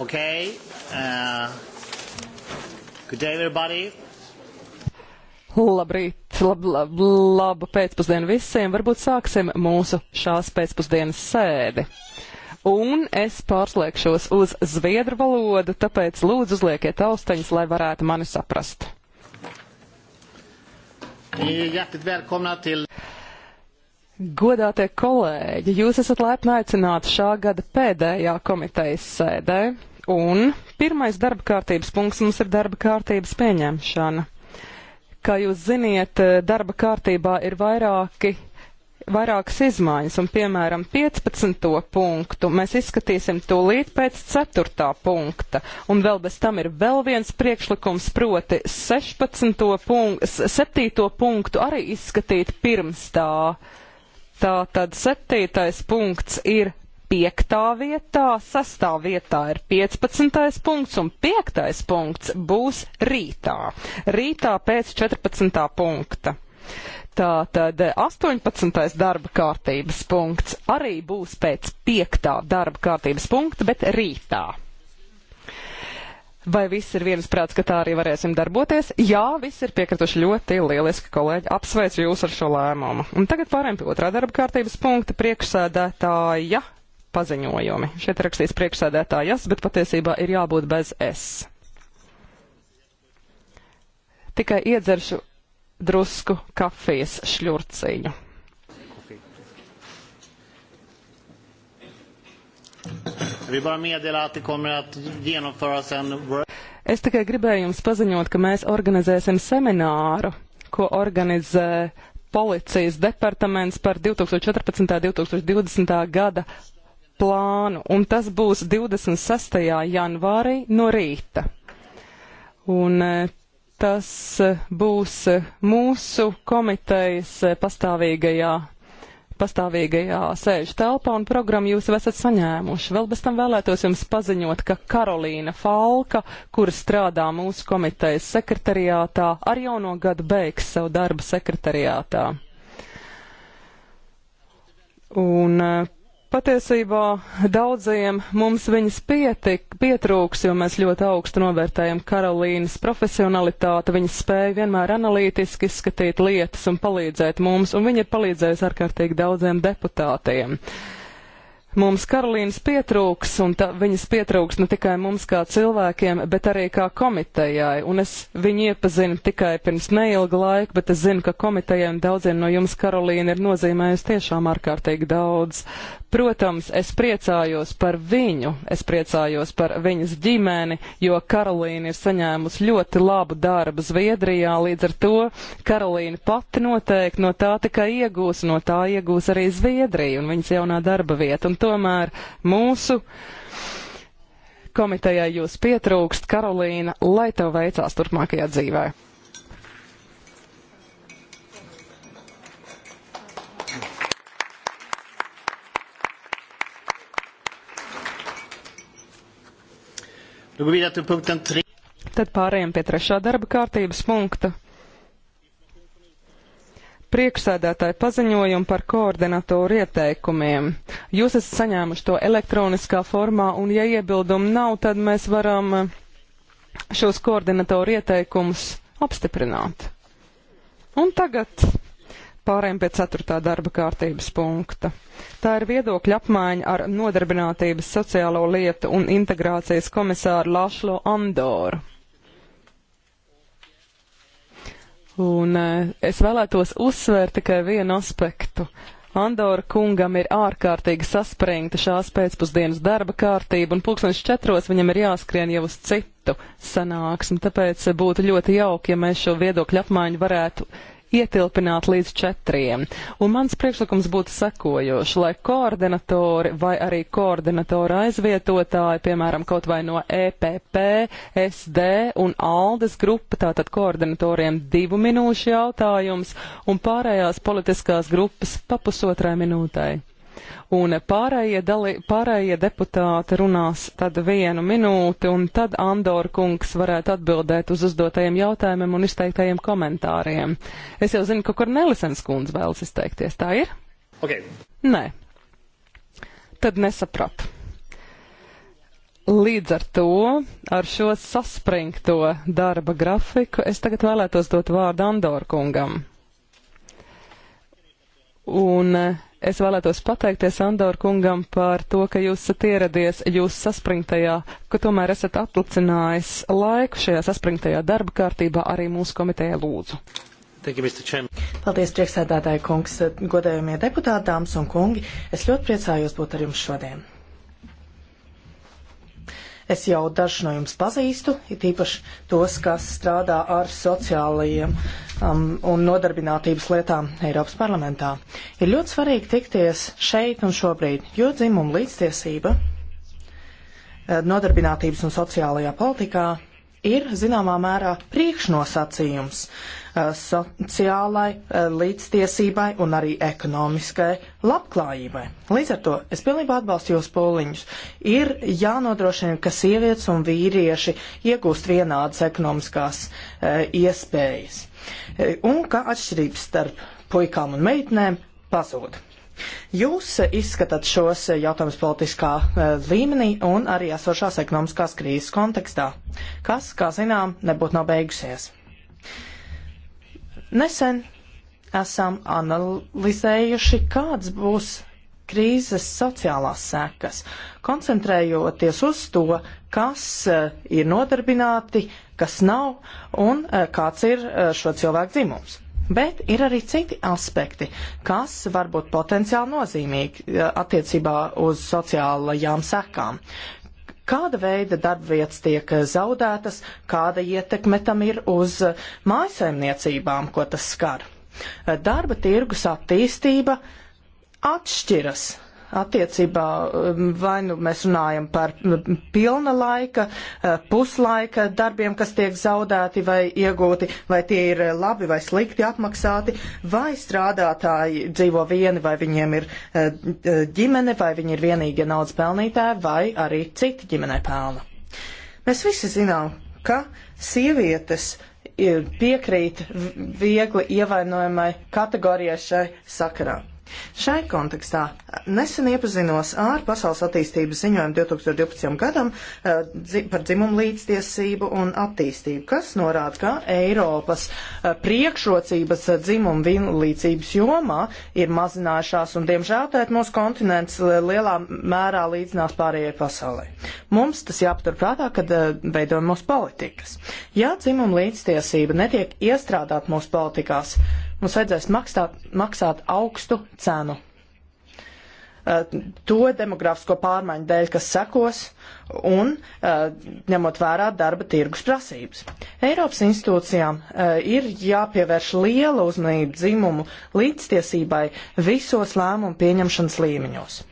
Okay. Uh, good day, everybody. Labrīt, lab, lab, labu pēcpusdienu visiem. Varbūt sāksim mūsu šās pēcpusdienas sēdi. Un es pārslēgšos uz zviedru valodu, tāpēc lūdzu uzliekiet austeņas, lai varētu mani saprast. Hjärtligt välkomna till Godātie kolēģi, jūs esat laipni aicināti šā gada pēdējā komitejas sēdē, un pirmais darba kārtības punkts mums ir darba kārtības pieņemšana. Kā jūs ziniet, darba kārtībā ir vairāki, vairākas izmaiņas, un piemēram 15. punktu mēs izskatīsim tūlīt pēc 4. punkta, un vēl bez tam ir vēl viens priekšlikums, proti 16. Punktu, 7. punktu arī izskatīt pirms tā. Tātad septītais punkts ir piektā vietā, sastā vietā ir 15. punkts un piektais punkts būs rītā. Rītā pēc 14. punkta. Tātad 18. darba kārtības punkts arī būs pēc 5. darba kārtības punkta, bet rītā. Vai viss ir viensprāts, ka tā arī varēsim darboties? Jā, viss ir piekrituši ļoti lieliski, kolēģi. Apsveicu jūs ar šo lēmumu. Un tagad pārējām pie otrā darba kārtības punkta priekšsēdētāja paziņojumi. Šeit rakstīs priekšsēdētājas, bet patiesībā ir jābūt bez es. Tikai iedzeršu drusku kafijas šļurciņu. Vi bara meddela att det kommer att genomföras en work... Es tikai gribēju jums paziņot, ka mēs organizēsim semināru, ko organizē policijas departaments par 2014. un 2020. gada plānu, un tas būs 26. janvārī no rīta. Un e, tas e, būs e, mūsu komitejas pastāvīgajā pastāvīgajā sēžu telpā un programmu jūs esat saņēmuši. Vēl bez tam vēlētos jums paziņot, ka Karolīna Falka, kura strādā mūsu komitejas sekretariātā, ar jauno gadu beigs savu darbu sekretariātā. Un eh, Patiesībā daudziem mums viņas pietik, pietrūks, jo mēs ļoti augstu novērtējam Karolīnas profesionalitāti, viņas spēju vienmēr analītiski izskatīt lietas un palīdzēt mums, un viņa ir palīdzējusi ārkārtīgi daudziem deputātiem. Uh, Mums Karolīnas pietrūks, un ta, viņas pietrūks ne tikai mums kā cilvēkiem, bet arī kā komitejai. Un es viņu iepazinu tikai pirms neilga laika, bet es zinu, ka komitejai un daudziem no jums Karolīna ir nozīmējusi tiešām ārkārtīgi daudz. Protams, es priecājos par viņu, es priecājos par viņas ģimeni, jo Karolīna ir saņēmusi ļoti labu darbu Zviedrijā, līdz ar to Karolīna pati noteikti no tā tikai iegūs, no tā iegūs arī Zviedrija un viņas jaunā darba vieta. Un tomēr mūsu komitejai jūs pietrūkst, Karolīna, lai tev veicās turpmākajā dzīvē. Nu, Tad pārējām pie trešā darba kārtības punkta priekšsēdētāja paziņojumu par koordinatoru ieteikumiem. Jūs esat saņēmuši to elektroniskā formā, un ja iebildumu nav, tad mēs varam eh, šos koordinatoru ieteikumus apstiprināt. Un tagad pārējiem pie 4. darba kārtības punkta. Tā ir viedokļa apmaiņa ar Nodarbinātības sociālo lietu un integrācijas komisāru Lašlo Andoru. Un e, es vēlētos uzsvērt tikai vienu aspektu. Andora kungam ir ārkārtīgi saspringta šās pēcpusdienas darba kārtība, un pulkstenis četros viņam ir jāskrien jau uz citu sanāksmi, tāpēc būtu ļoti jauki, ja mēs šo viedokļu apmaiņu varētu ietilpināt līdz četriem. Un mans priekšlikums būtu sekojoši, lai koordinatori vai arī koordinatora aizvietotāji, piemēram, kaut vai no EPP, SD un ALDES grupa, tātad koordinatoriem divu minūšu jautājums un pārējās politiskās grupas pa pusotrai minūtei un pārējie, dalī, pārējie deputāti runās tad vienu minūti, un tad Andor kungs varētu atbildēt uz uzdotajiem jautājumiem un izteiktajiem komentāriem. Es jau zinu, ka Kornelisens kundze vēlas izteikties, tā ir? Okay. Nē. Tad nesapratu. Līdz ar to, ar šo saspringto darba grafiku, es tagad vēlētos dot vārdu Andorkungam. Un Es vēlētos pateikties Andoru kungam par to, ka jūs esat ieradies jūs saspringtajā, ka tomēr esat atlicinājis laiku šajā saspringtajā darba kārtībā arī mūsu komitejā lūdzu. You, Paldies, priekšsēdētāji kungs, godējumie deputātāms un kungi. Es ļoti priecājos būt ar jums šodien. Es jau dažu no jums pazīstu, it īpaši tos, kas strādā ar sociālajiem um, un nodarbinātības lietām Eiropas parlamentā. Ir ļoti svarīgi tikties šeit un šobrīd, jo dzimuma līdztiesība eh, nodarbinātības un sociālajā politikā ir zināmā mērā priekšnosacījums eh, sociālai eh, līdztiesībai un arī ekonomiskai labklājībai. Līdz ar to es pilnībā atbalstu jūs pūliņus. Ir jānodrošina, ka sievietes un vīrieši iegūst vienādas ekonomiskās e, iespējas e, un ka atšķirības starp puikām un meitnēm pazūd. Jūs izskatāt šos jautājumus politiskā eh, līmenī un arī esošās ekonomiskās krīzes kontekstā, kas, kā zinām, nebūtu nav beigusies. Nesen esam analizējuši, kāds būs krīzes sociālās sekas, koncentrējoties uz to, kas eh, ir nodarbināti, kas nav un eh, kāds ir šo cilvēku dzimums. Bet ir arī citi aspekti, kas var būt potenciāli nozīmīgi eh, attiecībā uz sociālajām sekām. Kāda veida darbvietas tiek zaudētas, kāda ietekme tam ir uz mājasaimniecībām, ko tas skar? Darba tirgus attīstība atšķiras attiecībā um, vai nu mēs runājam par um, pilna laika, uh, puslaika darbiem, kas tiek zaudēti vai iegūti, vai tie ir labi vai slikti apmaksāti, vai strādātāji dzīvo vieni, vai viņiem ir uh, uh, ģimene, vai viņi ir vienīgie naudas pelnītāji, vai arī citi ģimenei pelna. Mēs visi zinām, ka sievietes piekrīt viegli ievainojamai kategorijai šai sakarā. Šai kontekstā nesen iepazinos ar Pasaules attīstības ziņojumu 2012. gadam eh, par dzimumu līdztiesību un attīstību, kas norāda, ka Eiropas eh, priekšrocības eh, dzimumu vienlīdzības jomā ir mazinājušās un, diemžēl, tēt mūsu kontinents lielā mērā līdzinās pārējai pasaulē. Mums tas jāpatur prātā, kad veidojam mūsu politikas. Ja dzimumu līdztiesība netiek iestrādāt mūsu politikās, mums vajadzēs maksāt, maksāt augstu cenu. Uh, to demografisko pārmaiņu dēļ, kas sekos, un uh, ņemot vērā darba tirgus prasības. Eiropas institūcijām uh, ir jāpievērš liela uzmanība dzimumu līdztiesībai visos lēmumu pieņemšanas līmeņos.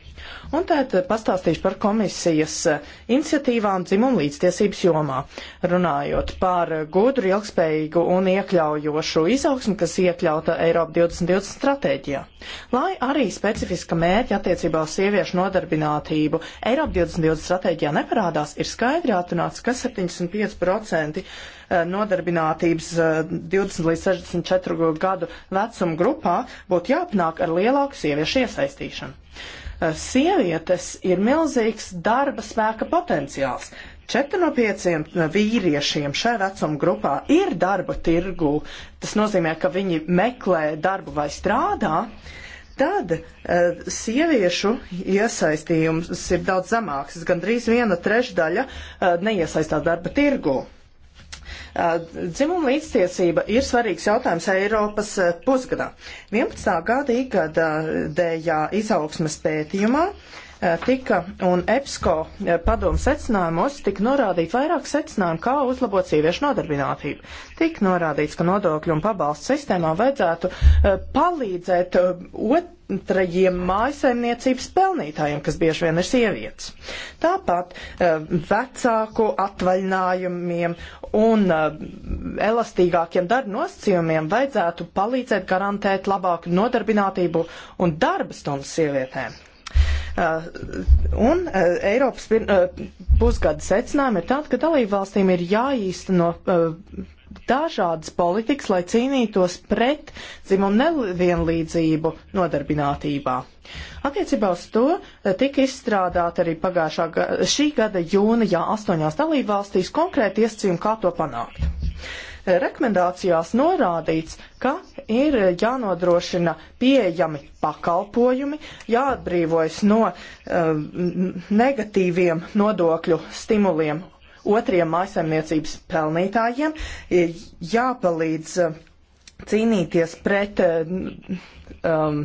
Un tad pastāstīšu par komisijas eh, iniciatīvām dzimumu līdztiesības jomā, runājot par gudru, ilgspējīgu un iekļaujošu izaugsmu, kas iekļauta Eiropa 2020 stratēģijā. Lai arī specifiska mērķa attiecībā uz sieviešu nodarbinātību Eiropa 2020 stratēģijā neparādās, ir skaidri atrunāts, ka 75% eh, nodarbinātības 20 eh, līdz 64 gadu vecuma grupā būtu jāpanāk ar lielāku sieviešu iesaistīšanu. Eh, sievietes ir milzīgs darba spēka potenciāls. Četri no pieciem eh, vīriešiem šajā vecuma grupā ir darba tirgu. Tas nozīmē, ka viņi meklē darbu vai strādā. Tad uh, sieviešu iesaistījums ir daudz zemāks. Gandrīz viena trešdaļa uh, neiesaistās darba tirgu. Uh, Dzimuma līdztiesība ir svarīgs jautājums Eiropas pusgadā. 11. gada īgada dējā izaugsmas pētījumā uh, tika un EPSCO eh, padomu secinājumos tika norādīt vairāk secinājumu, kā uzlabot sieviešu nodarbinātību. Tik norādīts, ka nodokļu un pabalstu sistēmā vajadzētu eh, palīdzēt otru eh, otrajiem mājasaimniecības pelnītājiem, kas bieži vien ir sievietes. Tāpat vecāku atvaļinājumiem un elastīgākiem darba nosacījumiem vajadzētu palīdzēt garantēt labāku nodarbinātību un darba stundu sievietēm. Uh, un uh, Eiropas uh, pusgada secinājumi ir tādi, ka dalību valstīm ir jāīsteno dažādas politikas, lai cīnītos pret dzimumu nevienlīdzību nodarbinātībā. Attiecībā uz to tika izstrādāta arī pagājušā gada, šī gada jūnijā astoņās dalībvalstīs konkrēti iesacījumi, kā to panākt rekomendācijās norādīts, ka ir jānodrošina pieejami pakalpojumi, jāatbrīvojas no um, negatīviem nodokļu stimuliem otriem mājasemniecības pelnītājiem, jāpalīdz eh, cīnīties pret eh, um,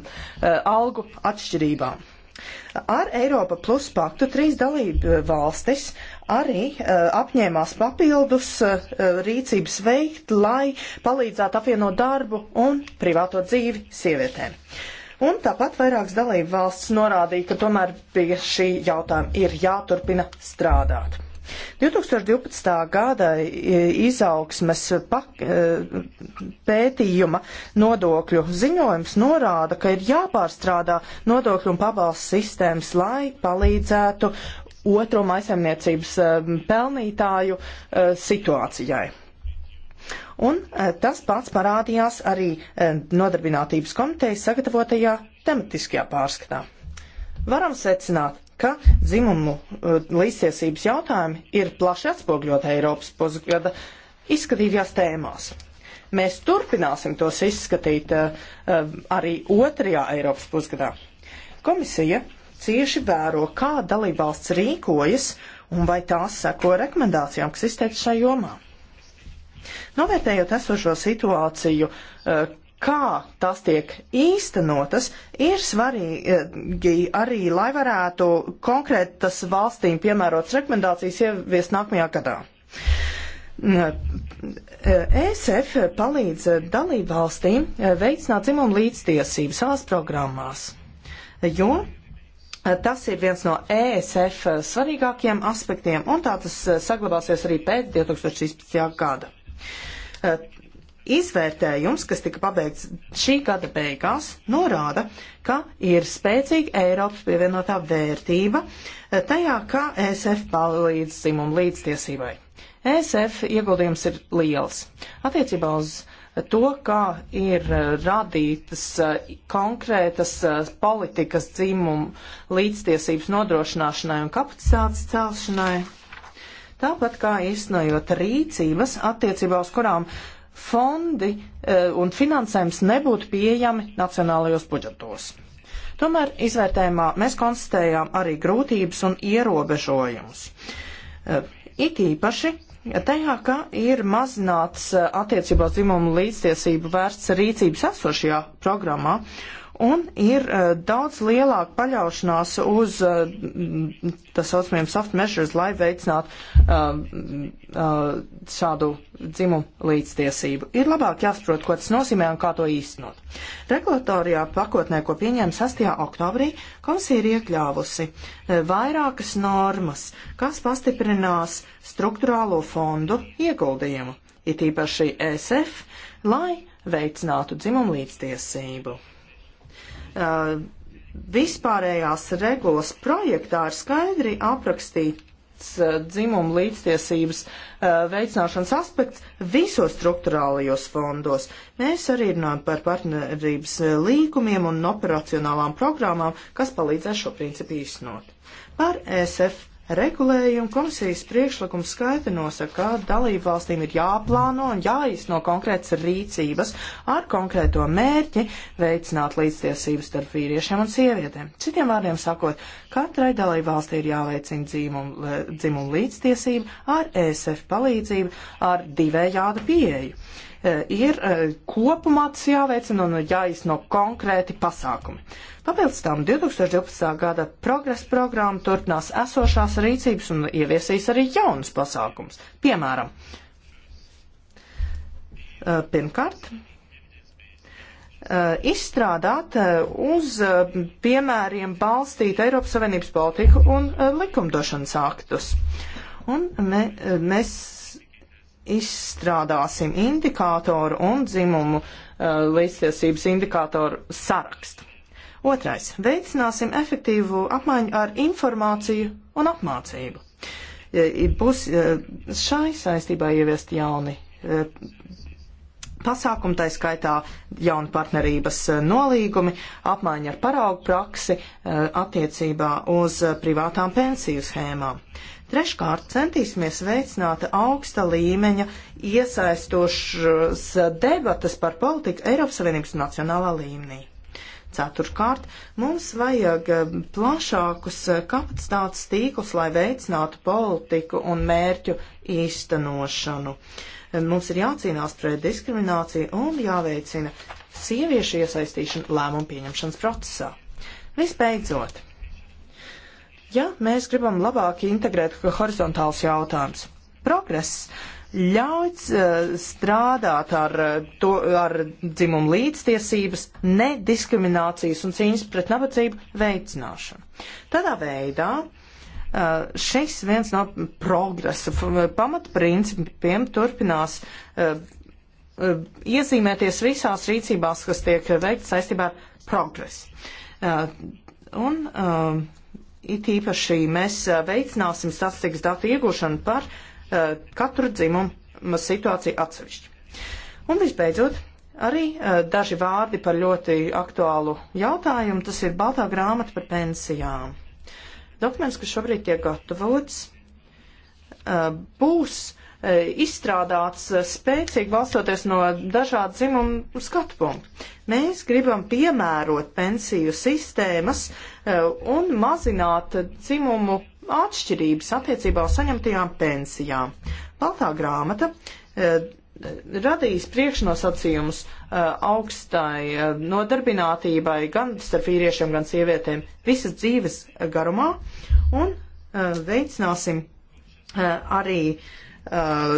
algu atšķirībām. Ar Eiropa plus paktu trīs dalību valstis arī eh, apņēmās papildus eh, rīcības veikt, lai palīdzētu apvienot darbu un privāto dzīvi sievietēm. Un tāpat vairākas dalību valsts norādīja, ka tomēr pie šī jautājuma ir jāturpina strādāt. 2012. gada eh, izaugsmes pētījuma nodokļu ziņojums norāda, ka ir jāpārstrādā nodokļu un pabalstu sistēmas, lai palīdzētu otro maisaimniecības ehm, pelnītāju eh, situācijai. Un eh, tas pats parādījās arī eh, nodarbinātības komitejas sagatavotajā tematiskajā pārskatā. Varam secināt, ka dzimumu līdztiesības jautājumi ir plaši atspogļot Eiropas pusgada izskatītajās tēmās. Mēs turpināsim tos izskatīt arī otrajā Eiropas pusgadā. Komisija cieši vēro, kā dalībvalsts rīkojas un vai tās seko rekomendācijām, kas izteikts šajā jomā. Novērtējot esošo situāciju, eh, kā tas tiek īstenotas, ir svarīgi arī, lai varētu konkrētas valstīm piemērotas rekomendācijas ieviest nākamajā gadā. ESF palīdz dalībvalstīm veicināt dzimumu līdztiesību savās programmās, jo Tas ir viens no ESF svarīgākiem aspektiem, un tā tas eh, saglabāsies arī pēc 2016. gada. Eh, izvērtējums, kas tika pabeigts šī gada beigās, norāda, ka ir spēcīga Eiropas pievienotā vērtība eh, tajā, kā ESF palīdz dzimumu līdztiesībai. ESF ieguldījums ir liels. Attiecībā uz uh, to, kā ir radītas eh, konkrētas eh, politikas dzimumu līdztiesības nodrošināšanai un kapacitātes celšanai, tāpat kā īstenojot rīcības attiecībā uz kurām fondi eh, un finansējums nebūtu pieejami nacionālajos budžetos. Tomēr izvērtējumā mēs konstatējām arī grūtības un ierobežojumus. It īpaši tajā, ka ir mazināts eh, attiecībā uz dzimumu līdztiesību vērsts rīcības esošajā programmā, un ir uh, daudz lielāka paļaušanās uz uh, tā saucamiem soft measures, lai veicinātu uh, uh, šādu dzimumu līdztiesību. Ir labāk jāsaprot, ko tas nozīmē un kā to īstenot. Regulatorijā pakotnē, ko pieņēma 6. oktobrī, komisija ir iekļāvusi uh, vairākas normas, kas pastiprinās struktūrālo fondu ieguldījumu, it īpaši ESF, lai veicinātu dzimumu līdztiesību. Uh, vispārējās regulas projektā ir skaidri aprakstīts uh, dzimumu līdztiesības uh, veicināšanas aspekts visos struktūrālajos fondos. Mēs arī runājam par partnerības uh, līgumiem un operacionālām programmām, kas palīdzēs šo principu īstenot. Par ESF regulējumu komisijas priekšlikums skaidri nosaka, ka dalību valstīm ir jāplāno un jāizno konkrētas rīcības ar konkrēto mērķi veicināt līdztiesības starp vīriešiem un sievietēm. Citiem vārdiem sakot, katrai dalību valstī ir jāveicina dzimumu, dzimumu līdztiesību ar ESF palīdzību ar divējādu pieeju. Eh, ir eh, kopumā tas jāveicina un jāizno konkrēti pasākumi. Papildus tam 2012. gada progresa programma turpinās esošās rīcības un ieviesīs arī jaunus pasākumus. Piemēram, eh, pirmkārt, izstrādāt uz piemēriem balstītu Eiropas Savienības politiku un likumdošanas aktus. Un me, mēs izstrādāsim indikātoru un dzimumu eh, līdztiesības indikātoru sarakstu. Otrais - veicināsim efektīvu apmaiņu ar informāciju un apmācību. Būs eh, šai saistībā ieviest jauni eh, pasākumi, tā skaitā jauna partnerības nolīgumi, apmaiņa ar paraugu praksi attiecībā uz privātām pensiju schēmām. Treškārt, centīsimies veicināt augsta līmeņa iesaistošas debatas par politiku Eiropas Savienības nacionālā līmenī. Ceturkārt, mums vajag eh, plašākus kapacitātes tīklus, lai veicinātu politiku un mērķu īstenošanu. Mums ir jācīnās pret diskrimināciju un jāveicina sieviešu iesaistīšana lēmumu pieņemšanas procesā. Visbeidzot, ja mēs gribam labāk integrēt horizontāls jautājums. Progress ļauj eh, strādāt ar, eh, to, ar dzimumu līdztiesības, nediskriminācijas un cīņas pret nabadzību veicināšanu. Tādā veidā eh, šis viens no progresa pamatprincipiem turpinās iezīmēties visās rīcībās, kas tiek veikts saistībā ar progresu. Un It īpaši mēs veicināsim statistikas datu iegūšanu par uh, katru dzimumu situāciju atsevišķi. Un visbeidzot, arī uh, daži vārdi par ļoti aktuālu jautājumu. Tas ir Baltā grāmata par pensijām. Dokuments, kas šobrīd tiek gatavots, uh, būs uh, E, izstrādāts e, spēcīgi balstoties no dažādu dzimumu skatu punktu. Mēs gribam piemērot pensiju sistēmas e, un mazināt dzimumu atšķirības attiecībā uz saņemtajām pensijām. Baltā grāmata radīs priekšnosacījumus augstai nodarbinātībai gan starp vīriešiem, gan sievietēm visas dzīves garumā un veicināsim arī uh, Uh,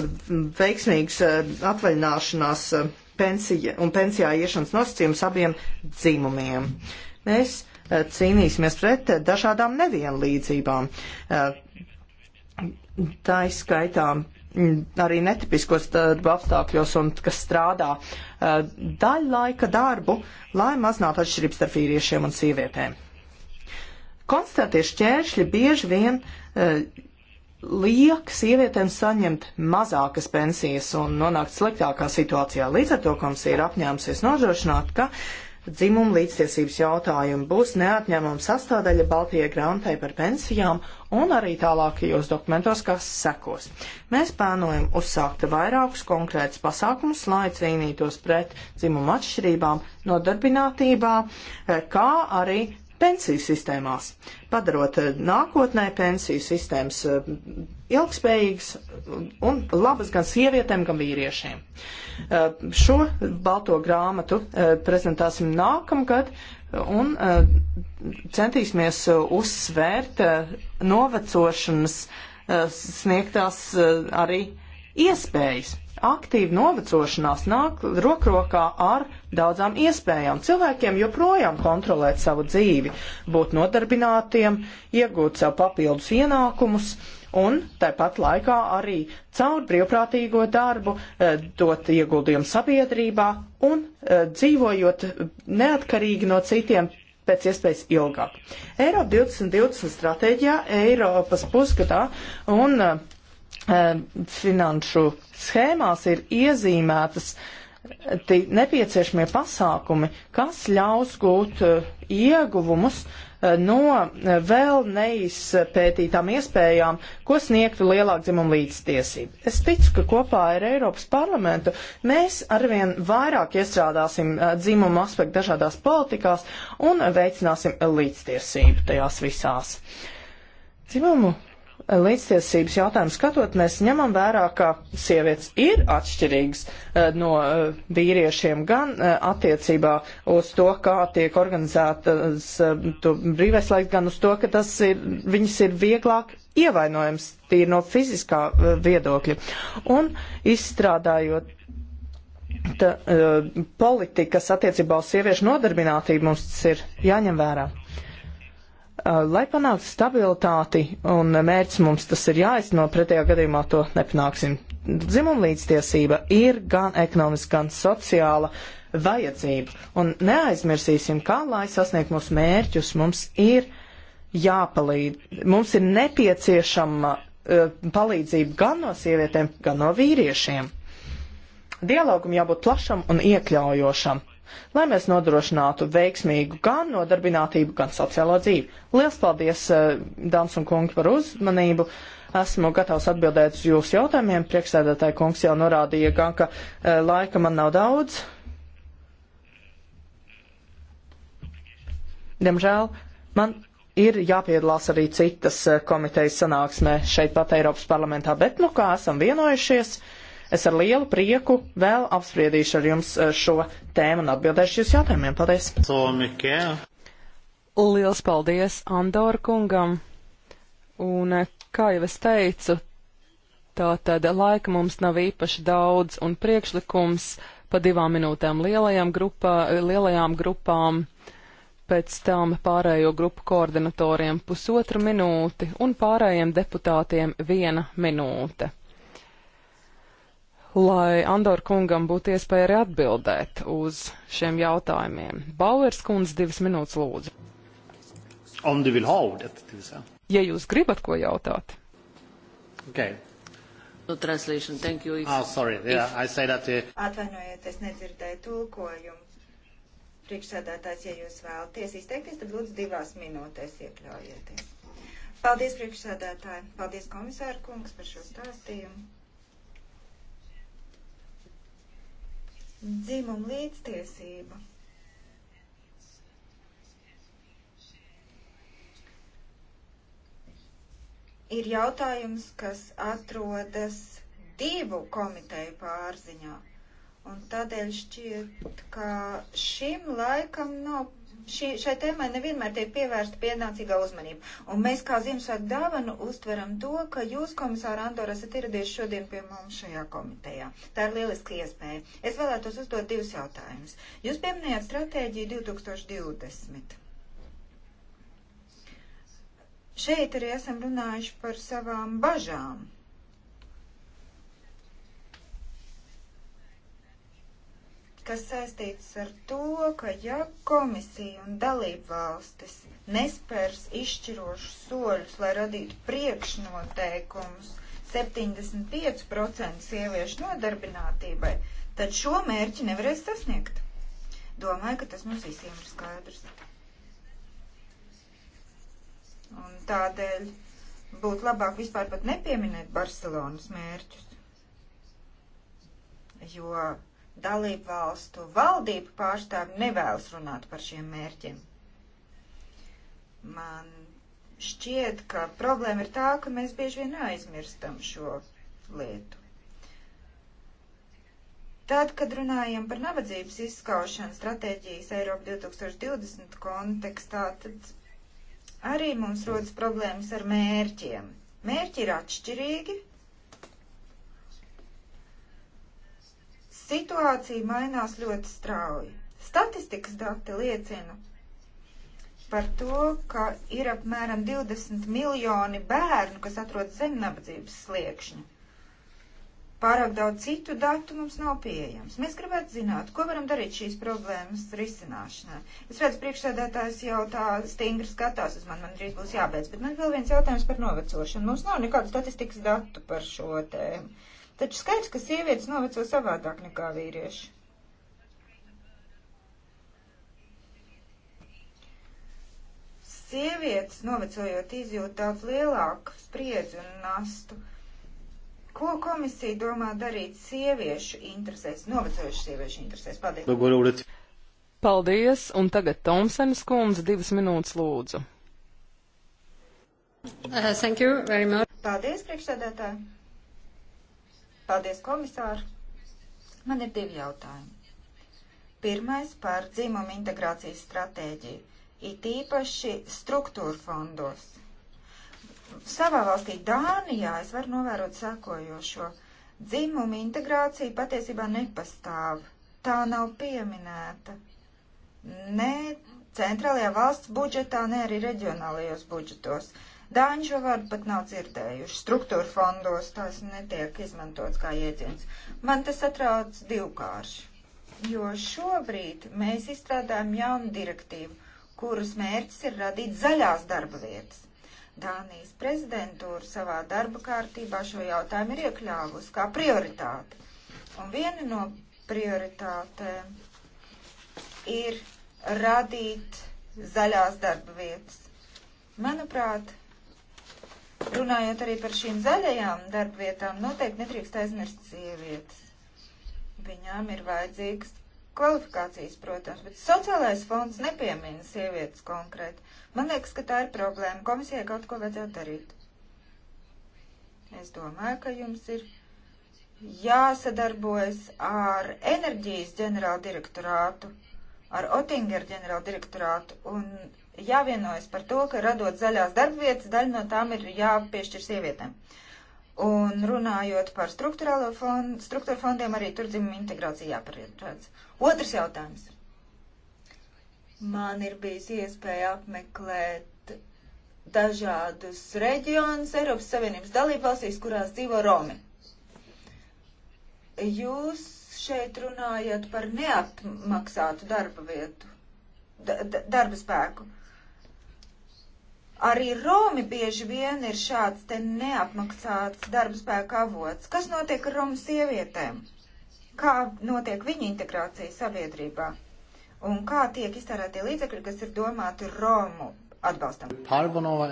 veiksmīgs uh, atvaļināšanās uh, pensija un pensijā iešanas nosacījums abiem dzimumiem. Mēs cīnīsimies pret dažādām nevienlīdzībām. Tā izskaitā mm, arī netipiskos darba apstākļos un kas strādā daļlaika darbu, lai maznātu atšķirības starp vīriešiem un sievietēm. Konstatētie šķēršļi bieži vien liek sievietēm saņemt mazākas pensijas un nonākt sliktākā situācijā. Līdz ar to komisija ir apņēmusies nodrošināt, ka dzimuma līdztiesības jautājumi būs neatņemama sastāvdaļa Baltijai grāmatai par pensijām un arī tālākajos dokumentos, kas sekos. Mēs plānojam uzsākt vairākus konkrētus pasākumus, lai cīnītos pret dzimuma atšķirībām, nodarbinātībā, kā arī pensiju sistēmās, padarot eh, nākotnē pensiju sistēmas eh, ilgspējīgas un labas gan sievietēm, gan vīriešiem. Eh, šo balto grāmatu prezentēsim nākamgad un centīsimies uzsvērt novecošanas sniegtās arī iespējas. Aktīva novecošanās nāk rokrokā ar daudzām iespējām. Cilvēkiem joprojām kontrolēt savu dzīvi, būt nodarbinātiem, iegūt sev papildus ienākumus un tāpat laikā arī caur brīvprātīgo darbu eh, dot ieguldījumu sabiedrībā un eh, dzīvojot neatkarīgi no citiem pēc iespējas ilgāk. Eiropa 2020 stratēģijā, Eiropas pusgadā un uh, finanšu schēmās ir iezīmētas nepieciešamie pasākumi, kas ļaus gūt e, ieguvumus e, no e, vēl neizpētītām iespējām, ko sniegtu lielāka dzimuma līdztiesība. Es ticu, ka kopā ar Eiropas parlamentu mēs arvien vairāk iestrādāsim dzimumu aspektu dažādās politikās un veicināsim līdztiesību tajās visās. Dzimumu līdztiesības jautājumu skatot, mēs ņemam vērā, ka sievietes ir atšķirīgas eh, no eh, vīriešiem gan eh, attiecībā uz to, kā tiek organizētas brīvais laiks, gan uz to, ka tas ir, viņas ir vieglāk ievainojams tīri no fiziskā viedokļa. Un izstrādājot ta, politikas attiecībā uz sieviešu nodarbinātību, mums tas ir jāņem vērā. Uh, lai panāktu stabilitāti un mērķis mums tas ir jāizno, pretējā gadījumā to nepanāksim. Dzimuma līdztiesība ir gan ekonomiska, gan sociāla vajadzība. Un neaizmirsīsim, kā lai sasniegtu mūsu mērķus, mums ir jāpalīdz. Mums ir nepieciešama uh, palīdzība gan no sievietēm, gan no vīriešiem. Dialogam jābūt plašam un iekļaujošam lai mēs nodrošinātu veiksmīgu gan nodarbinātību, gan sociālo dzīvi. Lielas paldies, eh, dāmas un kungi, par uzmanību. Esmu gatavs atbildēt uz jūsu jautājumiem. Priekšsēdētāji kungs jau norādīja gan, ka eh, laika man nav daudz. Diemžēl man ir jāpiedalās arī citas eh, komitejas sanāksmē šeit pat Eiropas parlamentā, bet nu kā esam vienojušies. Uh, Es ar lielu prieku vēl apspriedīšu ar jums eh, šo tēmu un atbildēšu jūs jautājumiem. Paldies! Liels paldies Andor kungam! Un, eh, kā jau es teicu, tā tad laika mums nav īpaši daudz un priekšlikums pa divām minūtēm lielajām, grupā, lielajām grupām pēc tam pārējo grupu koordinatoriem pusotra minūte un pārējiem deputātiem viena minūte lai Andor kungam būtu iespēja arī atbildēt uz šiem jautājumiem. Bauers kundze divas minūtes lūdzu. Om du vill ha ordet, det vill säga. Ja jūs gribat ko jautāt. Okay. No translation, thank you. Ah, if, oh, sorry, yeah, if... I say that. Uh... Atvainojiet, es nedzirdēju tulkojumu. Priekšsēdētājs, ja jūs vēlaties izteikties, tad lūdzu divās minūtēs iekļaujieties. Paldies, priekšsēdētāji. Paldies, komisāra kungs, par šo stāstījumu. dzimuma līdztiesība. Ir jautājums, kas atrodas divu komiteju pārziņā. Un tādēļ šķiet, ka šim laikam nav šī, šai tēmai nevienmēr tiek pievērsta pienācīgā uzmanība. Un mēs kā Ziemassvētku dāvanu uztveram to, ka jūs, komisāra Andor, esat ieradies šodien pie mums šajā komitejā. Tā ir lieliski iespēja. Es vēlētos uzdot divus jautājumus. Jūs pieminējāt stratēģiju 2020. Šeit arī esam runājuši par savām bažām kas saistīts ar to, ka ja komisija un dalību valstis nespērs izšķirošus soļus, lai radītu priekšnoteikumus 75% sieviešu nodarbinātībai, tad šo mērķi nevarēs sasniegt. Domāju, ka tas mums visiem ir skaidrs. Un tādēļ būtu labāk vispār pat nepieminēt Barcelonas mērķus, jo dalību valstu valdību pārstāvi nevēlas runāt par šiem mērķiem. Man šķiet, ka problēma ir tā, ka mēs bieži vien aizmirstam šo lietu. Tad, kad runājam par nabadzības izskaušanu stratēģijas Eiropa 2020 kontekstā, tad arī mums rodas problēmas ar mērķiem. Mērķi ir atšķirīgi, Situācija mainās ļoti strauji. Statistikas dati liecina par to, ka ir apmēram 20 miljoni bērnu, kas atrodas zem nabadzības sliekšņa. Pārāk daudz citu datu mums nav pieejams. Mēs gribētu zināt, ko varam darīt šīs problēmas risināšanā. Es redzu, priekšsēdētājs jau tā stingri skatās uz mani, man drīz būs jābeidz, bet man vēl viens jautājums par novecošanu. Mums nav nekādu statistikas datu par šo tēmu. Taču skaidrs, ka sievietes noveco savādāk nekā vīrieši. Sievietes novecojot izjūt daudz lielāku spriedzi un nastu. Ko komisija domā darīt sieviešu interesēs, novecojušu sieviešu interesēs? Paldies! Nu, Paldies, un tagad Tomsenes kundze divas minūtes lūdzu. Uh, thank you very much. Paldies, priekšsēdētāji! Paldies, komisāri! Man ir divi jautājumi. Pirmais par dzimumu integrācijas stratēģiju, it īpaši struktūra fondos. Savā valstī Dānijā es varu novērot sekojošo. Dzimuma integrācija patiesībā nepastāv. Tā nav pieminēta. Ne centrālajā valsts budžetā, ne arī reģionālajos budžetos. Uh, Dāņu šo vārdu pat nav dzirdējuši. Struktūra fondos tās netiek izmantots kā jēdziens. Man tas atrauc divkārši, jo šobrīd mēs izstrādājam jaunu direktīvu, kuras mērķis ir radīt zaļās darba vietas. Dānijas prezidentūra savā darba kārtībā šo jautājumu ir iekļāvusi kā prioritāti. Un viena no prioritātēm ir radīt zaļās darba vietas. Manuprāt, Runājot arī par šīm zaļajām darbvietām, noteikti nedrīkst aizmirst sievietes. Viņām ir vajadzīgas kvalifikācijas, protams, bet sociālais fonds nepiemina sievietes konkrēti. Man liekas, ka tā ir problēma. Komisijai kaut ko vajadzētu darīt. Es domāju, ka jums ir jāsadarbojas ar enerģijas ģenerāldirektorātu, ar Otingeru ģenerāldirektorātu un jāvienojas par to, ka radot zaļās darbvietas, daļa no tām ir jāpiešķir sievietēm. Un runājot par struktūrālo fondu, struktūra fondiem arī tur dzimuma integrācija jāparedz. Otrs jautājums. Man ir bijis iespēja apmeklēt dažādus reģionus Eiropas Savienības dalību valstīs, kurās dzīvo Romi. Jūs šeit runājat par neapmaksātu darba vietu, da, da, darba spēku. Arī Romi bieži vien ir šāds te neapmaksāts darbspēka avots. Kas notiek ar Romu sievietēm? Kā notiek viņa integrācija sabiedrībā? Un kā tiek iztērētie līdzekļi, kas ir domāti Romu atbalstam? Parvanova.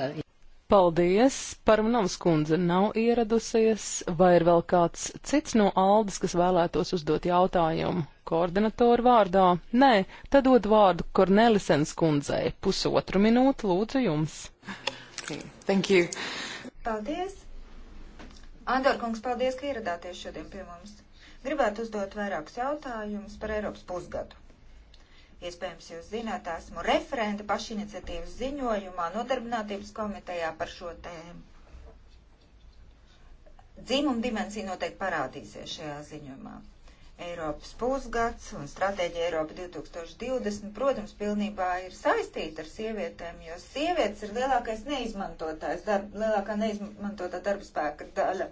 Paldies! Parmanovs kundze nav ieradusies. Vai ir vēl kāds cits no Aldas, kas vēlētos uzdot jautājumu? koordinatoru vārdā. Nē, tad dod vārdu Kornelisens kundzei. Pusotru minūtu lūdzu jums. Okay, thank you. Paldies. Andor kungs, paldies, ka ieradāties šodien pie mums. Gribētu uzdot vairākus jautājumus par Eiropas pusgadu. Iespējams, jūs zināt, esmu referente pašiniciatīvas ziņojumā nodarbinātības komitejā par šo tēmu. Dzīmuma dimensija noteikti parādīsies šajā ziņojumā. Eiropas pusgads un stratēģija Eiropa 2020, protams, pilnībā ir saistīta ar sievietēm, jo sievietes ir lielākais neizmantotājs, darb, lielākā neizmantotā darba spēka daļa.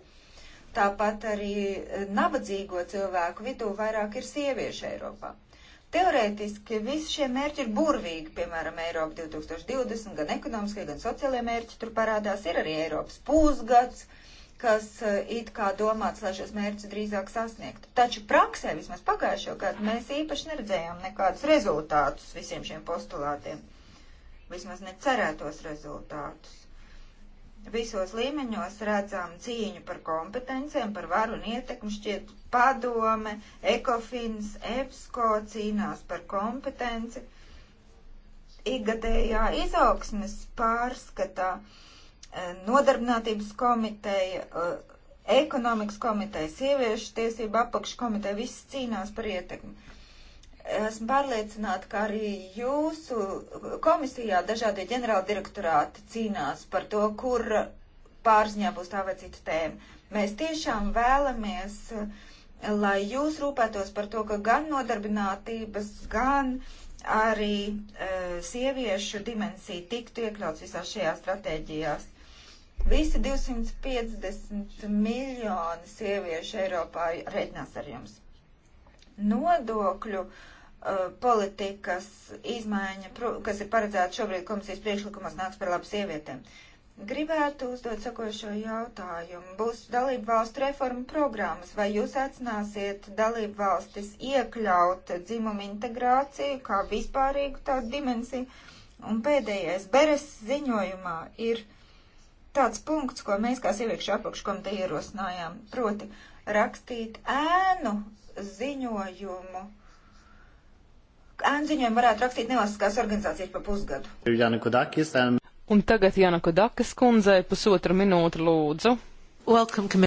Tāpat arī eh, nabadzīgo cilvēku vidū vairāk ir sieviešu Eiropā. Teorētiski visi šie mērķi ir burvīgi, piemēram, Eiropa 2020, gan ekonomiskie, gan sociālie mērķi tur parādās, ir arī Eiropas pusgads, kas eh, it kā domāts, lai šos mērķus drīzāk sasniegtu. Taču praksē vismaz pagājušo gadu mēs īpaši neredzējām nekādus rezultātus visiem šiem postulātiem, vismaz necerētos rezultātus. Visos līmeņos redzām cīņu par kompetencijām, par varu un ietekmi, šķiet padome, ekofins, EPSCO cīnās par kompetenci. Igadējā izaugsmes pārskatā uh, E, nodarbinātības komiteja, e, ekonomikas komiteja, sieviešu tiesība apakškomiteja, viss cīnās par ietekmi. Esmu pārliecināta, ka arī jūsu komisijā dažādie ģenerāldirektorāti cīnās par to, kur pārziņā būs tā vai cita tēma. Mēs tiešām vēlamies, lai jūs rūpētos par to, ka gan nodarbinātības, gan arī e, sieviešu dimensija tiktu iekļauts visās šajās stratēģijās. Visi 250 miljoni sieviešu Eiropā reiķinās ar jums. Nodokļu uh, politikas izmaiņa, kas ir paredzēta šobrīd komisijas priekšlikumos, nāks par labu sievietēm. Gribētu uzdot sakošo jautājumu. Būs dalību valstu reforma programmas, vai jūs aicināsiet dalību valstis iekļaut dzimumu integrāciju kā vispārīgu tādu dimensiju? Un pēdējais, Beres ziņojumā ir uh, tāds punkts, ko mēs kā sieviešu apakškomiteja ierosinājām, proti rakstīt ēnu ziņojumu. Ēnu ziņojumu varētu rakstīt nevalstiskās organizācijas pa pusgadu. Jāna Kudakis. Un tagad Jāna Kudakas kundzei pusotra minūte lūdzu. Welcome,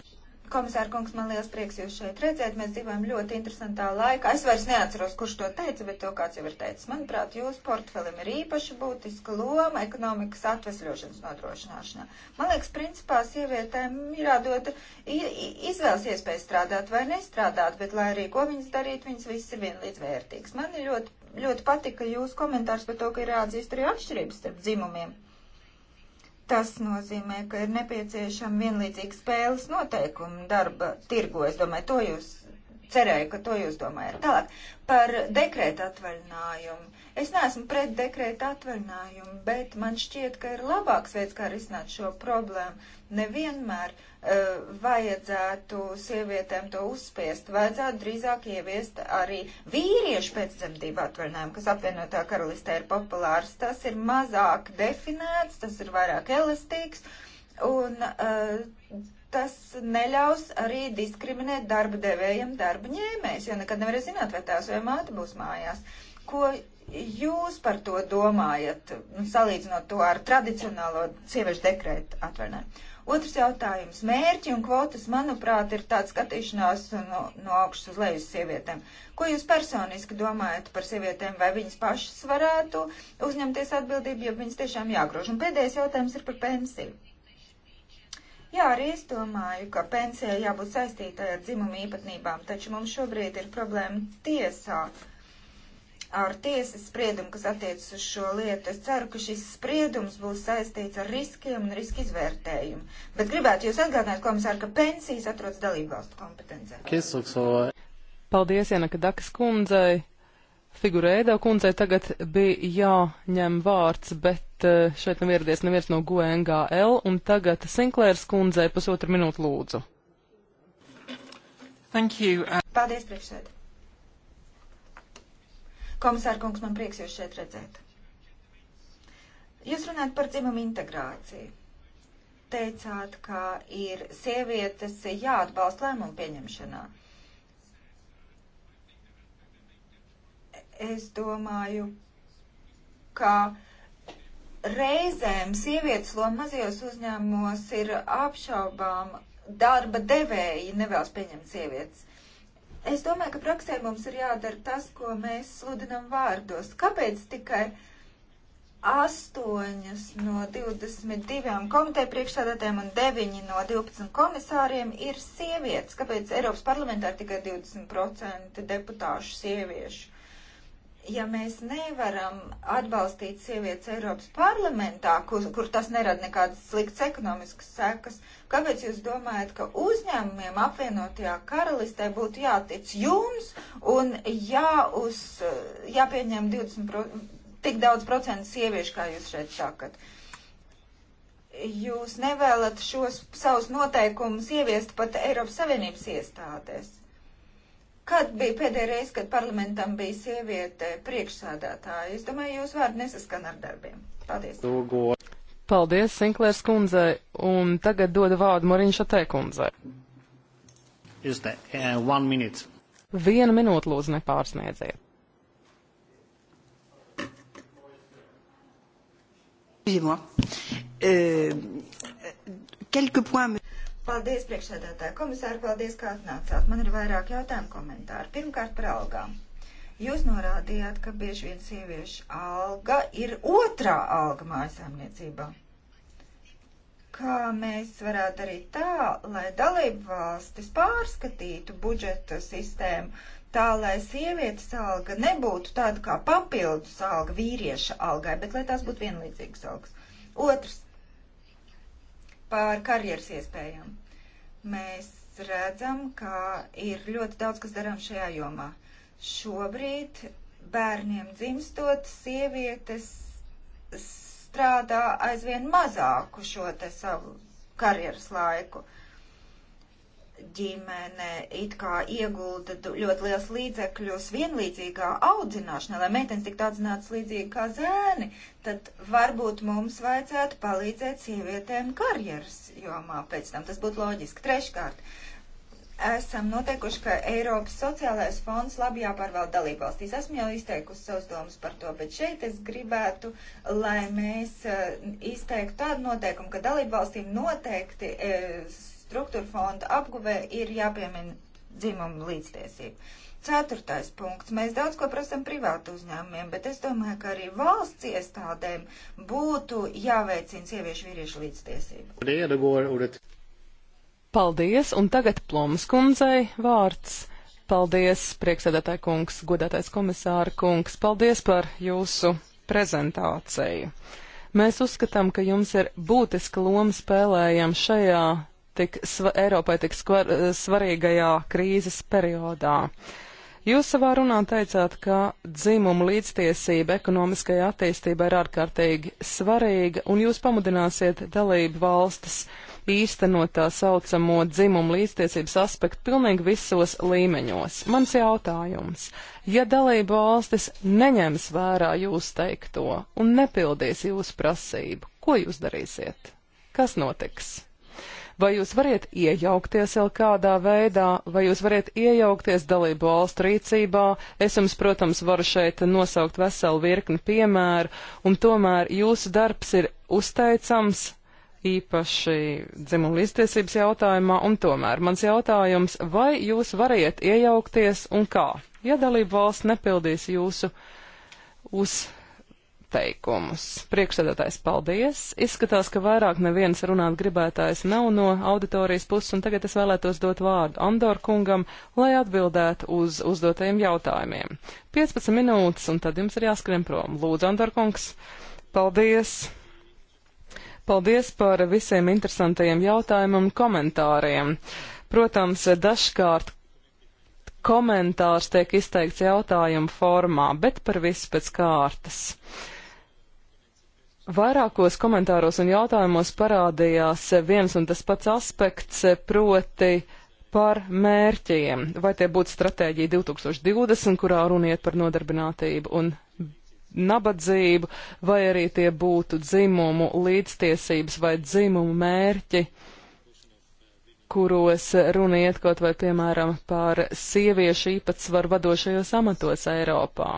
Komisāra kungs, man liels prieks jūs šeit redzēt. Mēs dzīvojam ļoti interesantā laikā. Es vairs neatceros, kurš to teica, bet to kāds jau ir teicis. Manuprāt, jūsu portfelim ir īpaši būtiska loma ekonomikas atvesļošanas nodrošināšanā. Man liekas, principā sievietēm ir jādod izvēles iespēja strādāt vai nestrādāt, bet lai arī ko viņas darītu, viņas viss ir vienlīdz vērtīgs. Man ir ļoti, ļoti patika jūsu komentārs par to, ka ir jāatzīst arī atšķirības starp dzimumiem. Tas nozīmē, ka ir nepieciešama vienlīdzīga spēles noteikuma darba tirgo. Es domāju, to jūs cerēju, ka to jūs domājat. Tālāk par dekrētu atvaļinājumu. Es neesmu pret dekrēta atvaļinājumu, bet man šķiet, ka ir labāks veids, kā risināt šo problēmu. Nevienmēr uh, vajadzētu sievietēm to uzspiest, vajadzētu drīzāk ieviest arī vīriešu pēcdzemdību atvaļinājumu, kas apvienotā karalistē ir populārs. Tas ir mazāk definēts, tas ir vairāk elastīgs. Un, uh, tas neļaus arī diskriminēt darba devējiem darba ņēmējs, jo nekad nevar zināt, vai tās vai māte būs mājās. Ko jūs par to domājat, nu, salīdzinot to ar tradicionālo sieviešu dekrētu atvaļinājumu? Otrs jautājums. Mērķi un kvotas, manuprāt, ir tāds skatīšanās no, no augšas uz leju sievietēm. Ko jūs personiski domājat par sievietēm? Vai viņas pašas varētu uzņemties atbildību, ja viņas tiešām jāgrož? Un pēdējais jautājums ir par pensiju. Jā, arī es domāju, ka pensija jābūt saistītai ar dzimumu īpatnībām, taču mums šobrīd ir problēma tiesā ar tiesas spriedumu, kas attiecas uz šo lietu. Es ceru, ka šis spriedums būs saistīts ar riskiem un riska izvērtējumu. Bet gribētu jūs atgādināt, komisār, ka pensijas atrodas dalībvalstu kompetencē. Paldies, Janaka Dakas kundzei. Figurēda kundzei tagad bija jāņem vārds, bet eh, šeit nav ieradies neviens no GNGL, un tagad Sinklērs kundzei pusotru minūtu lūdzu. Thank you. Uh, Paldies, priekšsēdētāj. Komisārkungs, man prieks jūs šeit redzēt. Jūs runājat par dzimumu integrāciju. Teicāt, ka ir sievietes jāatbalsta lēmumu pieņemšanā. Es domāju, ka reizēm sievietes loma mazajos uzņēmumos ir apšaubām. Darba devēji nevēlas pieņemt sievietes. Es domāju, ka praksē mums ir jādara tas, ko mēs sludinam vārdos. Kāpēc tikai astoņas no 22 komiteja priekšsādātēm un deviņi no 12 komisāriem ir sievietes? Kāpēc Eiropas parlamentā ir tikai 20% deputāšu sieviešu? ja mēs nevaram atbalstīt sievietes Eiropas parlamentā, kur, kur tas nerada nekādas sliktas ekonomiskas sekas, kāpēc jūs domājat, ka uzņēmumiem apvienotajā karalistē būtu jātic jums un jāuz, jāpieņem 20 pro, tik daudz procentu sieviešu, kā jūs šeit sakat? Jūs nevēlat šos savus noteikumus ieviest pat Eiropas Savienības iestādēs Kad bija pēdējā reize, kad parlamentam bija sieviete priekšsādātāja? Es domāju, jūs vārdu nesaskan ar darbiem. Paldies. Paldies, Sinklērs kundzei, un tagad dodu vārdu Moriņša Tē kundzei. Uh, Vienu minūtu lūdzu nepārsniedziet. Excusez-moi. Euh, quelques points, Paldies, priekšsēdētāji komisāri, paldies, kā atnācāt. Man ir vairāk jautājumu komentāru. Pirmkārt par algām. Jūs norādījāt, ka bieži vien sieviešu alga ir otrā alga mājasēmniecībā. Kā mēs varētu darīt tā, lai dalību valstis pārskatītu budžeta sistēmu, tā lai sievietes alga nebūtu tāda kā papildus alga vīrieša algai, bet lai tās būtu vienlīdzīgas algas. Otrs par karjeras iespējām. Mēs redzam, ka ir ļoti daudz, kas darām šajā jomā. Šobrīd bērniem dzimstot sievietes strādā aizvien mazāku šo te savu karjeras laiku. Uh, ģimene it kā iegulda ļoti liels līdzekļus vienlīdzīgā audzināšanā, lai meitenes tiktu audzinātas līdzīgi kā zēni, tad varbūt mums vajadzētu palīdzēt sievietēm karjeras jomā pēc tam. Tas būtu loģiski. Treškārt, esam noteikuši, ka Eiropas sociālais fonds labi jāpārvalda dalībvalstīs. Esmu jau izteikusi savus domas par to, bet šeit es gribētu, lai mēs eh, izteiktu tādu noteikumu, ka dalībvalstīm noteikti. E, struktūra fonda apguvē ir jāpiemina dzimuma līdztiesība. Ceturtais punkts. Mēs daudz ko prasam privātu uzņēmumiem, bet es domāju, ka arī valsts iestādēm būtu jāveicina sieviešu vīriešu līdztiesību. Paldies, un tagad Plomas kundzei vārds. Paldies, prieksēdētāji kungs, godātais komisāra kungs, paldies par jūsu prezentāciju. Mēs uzskatām, ka jums ir būtiska loma spēlējama šajā tik, Eiropai tik skvar, svarīgajā krīzes periodā. Jūs savā runā teicāt, ka dzimuma līdztiesība ekonomiskajai attīstībai ir ārkārtīgi svarīga, un jūs pamudināsiet dalību valstis īstenot tā saucamo dzimuma līdztiesības aspektu pilnīgi visos līmeņos. Mans jautājums - ja dalību valstis neņems vērā jūs teikto un nepildīs jūsu prasību, ko jūs darīsiet? Kas notiks? Vai jūs variet iejaukties vēl kādā veidā, vai jūs variet iejaukties dalību valstu rīcībā? Es jums, protams, varu šeit nosaukt veselu virkni piemēru, un tomēr jūsu darbs ir uzteicams, īpaši dzimuma līdztiesības jautājumā, un tomēr mans jautājums, vai jūs variet iejaukties un kā, ja dalību valsts nepildīs jūsu uz noteikumus. Priekšsēdētājs, paldies! Izskatās, ka vairāk neviens runāt gribētājs nav no auditorijas puses, un tagad es vēlētos dot vārdu Andor kungam, lai atbildētu uz uzdotajiem jautājumiem. 15 minūtes, un tad jums ir jāskrien prom. Lūdzu, Andor kungs, paldies! Paldies par visiem interesantajiem jautājumiem un komentāriem. Protams, dažkārt komentārs tiek izteikts jautājumu formā, bet par visu pēc kārtas. Vairākos komentāros un jautājumos parādījās viens un tas pats aspekts, eh, proti par mērķiem. Vai tie būtu stratēģija 2020, kurā runiet par nodarbinātību un nabadzību, vai arī tie būtu dzimumu līdztiesības vai dzimumu mērķi, kuros runiet kaut vai piemēram par sieviešu īpatsvaru vadošajos amatos Eiropā.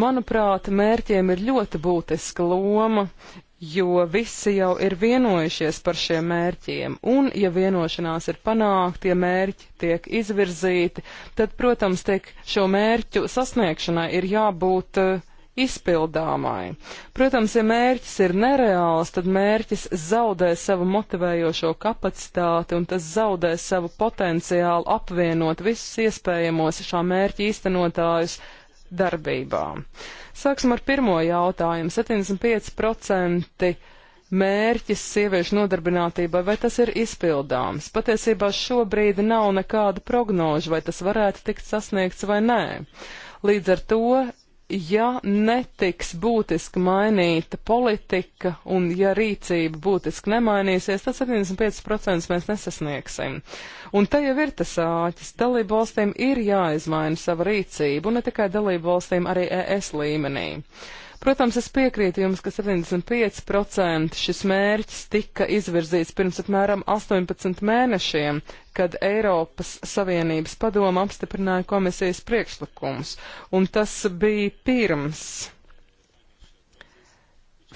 Manuprāt, mērķiem ir ļoti būtiska loma, jo visi jau ir vienojušies par šiem mērķiem, un, ja vienošanās ir panākta, ja mērķi tiek izvirzīti, tad, protams, tiek šo mērķu sasniegšanai ir jābūt uh, izpildāmai. Protams, ja mērķis ir nereāls, tad mērķis zaudē savu motivējošo kapacitāti un tas zaudē savu potenciālu apvienot visus iespējamos šā mērķa īstenotājus darbībām. Sāksim ar pirmo jautājumu. 75% mērķis sieviešu nodarbinātībai, vai tas ir izpildāms? Patiesībā šobrīd nav nekāda prognoža, vai tas varētu tikt sasniegts vai nē. Līdz ar to ja netiks būtiski mainīta politika un ja rīcība būtiski nemainīsies, tad 75% mēs nesasniegsim. Un te jau ir tas āķis. Dalību valstīm ir jāizmaina sava rīcība, un ne tikai dalību valstīm, arī ES līmenī. Uh, Protams, es piekrītu jums, ka 75% šis mērķis tika izvirzīts pirms apmēram 18 mēnešiem, kad Eiropas Savienības padoma apstiprināja komisijas priekšlikumus, un tas bija pirms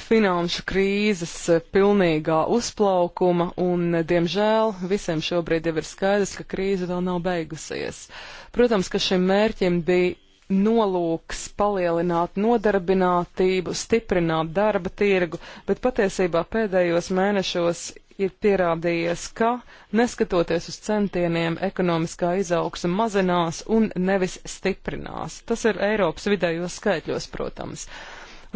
finanšu krīzes pilnīgā uzplaukuma, un, diemžēl, visiem šobrīd jau ir skaidrs, ka krīze vēl nav beigusies. Protams, ka šim mērķim bija nolūks palielināt nodarbinātību, stiprināt darba tirgu, bet patiesībā pēdējos mēnešos ir pierādījies, ka, neskatoties uz centieniem, ekonomiskā izaugsme mazinās un nevis stiprinās. Tas ir Eiropas vidējos skaitļos, protams. Uh,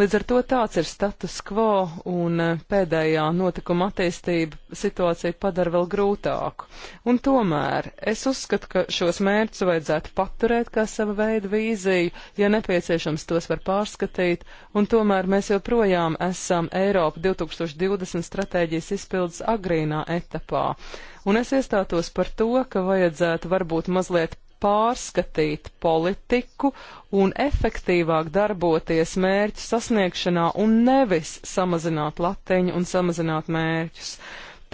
Līdz ar to tāds ir status quo un eh, pēdējā notikuma attīstība situāciju padara vēl grūtāku. Un tomēr es uzskatu, ka šos mērķus vajadzētu paturēt kā sava veida vīziju, ja nepieciešams tos var pārskatīt, un tomēr mēs joprojām esam Eiropa 2020 stratēģijas izpildes agrīnā etapā. Un es iestātos par to, ka vajadzētu varbūt mazliet pārskatīt politiku un efektīvāk darboties mērķu sasniegšanā un nevis samazināt latiņu un samazināt mērķus.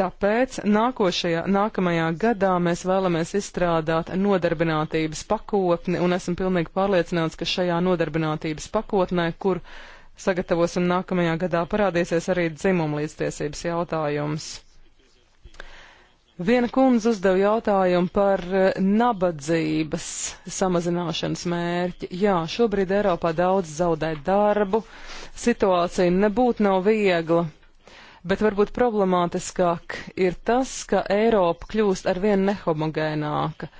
Tāpēc nākošajā, nākamajā gadā mēs vēlamies izstrādāt nodarbinātības pakotni un esam pilnīgi pārliecināts, ka šajā nodarbinātības pakotnē, kur sagatavosim nākamajā gadā, parādīsies arī dzimumlīdztiesības jautājums. Viena kundze uzdeva jautājumu par eh, nabadzības samazināšanas mērķi. Jā, šobrīd Eiropā daudz zaudē darbu, situācija nebūtu nav viegla, bet varbūt problemātiskāk ir tas, ka Eiropa kļūst arvien nehomogēnāka.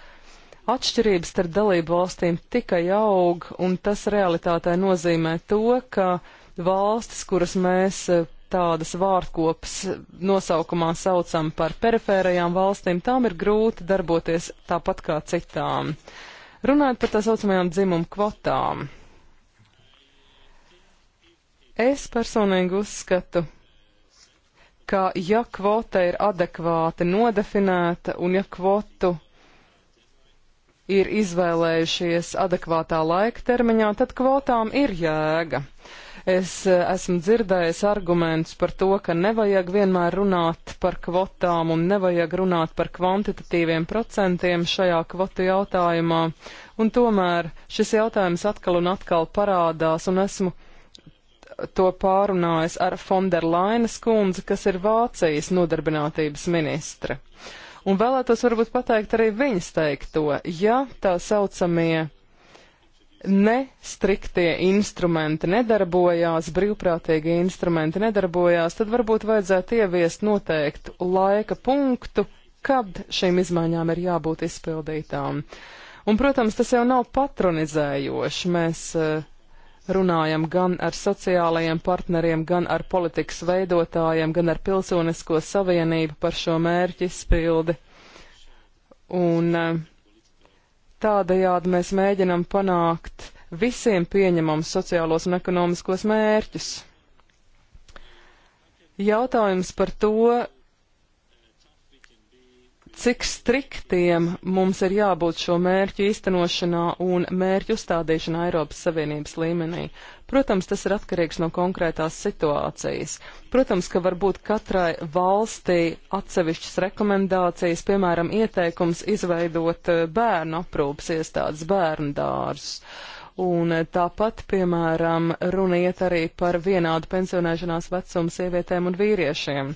Atšķirības starp dalību valstīm tikai aug, un tas realitātē nozīmē to, ka valstis, kuras mēs eh, tādas vārdkopas nosaukumā saucam par perifērajām valstīm, tām ir grūti darboties tāpat kā citām. Runājot par tā saucamajām dzimumu kvotām, es personīgi uzskatu, ka ja kvota ir adekvāti nodefinēta un ja kvotu ir izvēlējušies adekvātā laika termiņā, tad kvotām ir jēga. Es eh, esmu dzirdējis argumentus par to, ka nevajag vienmēr runāt par kvotām un nevajag runāt par kvantitatīviem procentiem šajā kvotu jautājumā, un tomēr šis jautājums atkal un atkal parādās, un esmu to pārunājis ar Fonderlainas kundzi, kas ir Vācijas nodarbinātības ministre. Un vēlētos varbūt pateikt arī viņas teikto, ja tā saucamie nestriktie instrumenti nedarbojās, brīvprātīgi instrumenti nedarbojās, tad varbūt vajadzētu ieviest noteiktu laika punktu, kad šīm izmaiņām ir jābūt izpildītām. Un, protams, tas jau nav patronizējoši. Mēs eh, runājam gan ar sociālajiem partneriem, gan ar politikas veidotājiem, gan ar pilsonisko savienību par šo mērķu izpildi. Un eh, Tādējādi mēs mēģinam panākt visiem pieņemams sociālos un ekonomiskos mērķus. Jautājums par to, cik striktiem mums ir jābūt šo mērķu īstenošanā un mērķu uzstādīšanā Eiropas Savienības līmenī. Protams, tas ir atkarīgs no konkrētās situācijas. Protams, ka varbūt katrai valstī atsevišķas rekomendācijas, piemēram, ieteikums izveidot eh, bērnu aprūpas iestādes, bērnu dārzus. Un eh, tāpat, piemēram, runa iet arī par vienādu pensionēšanās vecumu sievietēm un vīriešiem.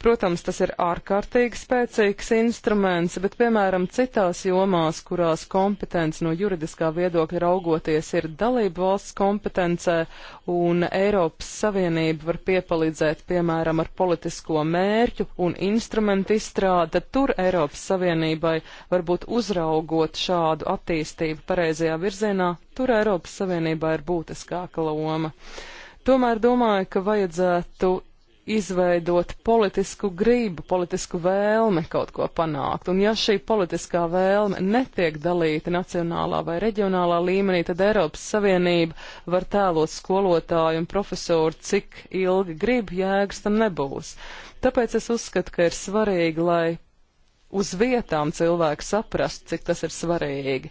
Protams, tas ir ārkārtīgi spēcīgs instruments, bet, piemēram, citās jomās, kurās kompetence no juridiskā viedokļa raugoties ir dalību valsts kompetencē un Eiropas Savienība var piepalīdzēt, piemēram, ar politisko mērķu un instrumentu izstrādi, tad tur Eiropas Savienībai varbūt uzraugot šādu attīstību pareizajā virzienā, tur Eiropas Savienībā ir būtiskāka loma. Tomēr domāju, ka vajadzētu izveidot politisku gribu, politisku vēlmi kaut ko panākt. Un ja šī politiskā vēlme netiek dalīta nacionālā vai reģionālā līmenī, tad Eiropas Savienība var tēlot skolotāju un profesoru, cik ilgi grib jēgas tam nebūs. Tāpēc es uzskatu, ka ir svarīgi, lai uz vietām cilvēku saprast, cik tas ir svarīgi.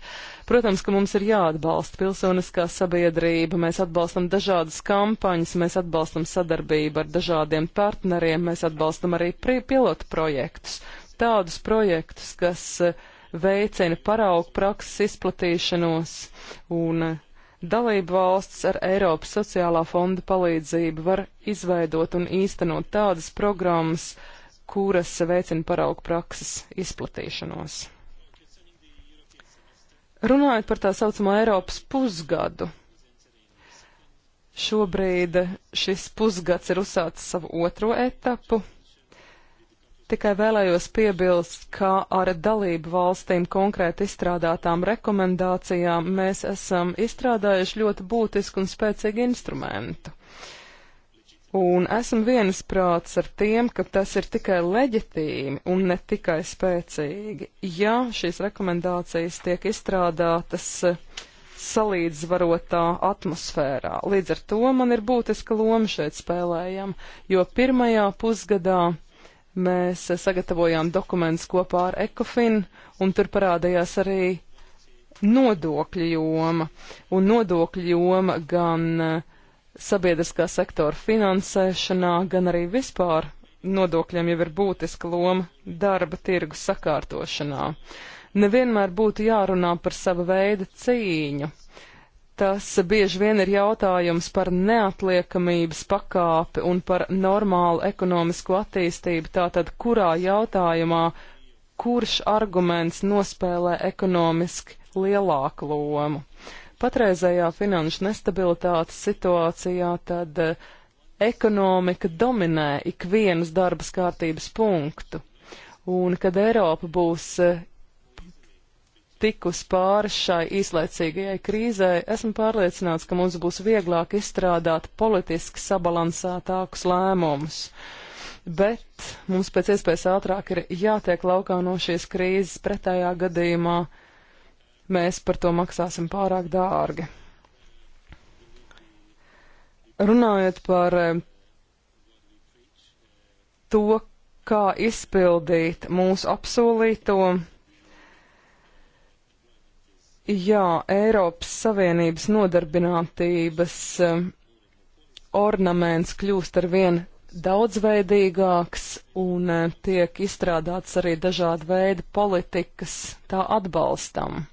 Protams, ka mums ir jāatbalsta pilsoniskā sabiedrība, mēs atbalstam dažādas kampaņas, mēs atbalstam sadarbību ar dažādiem partneriem, mēs atbalstam arī pilotu projektus, tādus projektus, kas eh, veicina paraugu prakses izplatīšanos un eh, Dalību valsts ar Eiropas sociālā fonda palīdzību var izveidot un īstenot tādas programmas, uh, kuras veicina paraugu prakses izplatīšanos. Runājot par tā saucamo Eiropas pusgadu, šobrīd šis pusgads ir uzsācis savu otro etapu. Tikai vēlējos piebilst, ka ar dalību valstīm konkrēti izstrādātām rekomendācijām mēs esam izstrādājuši ļoti būtisku un spēcīgu instrumentu. Un esmu viensprāts ar tiem, ka tas ir tikai leģitīmi un ne tikai spēcīgi, ja šīs rekomendācijas tiek izstrādātas eh, salīdzvarotā atmosfērā. Līdz ar to man ir būtiska loma šeit spēlējama, jo pirmajā pusgadā mēs sagatavojām dokumentus kopā ar Ekofin, un tur parādījās arī nodokļu joma, un nodokļu joma gan uh, sabiedriskā sektora finansēšanā, gan arī vispār nodokļiem jau ir būtiska loma darba tirgus sakārtošanā. Nevienmēr būtu jārunā par sava veida cīņu. Tas bieži vien ir jautājums par neatliekamības pakāpi un par normālu ekonomisko attīstību, tātad kurā jautājumā kurš arguments nospēlē ekonomiski lielāku lomu patreizējā finanšu nestabilitātes situācijā, tad eh, ekonomika dominē ikvienas darbas kārtības punktu. Un kad Eiropa būs eh, tikus pāri šai īslaicīgajai krīzē, esmu pārliecināts, ka mums būs vieglāk izstrādāt politiski sabalansētākus lēmumus. Bet mums pēc iespējas ātrāk ir jātiek laukā no šīs krīzes pretējā gadījumā mēs par to maksāsim pārāk dārgi. Runājot par eh, to, kā izpildīt mūsu apsolīto, jā, Eiropas Savienības nodarbinātības eh, ornaments kļūst ar vien daudzveidīgāks un eh, tiek izstrādāts arī dažādi veidi politikas tā atbalstam.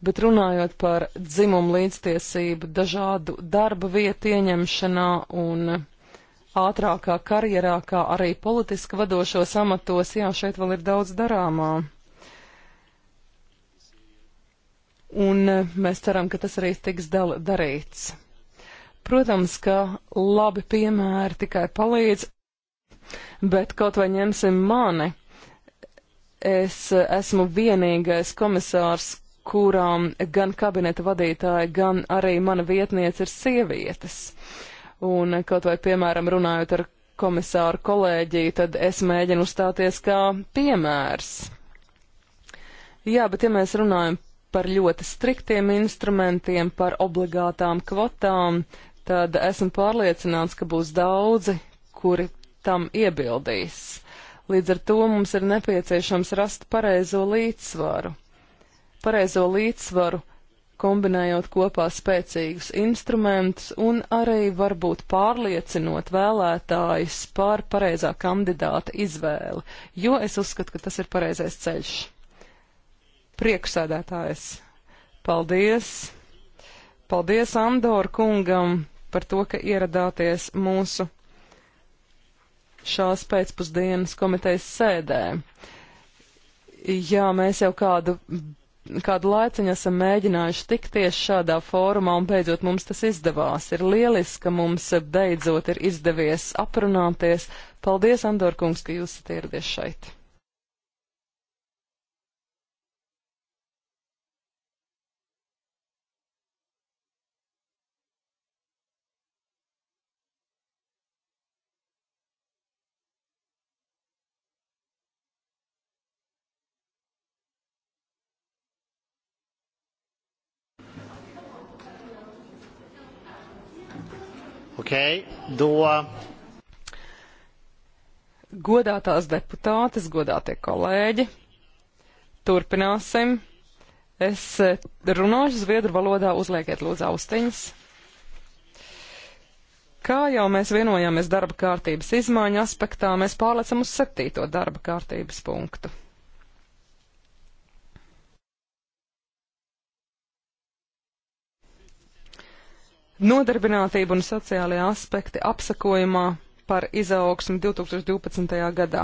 Bet runājot par dzimumu līdztiesību, dažādu darba vietu ieņemšanā un ātrākā karjerā, kā arī politiski vadošos amatos, jā, šeit vēl ir daudz darāmā. Un e, mēs ceram, ka tas arī tiks darīts. Protams, ka labi piemēri tikai palīdz, bet kaut vai ņemsim mani. Es e, esmu vienīgais komisārs, kurām gan kabineta vadītāja, gan arī mana vietniece ir sievietes. Un eh, kaut vai, piemēram, runājot ar komisāru kolēģiju, tad es mēģinu uzstāties kā piemērs. Jā, bet ja mēs runājam par ļoti striktiem instrumentiem, par obligātām kvotām, tad esmu pārliecināts, ka būs daudzi, kuri tam iebildīs. Līdz ar to mums ir nepieciešams rast pareizo līdzsvaru pareizo līdzsvaru, kombinējot kopā spēcīgus instrumentus un arī varbūt pārliecinot vēlētājus par pareizā kandidāta izvēli, jo es uzskatu, ka tas ir pareizais ceļš. Priekšsēdētājs, paldies! Paldies Andor kungam par to, ka ieradāties mūsu šās pēcpusdienas komitejas sēdē. Jā, mēs jau kādu kādu laiciņu esam mēģinājuši tikties šādā fórumā, un beidzot mums tas izdevās. Ir lieliski, ka mums beidzot ir izdevies aprunāties. Paldies, Andorkungs, ka jūs esat ieradies šeit! Okay, do... Godātās deputātes, godātie kolēģi, turpināsim. Es eh, runāšu zviedru valodā, uzliekiet lūdzu austiņas. Kā jau mēs vienojāmies darba kārtības izmaiņu aspektā, mēs pārlecam uz septīto darba kārtības punktu. Nodarbinātība un sociālajie aspekti apsakojumā par izaugsmu 2012. gadā.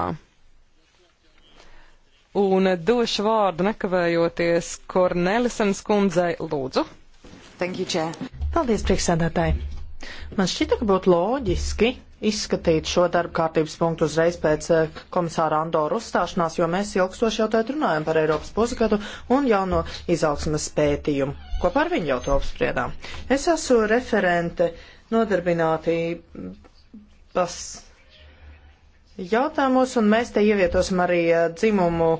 Un došu vārdu nekavējoties Kornelisens kundzei lūdzu. Thank you, Chair. Paldies, priekšsēdētāji. Man šķita, ka būtu loģiski izskatīt šo darba kārtības punktu uzreiz pēc eh, komisāra Andoru uzstāšanās, jo mēs ilgstoši jau tēt runājam par Eiropas pusgadu un jauno izaugsmas pētījumu kopā ar viņu jau to apspriedām. Es esmu referente nodarbinātības jautājumos, un mēs te ievietosim arī eh, dzimumu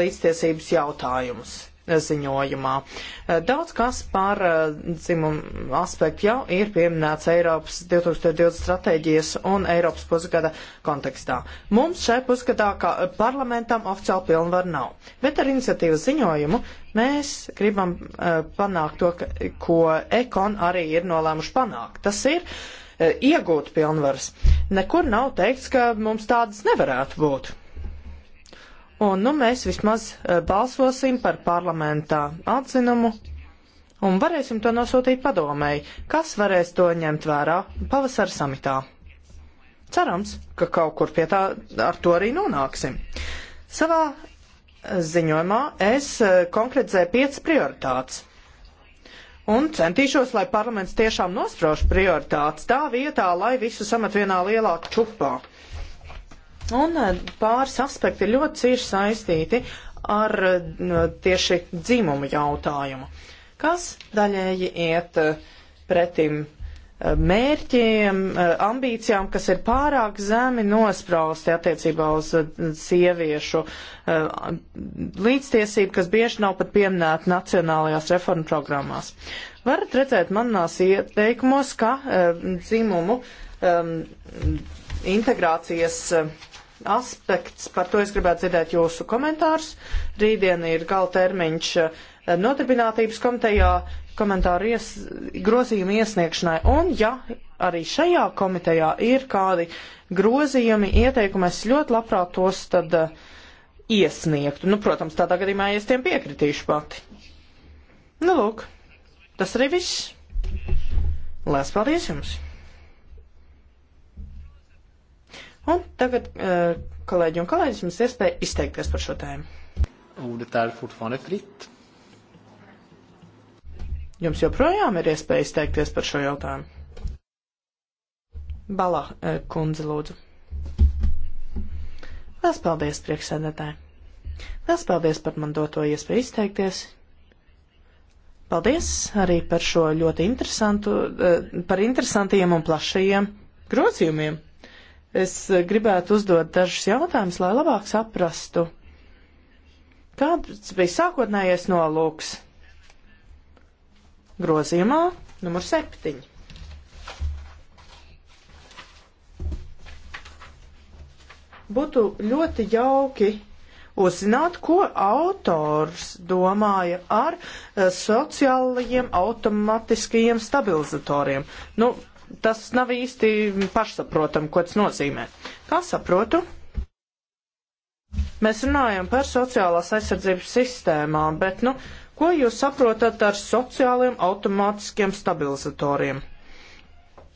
līdztiesības jautājumus ziņojumā. Eh, daudz kas par eh, dzimumu aspektu jau ir pieminēts Eiropas 2020 stratēģijas un Eiropas pusgada kontekstā. Mums šai pusgadā kā parlamentam oficiāli pilnvaru nav, bet ar iniciatīvas ziņojumu mēs gribam eh, panākt to, ko ekon arī ir nolēmuši panākt. Tas ir iegūt pilnvaras. Nekur nav teikts, ka mums tādas nevarētu būt. Un nu mēs vismaz eh, balsosim par parlamentā atzinumu un varēsim to nosūtīt padomēji, kas varēs to ņemt vērā pavasara samitā. Cerams, ka kaut kur pie tā ar to arī nonāksim. Savā ziņojumā es eh, konkretizēju piecas prioritātes. Un centīšos, lai parlaments tiešām nosprož prioritātes tā vietā, lai visu samet vienā lielā čupā. Un eh, pāris aspekti ir ļoti cieši saistīti ar eh, tieši dzimumu jautājumu, kas daļēji iet eh, pretim mērķiem, ambīcijām, kas ir pārāk zemi nosprausti attiecībā uz sieviešu līdztiesību, kas bieži nav pat pieminēta nacionālajās reformu programmās. Varat redzēt manās ieteikumos, ka dzimumu ehm, integrācijas aspekts, par to es gribētu dzirdēt jūsu komentārus. Rītdien ir gala termiņš eh, nodarbinātības komitejā komentāru ies, grozījumu iesniegšanai. Un, ja arī šajā komitejā ir kādi grozījumi, ieteikumi, es ļoti labprāt tos tad uh, iesniegtu. Nu, protams, tādā gadījumā es tiem piekritīšu pati. Nu, lūk, tas arī viss. Lēs paldies jums! Un tagad eh, kolēģi un kolēģis mums iespēja izteikties par šo tēmu. Ordet är fortfarande fritt. Jums joprojām ir iespēja izteikties par šo jautājumu. Balā eh, kundze, lūdzu. Lielas paldies, priekšsēdētāji. Lielas paldies par man doto iespēju izteikties. Paldies arī par šo ļoti interesantu, eh, par interesantiem un plašajiem grozījumiem. Es gribētu uzdot dažus jautājumus, lai labāk saprastu, kāds bija sākotnējais nolūks grozījumā numur septiņi. Būtu ļoti jauki uzzināt, ko autors domāja ar eh, sociālajiem automatiskajiem stabilizatoriem. Nu, tas nav īsti pašsaprotam, ko tas nozīmē. Kā saprotu? Mēs runājam par sociālās aizsardzības sistēmām, bet, nu, ko jūs saprotat ar sociāliem automātiskiem stabilizatoriem?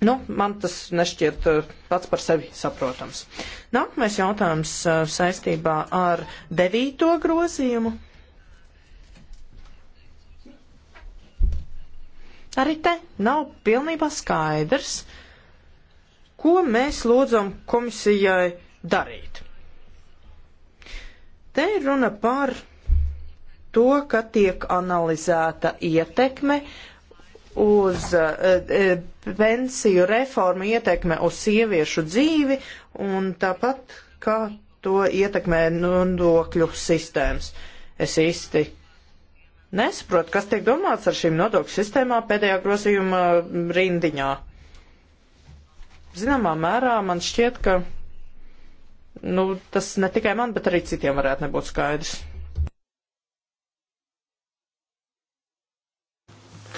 Nu, man tas nešķiet eh, pats par sevi saprotams. Nākamais jautājums eh, saistībā ar devīto grozījumu. Arī te nav pilnībā skaidrs, ko mēs lūdzam komisijai darīt. Te ir runa par to, ka tiek analizēta ietekme uz uh, pensiju reformu, ietekme uz sieviešu dzīvi un tāpat kā to ietekmē nu, nodokļu sistēmas. Es īsti nesaprotu, kas tiek domāts ar šīm nodokļu sistēmā pēdējā grozījuma mm, rindiņā. Zināmā mērā man šķiet, ka nu, tas ne tikai man, bet arī citiem varētu nebūt skaidrs.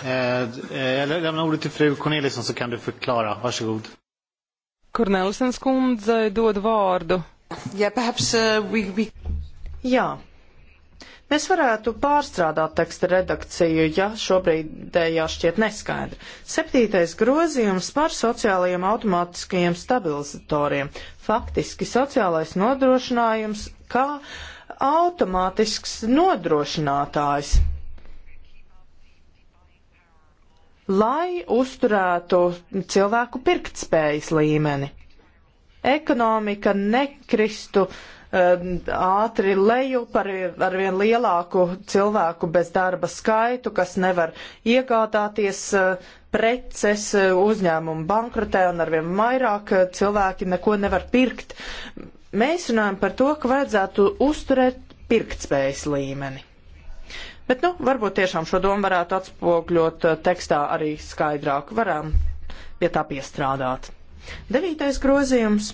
Jag eh, eh, lämnar ordet till fru Corneliusson så kan du förklara. Varsågod. Corneliussons kundze dod vārdu. Ja, perhaps, uh, we, we... Jā, Mēs varētu pārstrādāt teksta redakciju, ja šobrīd jā šķiet neskaidra. Septītais grozījums par sociālajiem automātiskajiem stabilizatoriem. Faktiski sociālais nodrošinājums kā automātisks nodrošinātājs. Lai uzturētu cilvēku pirktspējas līmeni, ekonomika nekristu uh, Um, ātri lejup ar, ar vien lielāku cilvēku bez darba skaitu, kas nevar iegādāties uh, preces, uh, uzņēmumu bankrotē un ar vien vairāk uh, cilvēki neko nevar pirkt. Mēs runājam par to, ka vajadzētu uzturēt pirktspējas līmeni. Bet, nu, varbūt tiešām šo domu varētu atspogļot tekstā arī skaidrāk. Varam pie tā piestrādāt. Devītais grozījums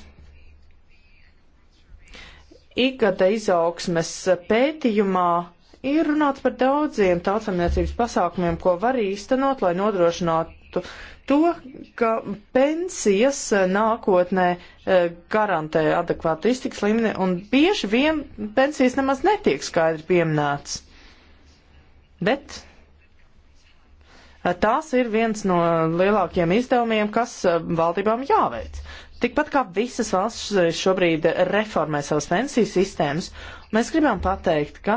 Ikgada izaugsmes pētījumā ir runāts par daudziem tautsamniecības pasākumiem, ko var īstenot, lai nodrošinātu to, ka pensijas nākotnē e, garantē adekvātu iztiks līmeni, un bieži vien pensijas nemaz netiek skaidri pieminēts. Bet e, tās ir viens no lielākiem izdevumiem, kas e, valdībām jāveic. Tikpat kā visas valsts eh, šobrīd reformē savas pensiju sistēmas, mēs gribam pateikt, ka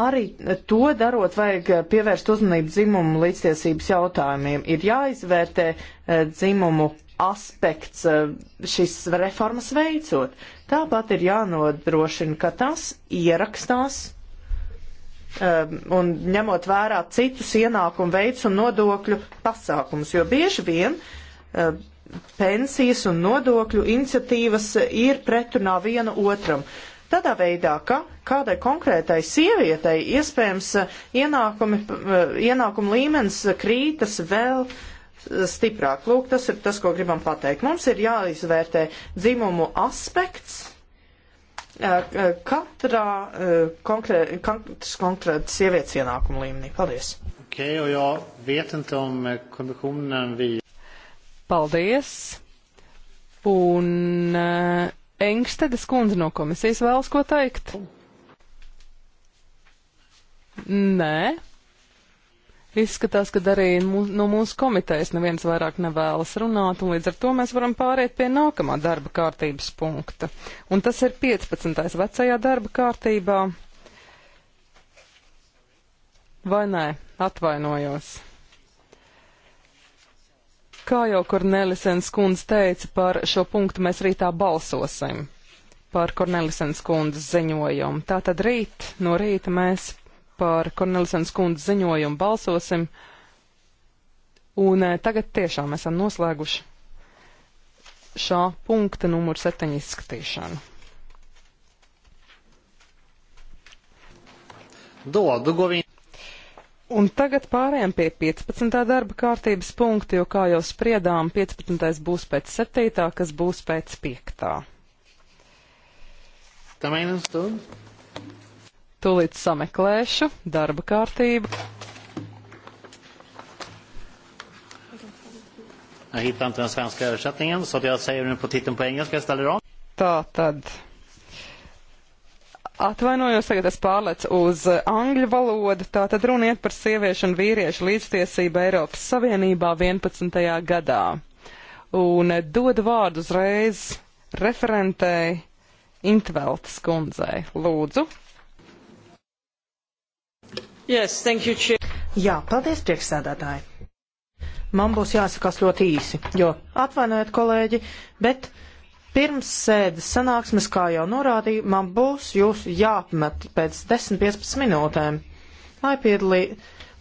arī to darot, vajag pievērst uzmanību dzimumu līdztiesības jautājumiem. Ir jāizvērtē eh, dzimumu aspekts eh, šis reformas veicot. Tāpat ir jānodrošina, ka tas ierakstās un ņemot vērā citus ienākumu veids un nodokļu pasākumus, jo bieži vien pensijas un nodokļu iniciatīvas ir pretrunā viena otram. Tādā veidā, ka kādai konkrētai sievietei iespējams eh, ienākumi, eh, ienākuma līmenis krītas vēl eh, stiprāk. Lūk, tas ir tas, ko gribam pateikt. Mums ir jāizvērtē dzimumu aspekts katrā konkrētas konkrētas konkrēt sievietes ienākuma līmenī. Paldies! Okej, okay, och jag vet inte om kommissionen vill Paldies! Un uh, Engstedes kundze no komisijas vēlas ko teikt? Nē. Izskatās, ka arī mūs, no mūsu komitejas neviens vairāk nevēlas runāt, un līdz ar to mēs varam pāriet pie nākamā darba kārtības punkta. Un tas ir 15. vecajā darba kārtībā. Vai nē? Atvainojos. Kā jau Kornelisens kundze teica, par šo punktu mēs rītā balsosim par Kornelisens kundzes ziņojumu. Tātad rīt, no rīta mēs par Kornelisens kundzes ziņojumu balsosim. Un eh, tagad tiešām esam noslēguši šā punkta numur 7 izskatīšanu. Dodu govīnu. Un tagad pārējām pie 15. darba kārtības punkta, jo, kā jau spriedām, 15. būs pēc 7. kas būs pēc 5. Kamēnes tu? Tūlīt sameklēšu darba kārtību. Jag hittar inte den svenska översättningen, så jag säger nu på titeln på engelska istället. Tā tad. Atvainojos, tagad es pārlecu uz eh, angļu valodu. Tā tad runiet par sieviešu un vīriešu līdztiesību Eiropas Savienībā 11. gadā. Un eh, dodu vārdu uzreiz referentei Intveltas kundzei. Lūdzu. Yes, thank you, Chair. Jā, paldies, priekšsēdētāji. Man būs jāsakās ļoti īsi, jo atvainojiet, kolēģi, bet Pirms sēdes sanāksmes, kā jau norādīju, man būs jūs jāapmet pēc 10-15 minūtēm, lai piedalī,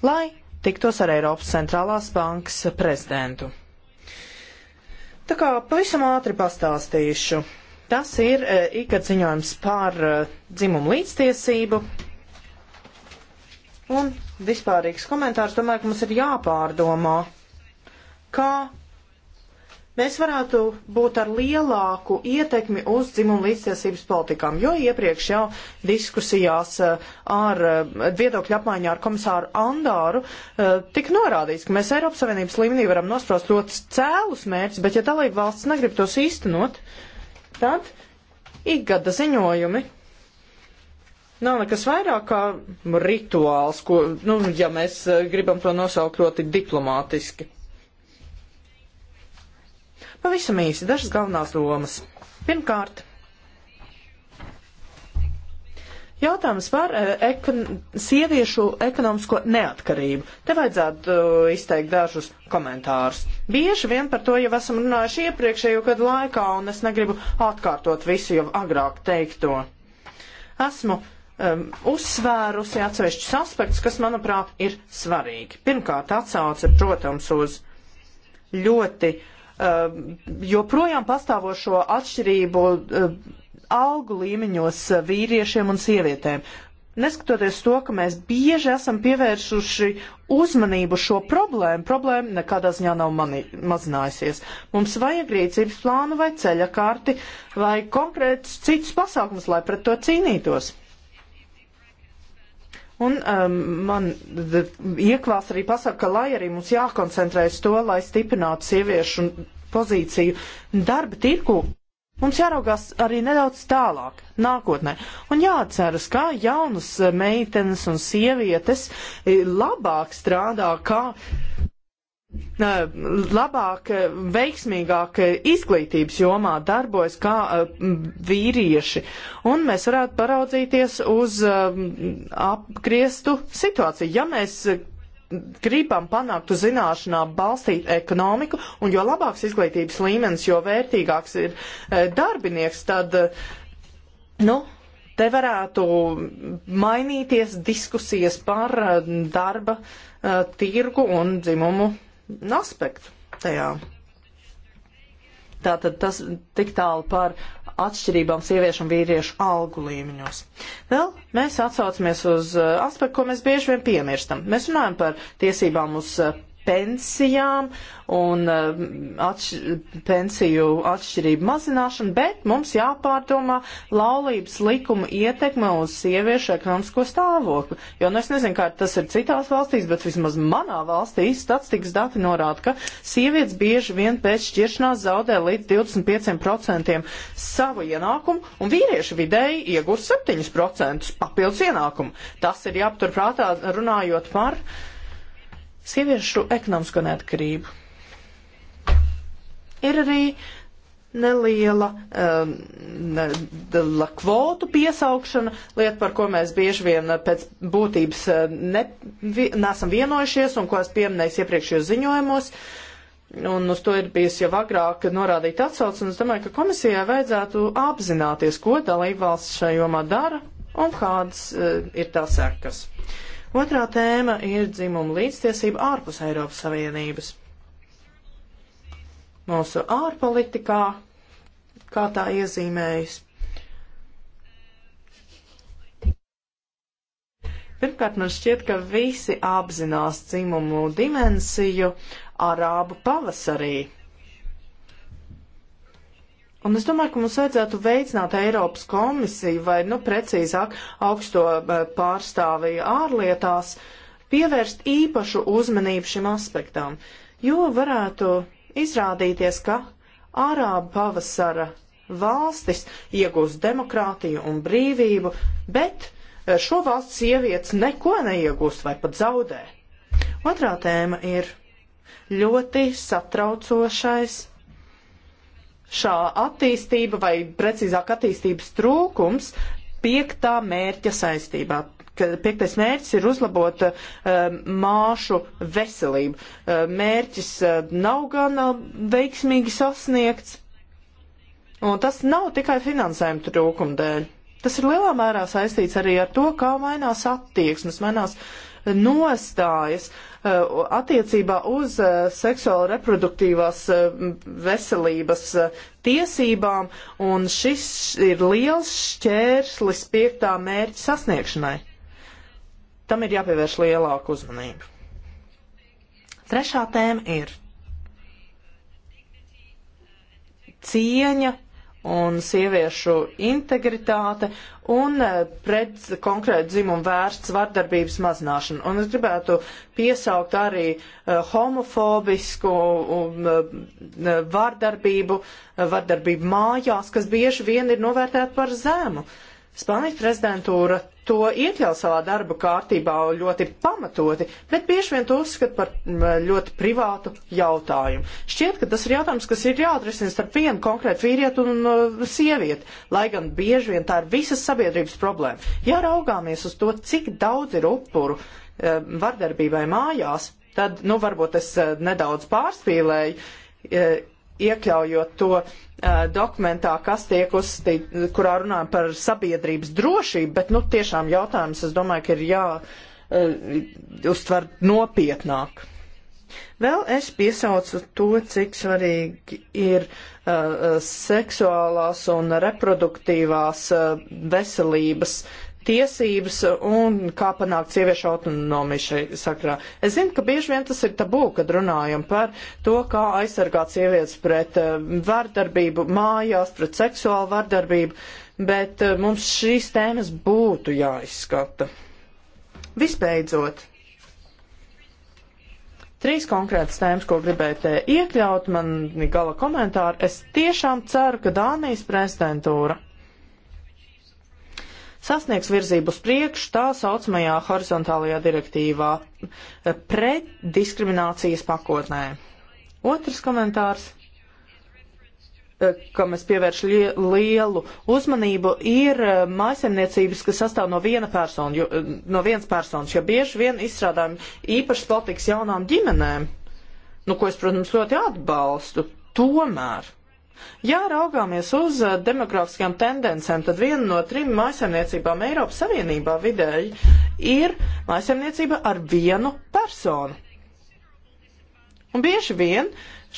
lai tiktos ar Eiropas centrālās bankas prezidentu. Tā kā pavisam ātri pastāstīšu. Tas ir e, eh, ikad ziņojums par e, dzimumu līdztiesību. Un vispārīgs komentārs, domāju, ka mums ir jāpārdomā, kā mēs varētu būt ar lielāku ietekmi uz dzimumu līdztiesības politikām, jo iepriekš jau diskusijās eh, ar eh, viedokļu apmaiņā ar komisāru Andāru eh, tika norādīts, ka mēs Eiropas Savienības līmenī varam nosprost ļoti cēlus mērķus, bet ja dalība valsts negrib tos īstenot, tad ikgada ziņojumi Nav nekas vairāk kā rituāls, ko, nu, ja mēs gribam to nosaukt ļoti diplomātiski. Pavisam īsi dažas galvenās domas. Pirmkārt, Jautājums par eh, ekon sieviešu ekonomisko neatkarību. Te vajadzētu uh, izteikt dažus komentārus. Bieži vien par to jau esam runājuši iepriekšējo gadu laikā, un es negribu atkārtot visu jau agrāk teikto. Esmu um, uzsvērusi atsevišķus aspektus, kas, manuprāt, ir svarīgi. Pirmkārt, atsauce, protams, uz ļoti uh, Um, joprojām pastāvošo atšķirību um, algu līmeņos uh, vīriešiem un sievietēm. Neskatoties to, ka mēs bieži esam pievēršuši uzmanību šo problēmu, problēma nekādā ziņā nav mani, mazinājusies. Mums vajag rīcības plānu vai ceļa karti vai konkrēts cits pasākums, lai pret to cīnītos. Un um, man iekvās arī pasaka, ka lai arī mums jākoncentrēs to, lai stiprinātu sieviešu pozīciju darba tirku, mums jāraugās arī nedaudz tālāk, nākotnē. Un jāatceras, kā jaunas meitenes un sievietes eh, labāk strādā, kā labāk, veiksmīgāk izglītības jomā darbojas kā vīrieši. Un mēs varētu paraudzīties uz apgriestu situāciju. Ja mēs gribam panākt uz zināšanām balstīt ekonomiku, un jo labāks izglītības līmenis, jo vērtīgāks ir darbinieks, tad, nu, te varētu mainīties diskusijas par darba tirgu un dzimumu aspektu tajā. Tātad tas tik tālu par atšķirībām sieviešu un vīriešu algu līmeņos. Vēl mēs atsaucamies uz eh, aspektu, ko mēs bieži vien piemirstam. Mēs runājam par tiesībām uz eh, pensijām un um, atš pensiju atšķirību mazināšanu, bet mums jāpārdomā laulības likuma ietekme uz sieviešu ekonomisko stāvokli. Jo nu, es nezinu, kā tas ir citās valstīs, bet vismaz manā valstī statistikas dati norāda, ka sievietes bieži vien pēc šķiršanās zaudē līdz 25% savu ienākumu un vīrieši vidēji iegūst 7% papildus ienākumu. Tas ir jāpaturprātā runājot par uh, sieviešu ekonomisko neatkarību. Ir arī neliela, um, neliela kvotu piesaukšana, lieta, par ko mēs bieži vien pēc būtības uh, ne, vi, nesam vienojušies un ko es pieminēju iepriekšējos ziņojumos. Un uz to ir bijis jau agrāk norādīta atsauce, un es domāju, ka komisijai vajadzētu apzināties, ko dalībvalsts šajā jomā dara un kādas uh, ir tās sekas. Uh, Otrā tēma ir dzimuma līdztiesība ārpus Eiropas Savienības. Mūsu ārpolitikā, kā tā iezīmējas. Pirmkārt, man šķiet, ka visi apzinās dzimumu dimensiju arābu pavasarī. Un es domāju, ka mums vajadzētu veicināt Eiropas komisiju vai, nu, precīzāk, augsto eh, pārstāvi ārlietās, pievērst īpašu uzmanību šim aspektam, jo varētu izrādīties, ka Ārābu pavasara valstis iegūs demokrātiju un brīvību, bet eh, šo valsts sievietes neko neiegūst vai pat zaudē. Otrā tēma ir ļoti satraucošais šā attīstība vai precīzāk attīstības trūkums piektā mērķa saistībā. Piektais mērķis ir uzlabot uh, māšu veselību. Uh, mērķis uh, nav gan uh, veiksmīgi sasniegts, un tas nav tikai finansējuma trūkuma dēļ. Tas ir lielā mērā saistīts arī ar to, kā mainās attieksmes, mainās uh, nostājas uh, attiecībā uz uh, seksuāla reproduktīvās uh, veselības tiesībām, un šis ir liels šķērslis piektā mērķa sasniegšanai. Tam ir jāpievērš lielāku uzmanību. Trešā tēma ir cieņa un sieviešu integritāte un eh, pret konkrētu dzimumu vērsts vardarbības mazināšana. Un es gribētu piesaukt arī eh, homofobisku um, eh, vardarbību, vardarbību mājās, kas bieži vien ir novērtēta par zēmu. Uh, Spānijas prezidentūra to iekļaut savā darba kārtībā ļoti pamatoti, bet bieži vien to uzskata par ļoti privātu jautājumu. Šķiet, ka tas ir jautājums, kas ir jāatrisina starp vienu konkrētu vīrieti un uh, sievieti, lai gan bieži vien tā ir visas sabiedrības problēma. Ja raugāmies uz to, cik daudz ir upuru uh, vardarbībai mājās, tad, nu, varbūt es uh, nedaudz pārspīlēju e, iekļaujot to uh, dokumentā, kas tiek uzstīt, kurā runājam par sabiedrības drošību, bet, nu, tiešām jautājums, es domāju, ka ir jā uh, uztver nopietnāk. Vēl es piesaucu to, cik svarīgi ir uh, seksuālās un reproduktīvās uh, veselības tiesības un kā panākt sieviešu autonomiju šai sakrā. Es zinu, ka bieži vien tas ir tabū, kad runājam par to, kā aizsargāt sievietes pret eh, vardarbību mājās, pret seksuālu vardarbību, bet eh, mums šīs tēmas būtu jāizskata. Visbeidzot, trīs konkrētas tēmas, ko gribēju te iekļaut, man gala komentāri. Es tiešām ceru, ka Dānijas prezidentūra sasniegs virzību uz priekšu tā saucamajā horizontālajā direktīvā eh, pret diskriminācijas pakotnē. Otrs komentārs eh, kam es pievēršu lielu uzmanību, ir eh, mājasemniecības, kas sastāv no viena persona, jo, no viens personas, jo bieži vien izstrādājumi īpašas politikas jaunām ģimenēm, nu, ko es, protams, ļoti atbalstu, tomēr Ja raugāmies uz eh, demografiskajām tendencēm, tad viena no trim mājasemniecībām Eiropas Savienībā vidēji ir mājasemniecība ar vienu personu. Un bieži vien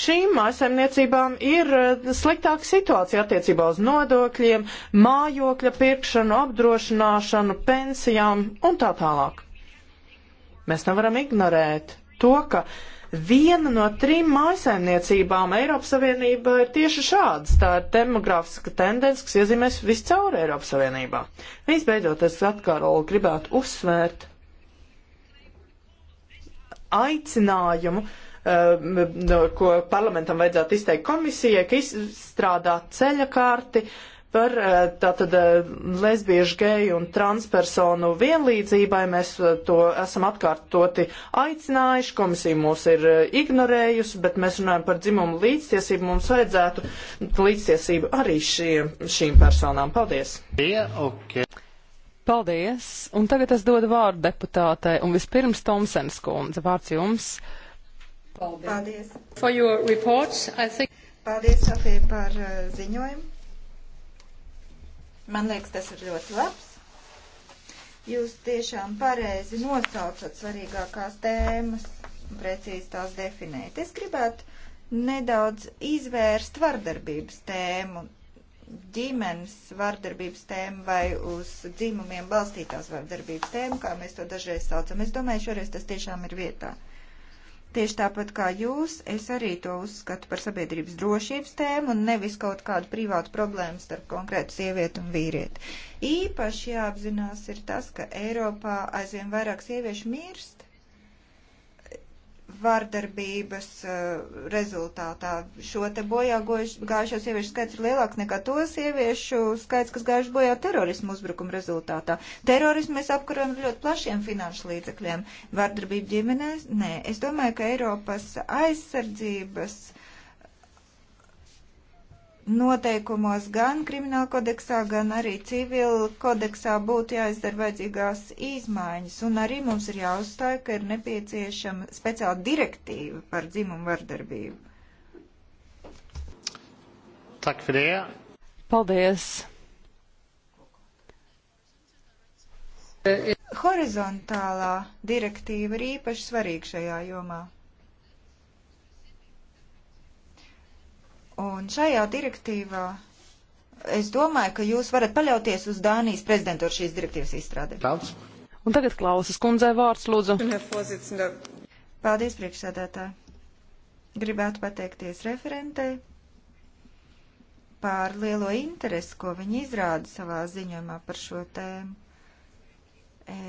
šīm mājasemniecībām ir eh, sliktāka situācija attiecībā uz nodokļiem, mājokļa pirkšanu, apdrošināšanu, pensijām un tā tālāk. Mēs nevaram ignorēt to, ka uh, viena no trim mājasaimniecībām Eiropas Savienībā ir tieši šādas. Tā ir demografiska tendence, kas iezīmēs viscaur Eiropas Savienībā. Visbeidzot, es atkārolu gribētu uzsvērt aicinājumu eh, ko parlamentam vajadzētu izteikt komisijai, ka izstrādā ceļakārti Par eh, tātad eh, lesbiešu, geju un transpersonu vienlīdzībai mēs eh, to esam atkārtoti aicinājuši, komisija mūs ir ignorējusi, bet mēs runājam par dzimumu līdztiesību, mums vajadzētu līdztiesību arī šie, šīm personām. Paldies! Yeah, okay. Paldies! Un tagad es dodu vārdu deputātei, un vispirms Tomsens kundze, vārds jums. Paldies! Paldies, Paldies Sofija, par ziņojumu. Man liekas, tas ir ļoti labs. Jūs tiešām pareizi nosaucat svarīgākās tēmas un precīzi tās definēt. Es gribētu nedaudz izvērst vardarbības tēmu, ģimenes vardarbības tēmu vai uz dzimumiem balstītās vardarbības tēmu, kā mēs to dažreiz saucam. Es domāju, šoreiz tas tiešām ir vietā. Uh, Tieši tāpat kā jūs, es arī to uzskatu par sabiedrības drošības tēmu un nevis kaut kādu privātu problēmu starp konkrētu sievieti un vīrieti. Īpaši jāapzinās ir tas, ka Eiropā aizvien vairāk sieviešu mirst vardarbības eh, rezultātā. Šo te bojā gājušo sieviešu skaits ir lielāks nekā to sieviešu skaits, kas gājuši bojā terorismu uzbrukumu rezultātā. Terorismu mēs apkarojam ar ļoti plašiem finanšu līdzekļiem. Vardarbību ģimenēs? Nē. Es domāju, ka Eiropas aizsardzības noteikumos gan krimināla kodeksā, gan arī civila kodeksā būtu jāizdara vajadzīgās izmaiņas. Un arī mums ir jāuzstāj, ka ir nepieciešama speciāla direktīva par dzimumu vardarbību. Tak for det. Paldies. Horizontālā direktīva ir īpaši svarīga šajā jomā. Un šajā direktīvā es domāju, ka jūs varat paļauties uz Dānijas prezidentūru šīs direktīvas izstrādē. Paldies. Un tagad klausas kundzē vārds, lūdzu. Paldies, priekšsēdētāji. Gribētu pateikties referentei pār lielo interesi, ko viņi izrāda savā ziņojumā par šo tēmu.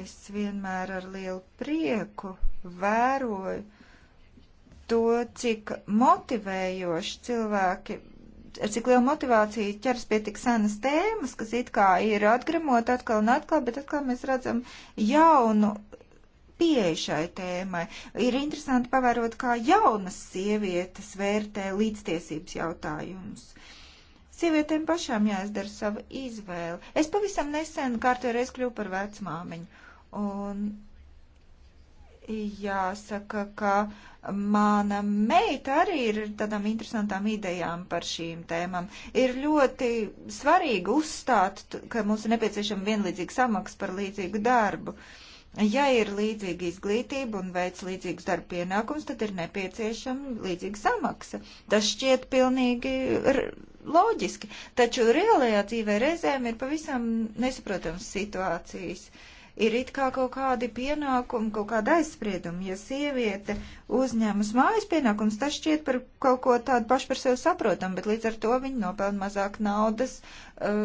Es vienmēr ar lielu prieku vēroju, to, cik motivējoši cilvēki, ar cik lielu motivāciju ķers pie tik senas tēmas, kas it kā ir atgremot atkal un atkal, bet atkal mēs redzam jaunu pieeja šai tēmai. Ir interesanti pavērot, kā jaunas sievietes vērtē līdztiesības jautājumus. Sievietēm pašām jāizdara sava izvēle. Es pavisam nesen kārtējo reizi kļuvu par vecmāmiņu, un jāsaka, ka mana meita arī ir tādām interesantām idejām par šīm tēmām. Ir ļoti svarīgi uzstāt, ka mums ir nepieciešama vienlīdzīga samaksa par līdzīgu darbu. Ja ir līdzīga izglītība un veids līdzīgus darba pienākums, tad ir nepieciešama līdzīga samaksa. Tas šķiet pilnīgi loģiski, taču reālajā dzīvē reizēm ir pavisam nesaprotams situācijas. Uh, ir it kā kaut kādi pienākumi, kaut kāda aizsprieduma. Ja sieviete uzņemas mājas pienākums, tas šķiet par kaut ko tādu pašu par sevi saprotam, bet līdz ar to viņi nopelna mazāk naudas uh,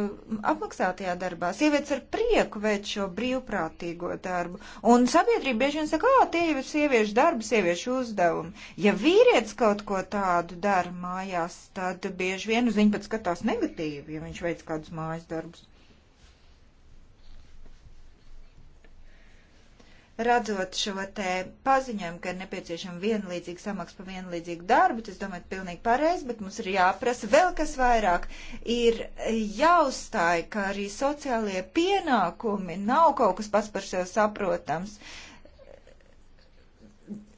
apmaksātajā darbā. Sievietes ar prieku veic šo brīvprātīgo darbu. Un sabiedrība bieži vien saka, ā, tie ir sieviešu darbi, sieviešu uzdevumi. Ja vīrietis kaut ko tādu dara mājās, tad bieži vien uz viņu pat skatās negatīvi, ja viņš veic kādus mājas darbus. redzot šo te paziņojumu, ka ir nepieciešama vienlīdzīga samaksa par vienlīdzīgu darbu, tas, domāju, ir pilnīgi pareizi, bet mums ir jāprasa vēl kas vairāk. Ir jāuzstāja, ka arī sociālie pienākumi nav kaut kas pats par sevi saprotams. Uh,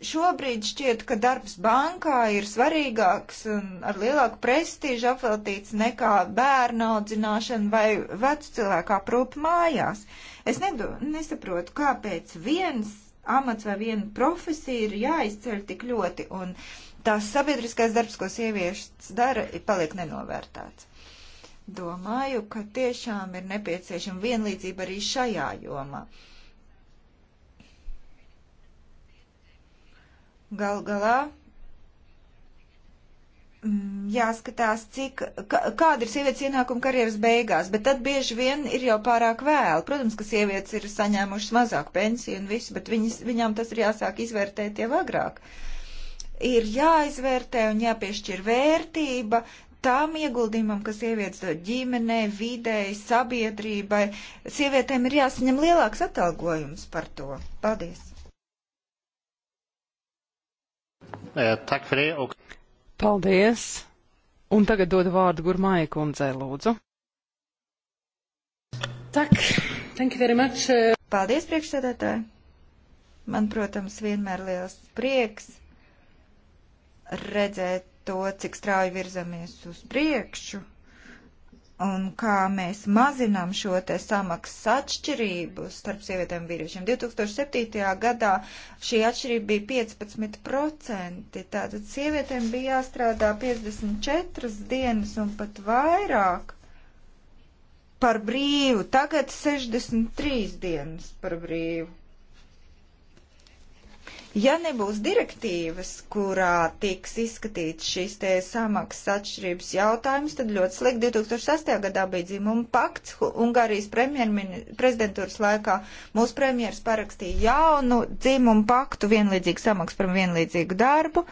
šobrīd šķiet, ka darbs bankā ir svarīgāks un ar lielāku prestižu apveltīts nekā bērnu audzināšana vai vecu cilvēku aprūpe mājās. Es nedo, nesaprotu, kāpēc viens amats vai viena profesija ir jāizceļ tik ļoti un tās sabiedriskais darbs, ko sievietes dara, paliek nenovērtāts. Domāju, ka tiešām ir nepieciešama vienlīdzība arī šajā jomā. Uh, Gal galā mm, jāskatās, cik, kāda ir sievietes ienākuma karjeras beigās, bet tad bieži vien ir jau pārāk vēlu. Protams, ka sievietes ir saņēmušas mazāk pensiju un visu, bet viņas, viņām tas ir jāsāk izvērtēt jau agrāk. Ir jāizvērtē un jāpiešķir vērtība tām ieguldījumam, kas sievietes dod ģimenei, videi, sabiedrībai. Sievietēm ir jāsaņem lielāks atalgojums par to. Paldies! Eh, Paldies! Un tagad dodu vārdu Gurmai kundzei, lūdzu. Tak, thank you very much. Eh. Paldies, priekšsēdētāji. Man, protams, vienmēr liels prieks redzēt to, cik strauji virzamies uz priekšu un kā mēs mazinām šo te samaksas atšķirību starp sievietēm un vīriešiem. 2007. gadā šī atšķirība bija 15%, tātad sievietēm bija jāstrādā 54 dienas un pat vairāk par brīvu, tagad 63 dienas par brīvu. Ja nebūs direktīvas, kurā tiks izskatīts šīs te samaksas atšķirības jautājums, tad ļoti slikti 2008. gadā bija dzimuma pakts. Ungārijas prezidentūras laikā mūsu premjeras parakstīja jaunu dzimumu paktu vienlīdzīgu samaksu par vienlīdzīgu darbu.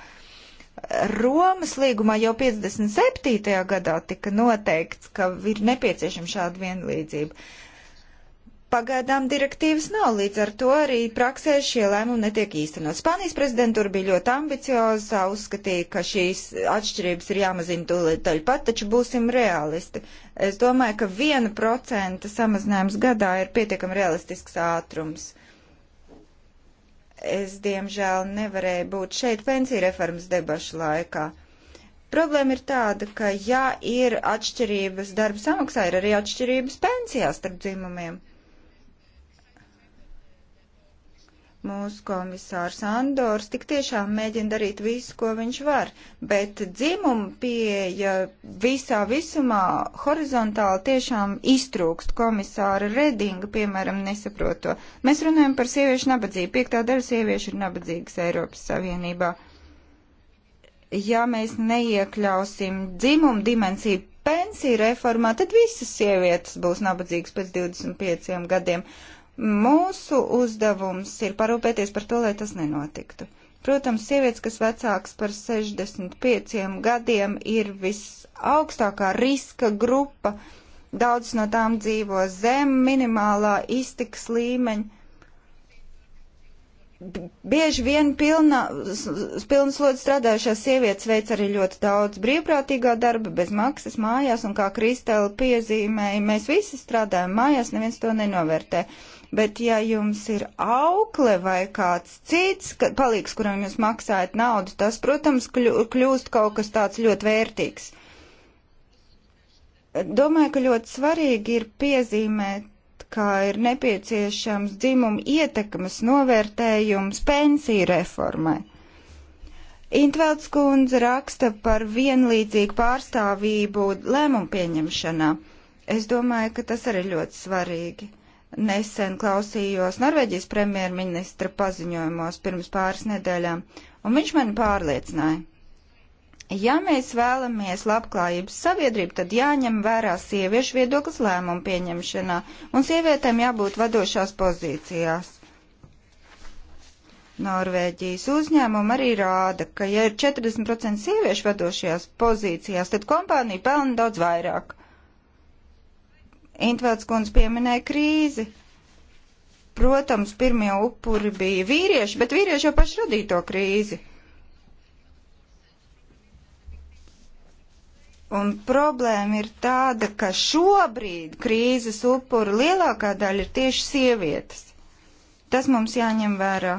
Romas līgumā jau 57. gadā tika noteikts, ka ir nepieciešama šāda vienlīdzība. Pagaidām direktīvas nav, līdz ar to arī praksē šie lēmumi netiek īstenot. Spānijas prezidentūra bija ļoti ambicioza, uzskatīja, ka šīs atšķirības ir jāmazina tūlītaļ pat, taču būsim realisti. Es domāju, ka viena procenta samazinājums gadā ir pietiekami realistisks ātrums. Es, diemžēl, nevarēju būt šeit pensiju reformas debašu laikā. Problēma ir tāda, ka ja ir atšķirības darba samaksā, ir arī atšķirības pensijās starp dzimumiem. mūsu komisārs Andors tik tiešām mēģina darīt visu, ko viņš var, bet dzimuma pieeja visā visumā horizontāli tiešām iztrūkst komisāra Redinga, piemēram, nesaproto. Mēs runājam par sieviešu nabadzību. Piektā daļa sieviešu ir nabadzīgas Eiropas Savienībā. Ja mēs neiekļausim dzimumu dimensiju pensiju reformā, tad visas sievietes būs nabadzīgas pēc 25 gadiem. Uh, Mūsu uzdevums ir parūpēties par to, lai tas nenotiktu. Protams, sievietes, kas vecāks par 65 gadiem, ir visaugstākā riska grupa. Daudz no tām dzīvo zem minimālā iztiks līmeņa. Bieži vien pilna, pilnas lodas strādājušās sievietes veic arī ļoti daudz brīvprātīgā darba, bez maksas mājās, un kā Kristēla piezīmēja, mēs visi strādājam mājās, neviens to nenovērtē. Uh, bet ja jums ir aukle vai kāds cits ka, palīgs, kuram jūs maksājat naudu, tas, protams, kļūst kaut kas tāds ļoti vērtīgs. Domāju, ka ļoti svarīgi ir piezīmēt, ka ir nepieciešams dzimumu ietekmes novērtējums pensiju reformai. Intvelds kundze raksta par vienlīdzīgu pārstāvību lēmumu pieņemšanā. Es domāju, ka tas arī ļoti svarīgi. Nesen klausījos Norvēģijas premjerministra paziņojumos pirms pāris nedēļām, un viņš mani pārliecināja. Ja mēs vēlamies labklājības sabiedrību, tad jāņem vērā sieviešu viedoklis lēmumu pieņemšanā, un sievietēm jābūt vadošās pozīcijās. Norvēģijas uzņēmumi arī rāda, ka ja ir 40% sieviešu vadošajās pozīcijās, tad kompānija pelna daudz vairāk. Intvelds kundze pieminēja krīzi. Protams, pirmie upuri bija vīrieši, bet vīrieši jau paši radīja to krīzi. Un problēma ir tāda, ka šobrīd krīzes upuru lielākā daļa ir tieši sievietes. Tas mums jāņem vērā.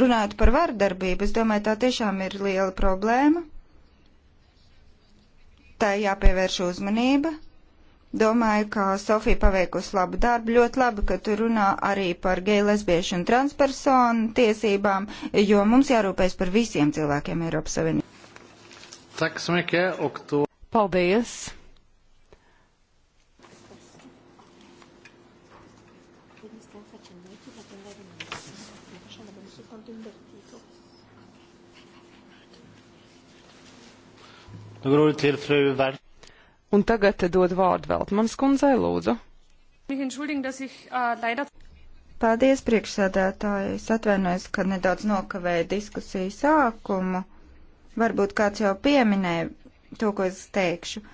Runājot par vardarbību, es domāju, tā tiešām ir liela problēma tai jāpievērš uzmanība. Domāju, ka Sofija paveikusi labu darbu. Ļoti labi, ka tu runā arī par geju, lesbiešu un transpersonu tiesībām, jo mums jārūpēs par visiem cilvēkiem Eiropas Savienībā. Paldies! Nu, Un tagad dod vārdu Veltmans kundzei, lūdzu. Äh, Paldies, priekšsēdētāji. Es atvainojos, ka nedaudz nokavēju diskusiju sākumu. Varbūt kāds jau pieminēja to, ko es teikšu.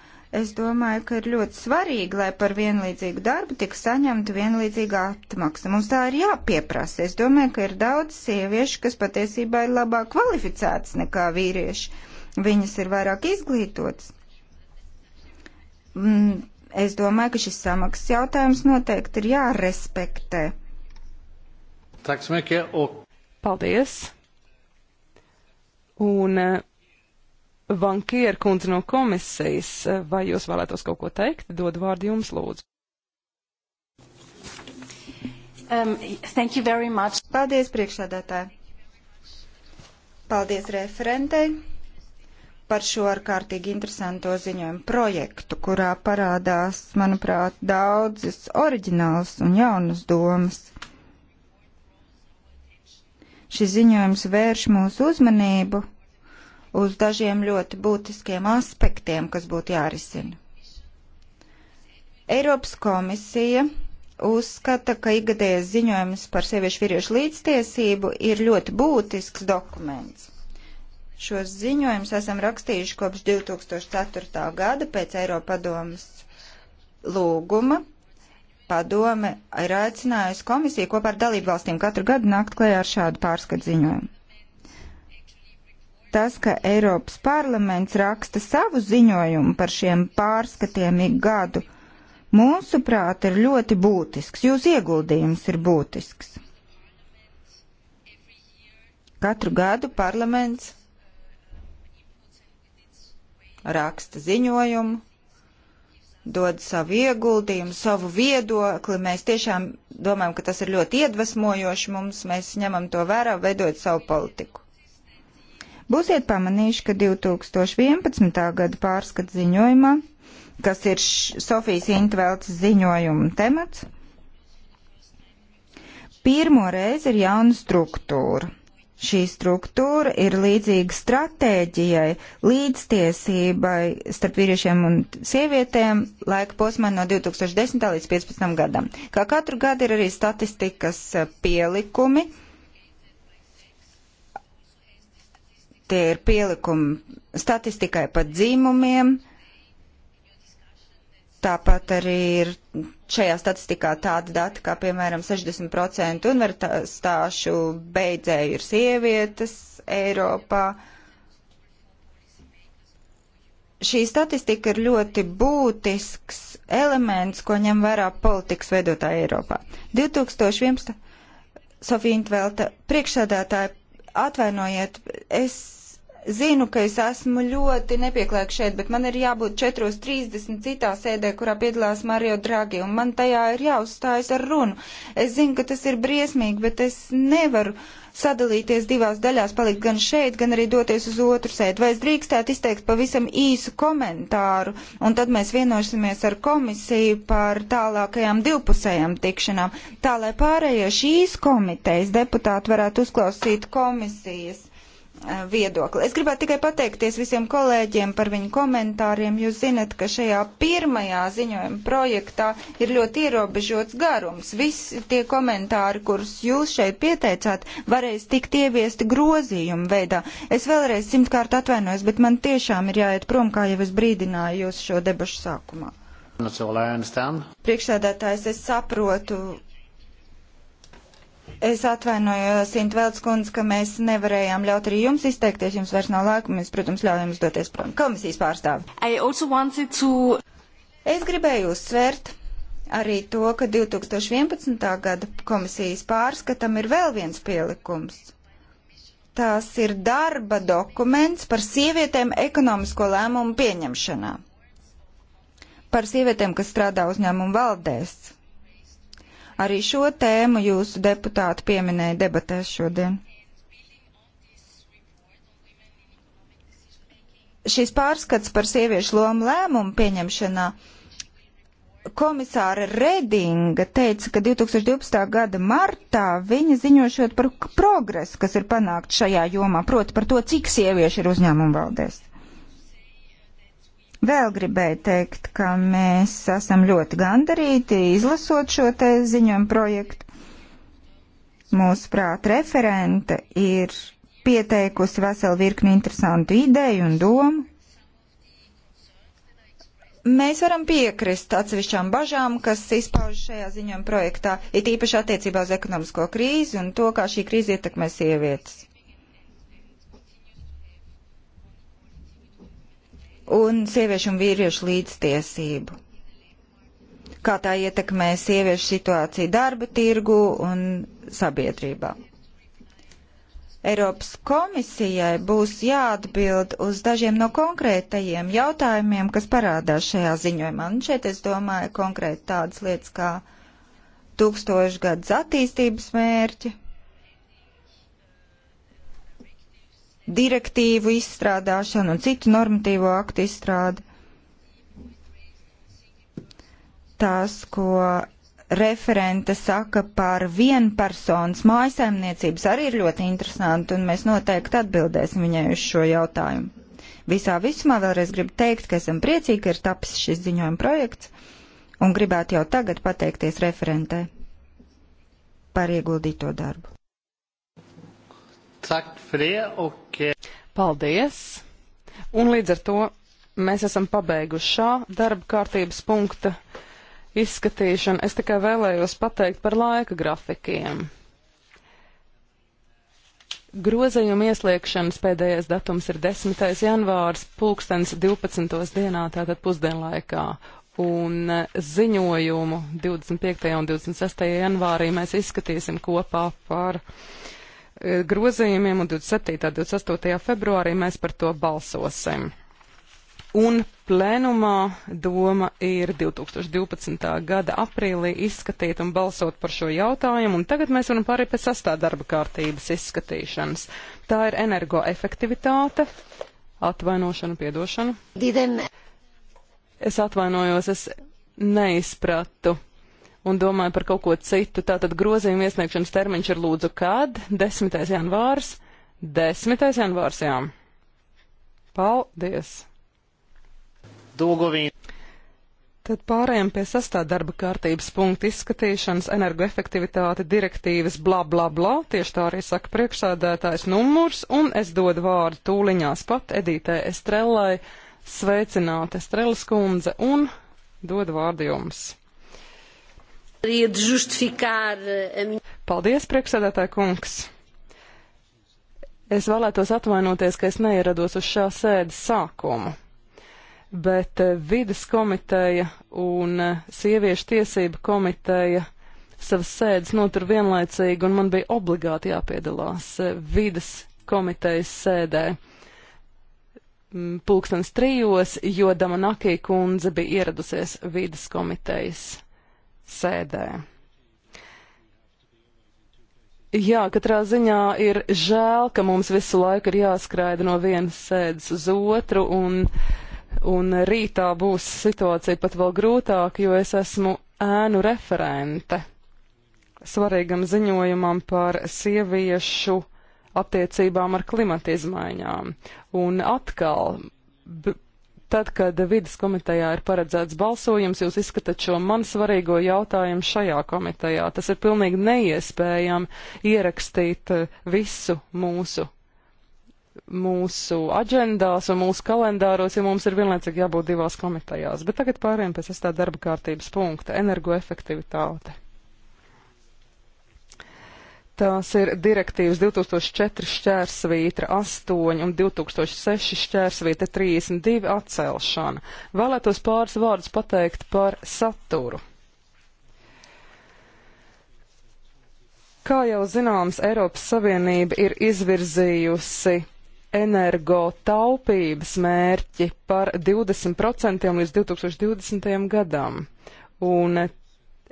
Es domāju, ka ir ļoti svarīgi, lai par vienlīdzīgu darbu tik saņemtu vienlīdzīgu atmaksu. Mums tā ir jāpieprasa. Es domāju, ka ir daudz sieviešu, kas patiesībā ir labāk kvalificētas nekā vīrieši viņas ir vairāk izglītotas. Mm, es domāju, ka šis samaksas jautājums noteikti ir jārespektē. Paldies! Un eh, Vankiera kundze no komisijas, eh, vai jūs vēlētos kaut ko teikt? Dod vārdu jums, lūdzu. Um, Paldies, priekšsādātāji! Paldies referentei! par šo ārkārtīgi interesanto ziņojumu projektu, kurā parādās, manuprāt, daudzas oriģinālas un jaunas domas. Šis ziņojums vērš mūsu uzmanību uz dažiem ļoti būtiskiem aspektiem, kas būtu jārisina. Eiropas komisija uzskata, ka ikgadējais ziņojums par sieviešu vīriešu līdztiesību ir ļoti būtisks dokuments. Šos ziņojumus esam rakstījuši kopš 2004. gada pēc Eiropadomas lūguma. Padome ir aicinājusi komisiju kopā ar dalību valstīm katru gadu nākt klējā ar šādu pārskatu ziņojumu. Tas, ka Eiropas parlaments raksta savu ziņojumu par šiem pārskatiem ik gadu, mūsuprāt, ir ļoti būtisks. Jūs ieguldījums ir būtisks. Katru gadu parlaments raksta ziņojumu, dod savu ieguldījumu, savu viedokli. Mēs tiešām domājam, ka tas ir ļoti iedvesmojoši mums, mēs ņemam to vērā, veidojot savu politiku. Būsiet pamanījuši, ka 2011. gada pārskat ziņojumā, kas ir Sofijas Intvelts ziņojuma temats, pirmo reizi ir jauna struktūra. Šī struktūra ir līdzīga stratēģijai, līdztiesībai starp vīriešiem un sievietēm laika posmā no 2010. līdz 2015. gadam. Kā katru gadu ir arī statistikas eh, pielikumi. Tie ir pielikumi statistikai par dzīmumiem, uh, Tāpat arī ir šajā statistikā tāda data, kā piemēram 60% universitāšu beidzēju ir sievietes Eiropā. Šī statistika ir ļoti būtisks elements, ko ņem vērā politikas veidotāji Eiropā. 2011. Sofija Intvelta priekšsēdētāja atvainojiet, es Zinu, ka es esmu ļoti nepieklēks šeit, bet man ir jābūt 4.30 citā sēdē, kurā piedalās Mario Draghi, un man tajā ir jāuzstājas ar runu. Es zinu, ka tas ir briesmīgi, bet es nevaru sadalīties divās daļās, palikt gan šeit, gan arī doties uz otru sēdi. Vai es drīkstētu izteikt pavisam īsu komentāru, un tad mēs vienosimies ar komisiju par tālākajām divpusējām tikšanām, tā lai pārējie šīs komitejas deputāti varētu uzklausīt komisijas Eh, viedokli. Es gribētu tikai pateikties visiem kolēģiem par viņu komentāriem. Jūs zinat, ka šajā pirmajā ziņojuma projektā ir ļoti ierobežots garums. Visi tie komentāri, kurus jūs šeit pieteicāt, varēs tikt ieviesti grozījumu veidā. Es vēlreiz simtkārt atvainojos, bet man tiešām ir jāiet prom, kā jau es brīdināju jūs šo debašu sākumā. Priekšsēdētājs, es saprotu Es atvainojos, Intvelds kundze, ka mēs nevarējām ļaut arī jums izteikties, jums vairs nav laika, mēs, protams, ļaujam jums doties prom. Komisijas pārstāvi. To... Es gribēju uzsvērt arī to, ka 2011. gada komisijas pārskatam ir vēl viens pielikums. Tās ir darba dokuments par sievietēm ekonomisko lēmumu pieņemšanā. Par sievietēm, kas strādā uzņēmumu valdēs Arī šo tēmu jūsu deputāti pieminēja debatēs šodien. Šis pārskats par sieviešu lomu lēmumu pieņemšanā komisāra Redinga teica, ka 2012. gada martā viņa ziņošot par progresu, kas ir panākt šajā jomā, proti par to, cik sievieši ir uzņēmuma valdēs. Vēl gribēju teikt, ka mēs esam ļoti gandarīti izlasot šo te ziņojumu projektu. Mūsuprāt, referente ir pieteikusi veselu virkni interesantu ideju un domu. Mēs varam piekrist atsevišķām bažām, kas izpauž šajā ziņojuma projektā, it īpaši attiecībā uz ekonomisko krīzi un to, kā šī krīze ietekmē sievietes. un sieviešu un vīriešu līdztiesību. Kā tā ietekmē sieviešu situāciju darba tirgu un sabiedrībā. Eiropas komisijai būs jāatbild uz dažiem no konkrētajiem jautājumiem, kas parādās šajā ziņojumā. Un šeit es domāju konkrēti tādas lietas kā tūkstošgads attīstības mērķi direktīvu izstrādāšanu un citu normatīvo aktu izstrādi. Tas, ko referente saka par vienpersonas mājasaimniecības, arī ir ļoti interesanti, un mēs noteikti atbildēsim viņai uz šo jautājumu. Visā visumā vēlreiz gribu teikt, ka esam priecīgi, ka ir tapis šis ziņojuma projekts, un gribētu jau tagad pateikties referentē par ieguldīto darbu. Eh, Paldies! Un līdz ar to mēs esam pabeiguši šā darba kārtības punkta izskatīšanu. Es tikai vēlējos pateikt par laika grafikiem. Grozījuma ieslēgšanas pēdējais datums ir 10. janvārs, pulkstens 12. dienā, tātad pusdienlaikā. Un eh, ziņojumu 25. un 26. janvārī mēs izskatīsim kopā par E, grozījumiem, un 27. un 28. februārī mēs par to balsosim. Un plenumā doma ir 2012. gada aprīlī izskatīt un balsot par šo jautājumu, un tagad mēs varam pārēt pie sastā darba kārtības izskatīšanas. Tā ir energoefektivitāte, atvainošana, piedošana. Didem. Es atvainojos, es neizpratu un domāju par kaut ko citu. Tātad grozījuma iesniegšanas termiņš ir lūdzu kad? 10. janvārs. 10. janvārs, jā. Paldies. Dūgovīna. Tad pārējām pie sastā darba kārtības punkta izskatīšanas energoefektivitāte direktīvas bla bla bla, tieši tā arī saka priekšsādētājs numurs, un es dodu vārdu tūliņās pat Edītē Estrellai, sveicināt Estrellas kundze, un dodu vārdu jums. Paldies, priekšsēdētāja kungs! Es vēlētos atvainoties, ka es neierados uz šā sēdes sākumu, bet eh, vidas komiteja un eh, sieviešu tiesība komiteja savas sēdes notur vienlaicīgi, un man bija obligāti jāpiedalās eh, vidas komitejas sēdē mm, pulkstens trijos, jo Damanakī kundze bija ieradusies vidas komitejas sēdē. Jā, katrā ziņā ir žēl, ka mums visu laiku ir jāskraida no vienas sēdes uz otru, un, un rītā būs situācija pat vēl grūtāka, jo es esmu ēnu referente svarīgam ziņojumam par sieviešu attiecībām ar klimatizmaiņām. Un atkal Tad, kad vidas komitejā ir paredzēts balsojums, jūs izskatāt šo man svarīgo jautājumu šajā komitejā. Tas ir pilnīgi neiespējami ierakstīt eh, visu mūsu, mūsu aģendās un mūsu kalendāros, ja mums ir vienlaicīgi jābūt divās komitejās. Bet tagad pāriem pie sestā darba kārtības punkta - energoefektivitāte. Tās ir direktīvas 2004 šķērsvītra 8 un 2006 šķērsvītra 32 atcelšana. Vēlētos pāris vārdus pateikt par saturu. Kā jau zināms, Eiropas Savienība ir izvirzījusi energo taupības mērķi par 20% līdz 2020. gadam. Un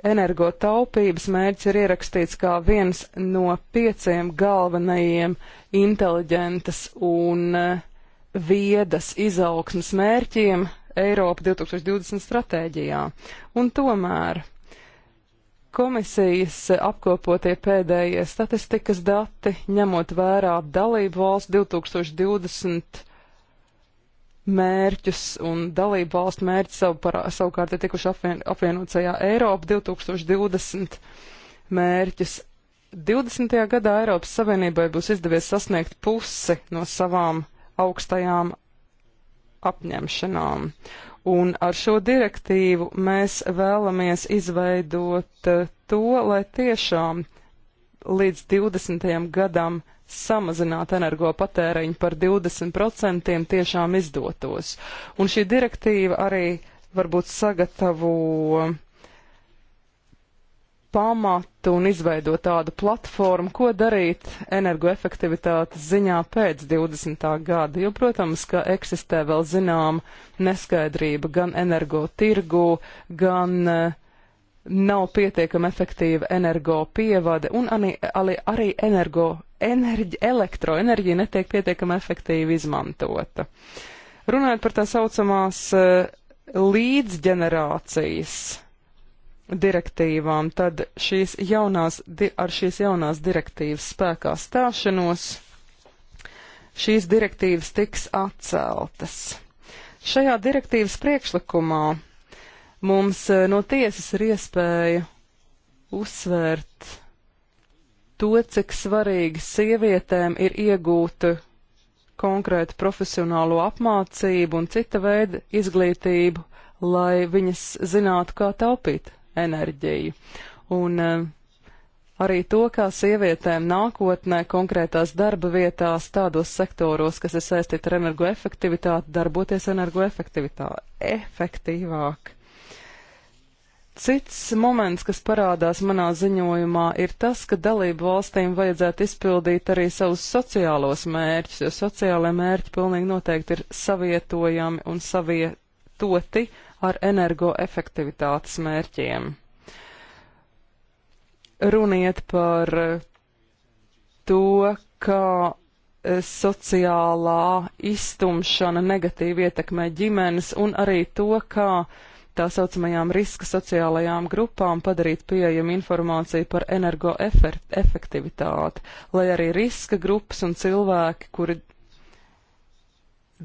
energotaupības mērķis ir ierakstīts kā viens no pieciem galvenajiem inteliģentas un eh, viedas izaugsmas mērķiem Eiropa 2020 stratēģijā. Un tomēr komisijas apkopotie pēdējie statistikas dati, ņemot vērā dalību valsts 2020 mērķus un dalību valstu mērķi savu par, savukārt ir tikuši apvien, apvienotajā Eiropa 2020 mērķus. 20. gadā Eiropas Savienībai būs izdevies sasniegt pusi no savām augstajām apņemšanām. Un ar šo direktīvu mēs vēlamies izveidot eh, to, lai tiešām līdz 20. gadam samazināt energopatēriņu par 20% tiešām izdotos. Un šī direktīva arī varbūt sagatavo pamatu un izveido tādu platformu, ko darīt energoefektivitātes ziņā pēc 20. gada, jo, protams, ka eksistē vēl zinām neskaidrība gan energo tirgu, gan uh, nav pietiekami efektīva energo pievade un arī, arī energo, enerģi, elektroenerģija netiek pietiekami efektīvi izmantota. Runājot par tā saucamās eh, līdzģenerācijas direktīvām, tad šīs jaunās, ar šīs jaunās direktīvas spēkā stāšanos šīs direktīvas tiks atceltas. Šajā direktīvas priekšlikumā Mums eh, no tiesas ir iespēja uzsvērt to, cik svarīgi sievietēm ir iegūt konkrētu profesionālo apmācību un cita veida izglītību, lai viņas zinātu, kā taupīt enerģiju. Un eh, arī to, kā sievietēm nākotnē konkrētās darba vietās, tādos sektoros, kas ir saistīti ar energoefektivitāti, darboties energoefektīvāk. Cits moments, kas parādās manā ziņojumā, ir tas, ka dalību valstīm vajadzētu izpildīt arī savus sociālos mērķus, jo sociālai mērķi pilnīgi noteikti ir savietojami un savietoti ar energoefektivitātes mērķiem. Runiet par to, kā sociālā iztumšana negatīvi ietekmē ģimenes un arī to, kā uh, tā saucamajām riska sociālajām grupām padarīt pieejamu informāciju par energoefektivitāti, lai arī riska grupas un cilvēki, kuri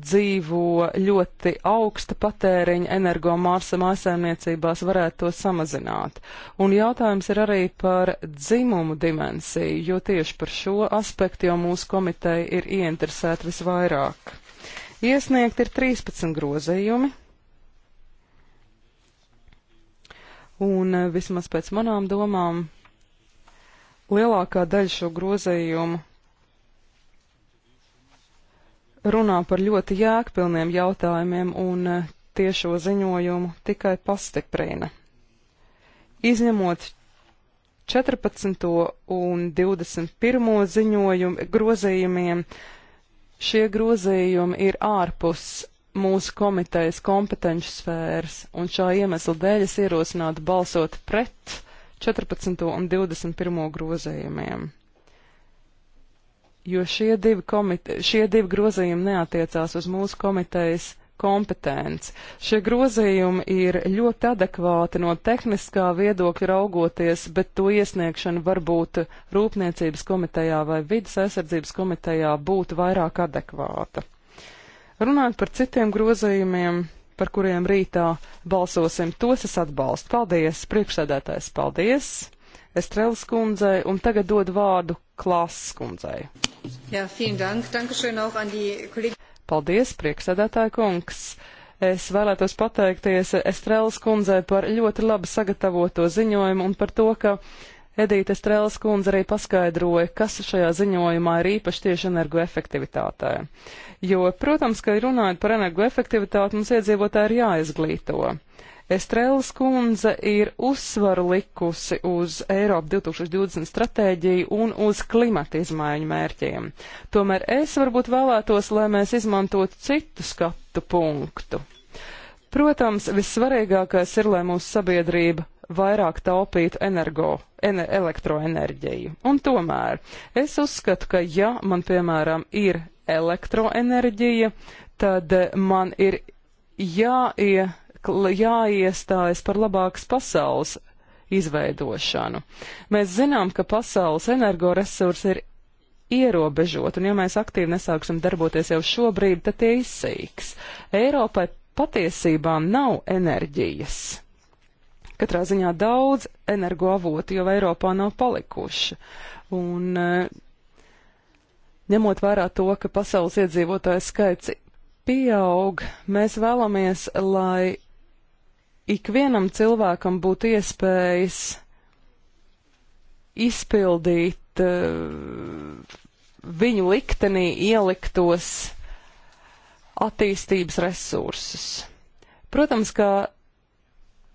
dzīvo ļoti augsta patēriņa energo mārsa mājasēmniecībās, varētu to samazināt. Un jautājums ir arī par dzimumu dimensiju, jo tieši par šo aspektu jau mūsu komiteja ir ieinteresēta visvairāk. Iesniegt ir 13 grozījumi, Un eh, vismaz pēc manām domām, lielākā daļa šo grozījumu runā par ļoti jēgpilniem jautājumiem un eh, tiešo ziņojumu tikai pastiprina. Izņemot 14. un 21. ziņojumu grozījumiem, šie grozījumi ir ārpus mūsu komitejas kompetenci sfēras, un šā iemesla dēļ es ierosinātu balsot pret 14. un 21. grozējumiem. Jo šie divi, komite, šie divi grozījumi neatiecās uz mūsu komitejas kompetenci. Šie grozījumi ir ļoti adekvāti no tehniskā viedokļa raugoties, bet to iesniegšana varbūt Rūpniecības komitejā vai Vides aizsardzības komitejā būtu vairāk adekvāta. Runājot par citiem grozījumiem, par kuriem rītā balsosim, tos es atbalstu. Paldies, priekšsēdētājs, paldies! Estrelas kundzei un tagad dod vārdu Klāsas kundzei. Jā, ja, vielen dank. Dankeschön auch an die kolēģi. Paldies, priekšsēdētāja kungs. Es vēlētos pateikties Estrelas kundzei par ļoti labi sagatavoto ziņojumu un par to, ka Edīte Strēls kundze arī paskaidroja, kas šajā ziņojumā ir īpaši tieši energoefektivitātē. Jo, protams, ka runājot par energoefektivitāti, mums iedzīvotāji ir jāizglīto. Estrēlas kundze ir uzsvaru likusi uz Eiropu 2020 stratēģiju un uz klimata izmaiņu mērķiem. Tomēr es varbūt vēlētos, lai mēs izmantotu citu skatu punktu. Protams, vissvarīgākais ir, lai mūsu sabiedrība vairāk taupītu energo, ene, elektroenerģiju. Un tomēr es uzskatu, ka ja man, piemēram, ir elektroenerģija, tad man ir jāie, jāiestājas par labākas pasaules izveidošanu. Mēs zinām, ka pasaules energoresursi ir ierobežot, un ja mēs aktīvi nesāksim darboties jau šobrīd, tad tie izsīks. Eiropai patiesībā nav enerģijas katrā ziņā daudz energoavotu jau Eiropā nav palikuši. Un, eh, ņemot vērā to, ka pasaules iedzīvotāju skaits pieaug, mēs vēlamies, lai ikvienam cilvēkam būtu iespējas izpildīt uh, viņu liktenī ieliktos attīstības resursus. Protams, ka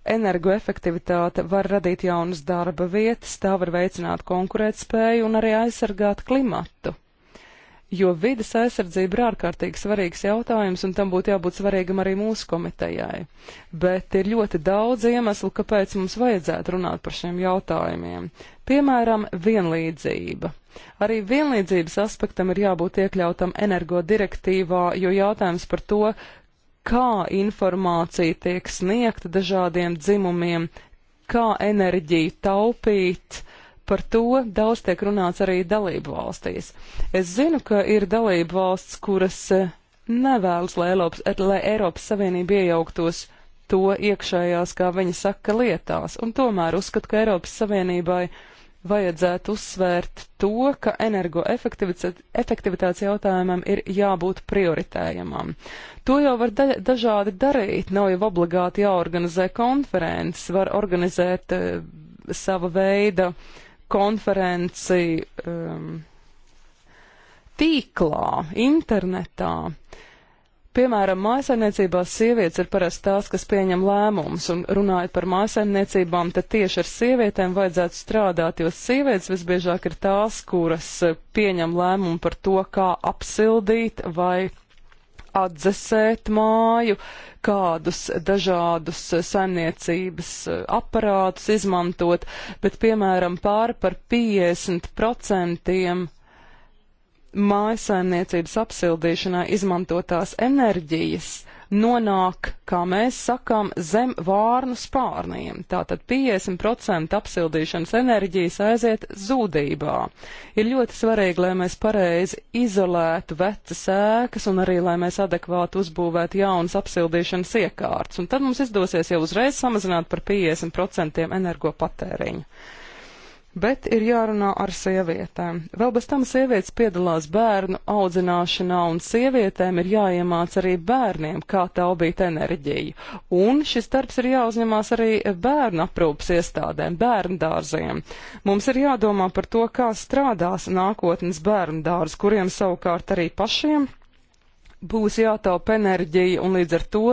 energoefektivitāte var radīt jaunas darba vietas, tā var veicināt konkurētspēju un arī aizsargāt klimatu. Jo vidas aizsardzība ir ārkārtīgi svarīgs jautājums, un tam būtu jābūt svarīgam arī mūsu komitejai. Bet ir ļoti daudz iemeslu, kāpēc mums vajadzētu runāt par šiem jautājumiem. Piemēram, vienlīdzība. Arī vienlīdzības aspektam ir jābūt iekļautam energo direktīvā, jo jautājums par to, kā informācija tiek sniegta dažādiem dzimumiem, kā enerģiju taupīt. Par to daudz tiek runāts arī dalību valstīs. Es zinu, ka ir dalību valsts, kuras eh, nevēlas, lai Eiropas, lai Eiropas Savienība iejauktos to iekšējās, kā viņa saka, lietās, un tomēr uzskata, ka Eiropas Savienībai uh, vajadzētu uzsvērt to, ka energoefektivitātes jautājumam ir jābūt prioritējamam. To jau var da dažādi darīt, nav jau obligāti jāorganizē konferences, var organizēt uh, sava veida konferenci um, tīklā, internetā. Uh, Piemēram, mājasaimniecībās sievietes ir parasti tās, kas pieņem lēmumus, un runājot par mājasaimniecībām, tad tieši ar sievietēm vajadzētu strādāt, jo sievietes visbiežāk ir tās, kuras eh, pieņem lēmumu par to, kā apsildīt vai atdzesēt māju, kādus dažādus eh, saimniecības eh, aparātus izmantot, bet, piemēram, pāri par 50% mājasaimniecības apsildīšanai izmantotās enerģijas nonāk, kā mēs sakām, zem vārnu spārniem. Tātad 50% apsildīšanas enerģijas aiziet zūdībā. Ir ļoti svarīgi, lai mēs pareizi izolētu vecas ēkas un arī, lai mēs adekvāti uzbūvētu jaunas apsildīšanas iekārtas. Un tad mums izdosies jau uzreiz samazināt par 50% energo patēriņu bet ir jārunā ar sievietēm. Vēl bez tam sievietes piedalās bērnu audzināšanā, un sievietēm ir jāiemāc arī bērniem, kā taupīt enerģiju. Un šis darbs ir jāuzņemās arī bērnu aprūpas iestādēm, bērnu dārziem. Mums ir jādomā par to, kā strādās nākotnes bērnu dārzi, kuriem savukārt arī pašiem būs jātaupa enerģija, un līdz ar to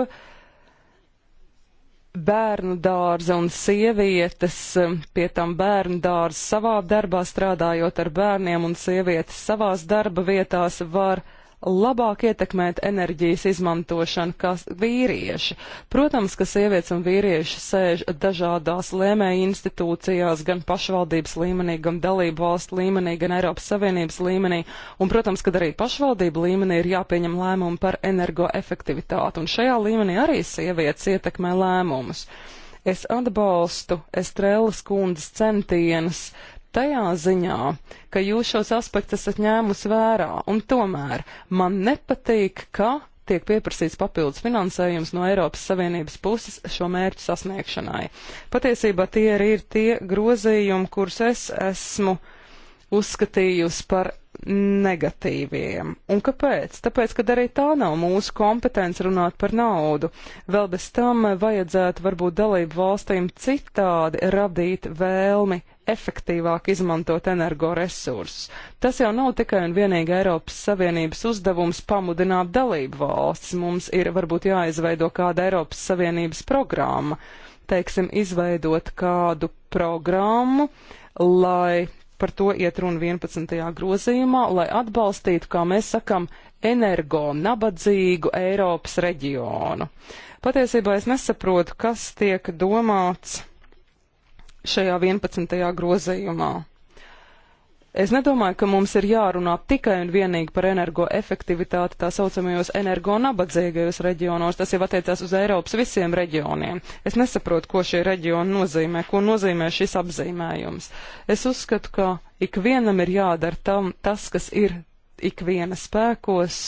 bērnu dārza un sievietes, um, pie tam bērnu dārza savā darbā strādājot ar bērniem un sievietes savās darba vietās var labāk ietekmēt enerģijas izmantošanu kā vīrieši. Protams, ka sievietes un vīrieši sēž dažādās lēmēju institūcijās, gan pašvaldības līmenī, gan dalību valstu līmenī, gan Eiropas Savienības līmenī, un, protams, ka arī pašvaldību līmenī ir jāpieņem lēmumi par energoefektivitāti, un šajā līmenī arī sievietes ietekmē lēmumus. Es atbalstu Estrēlas kundzes centienus uh, tajā ziņā, ka jūs šos aspektus esat ņēmus vērā, un tomēr man nepatīk, ka tiek pieprasīts papildus finansējums no Eiropas Savienības puses šo mērķu sasniegšanai. Patiesībā tie arī ir tie grozījumi, kurus es esmu uzskatījusi par negatīviem. Un kāpēc? Tāpēc, ka arī tā nav mūsu kompetence runāt par naudu. Vēl bez tam vajadzētu varbūt dalību valstīm citādi radīt vēlmi efektīvāk izmantot energoresursus. Tas jau nav tikai un vienīgi Eiropas Savienības uzdevums pamudināt dalību valstis. Mums ir varbūt jāizveido kāda Eiropas Savienības programma, teiksim, izveidot kādu programmu, lai par to iet runa 11. grozījumā, lai atbalstītu, kā mēs sakam, energo nabadzīgu Eiropas reģionu. Patiesībā es nesaprotu, kas tiek domāts šajā 11. grozījumā. Es nedomāju, ka mums ir jārunā tikai un vienīgi par energoefektivitāti tā saucamajos energonabadzīgajos reģionos. Tas jau attiecās uz Eiropas visiem reģioniem. Es nesaprotu, ko šie reģioni nozīmē, ko nozīmē šis apzīmējums. Es uzskatu, ka ikvienam ir jādara tam tas, kas ir ikviena spēkos,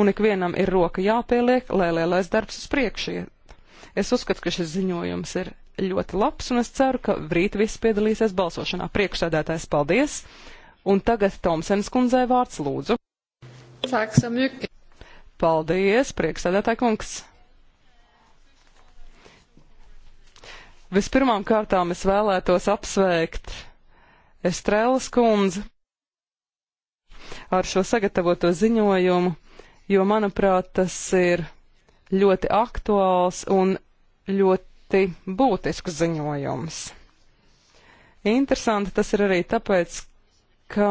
un ikvienam ir roka jāpieliek, lai lielais darbs uz priekšu iet. Es uzskatu, ka šis ziņojums ir ļoti labs, un es ceru, ka rīt visi piedalīsies balsošanā. Priekšsēdētājs, paldies! Un tagad Tomsens kundzei vārds lūdzu. Sāksim juki. Paldies, priekšsēdētāji kungs. Vispirmām kārtām es vēlētos apsveikt Estrēlas kundzi ar šo sagatavoto ziņojumu, jo, manuprāt, tas ir ļoti aktuāls un ļoti būtisks ziņojums. Interesanti tas ir arī tāpēc, ka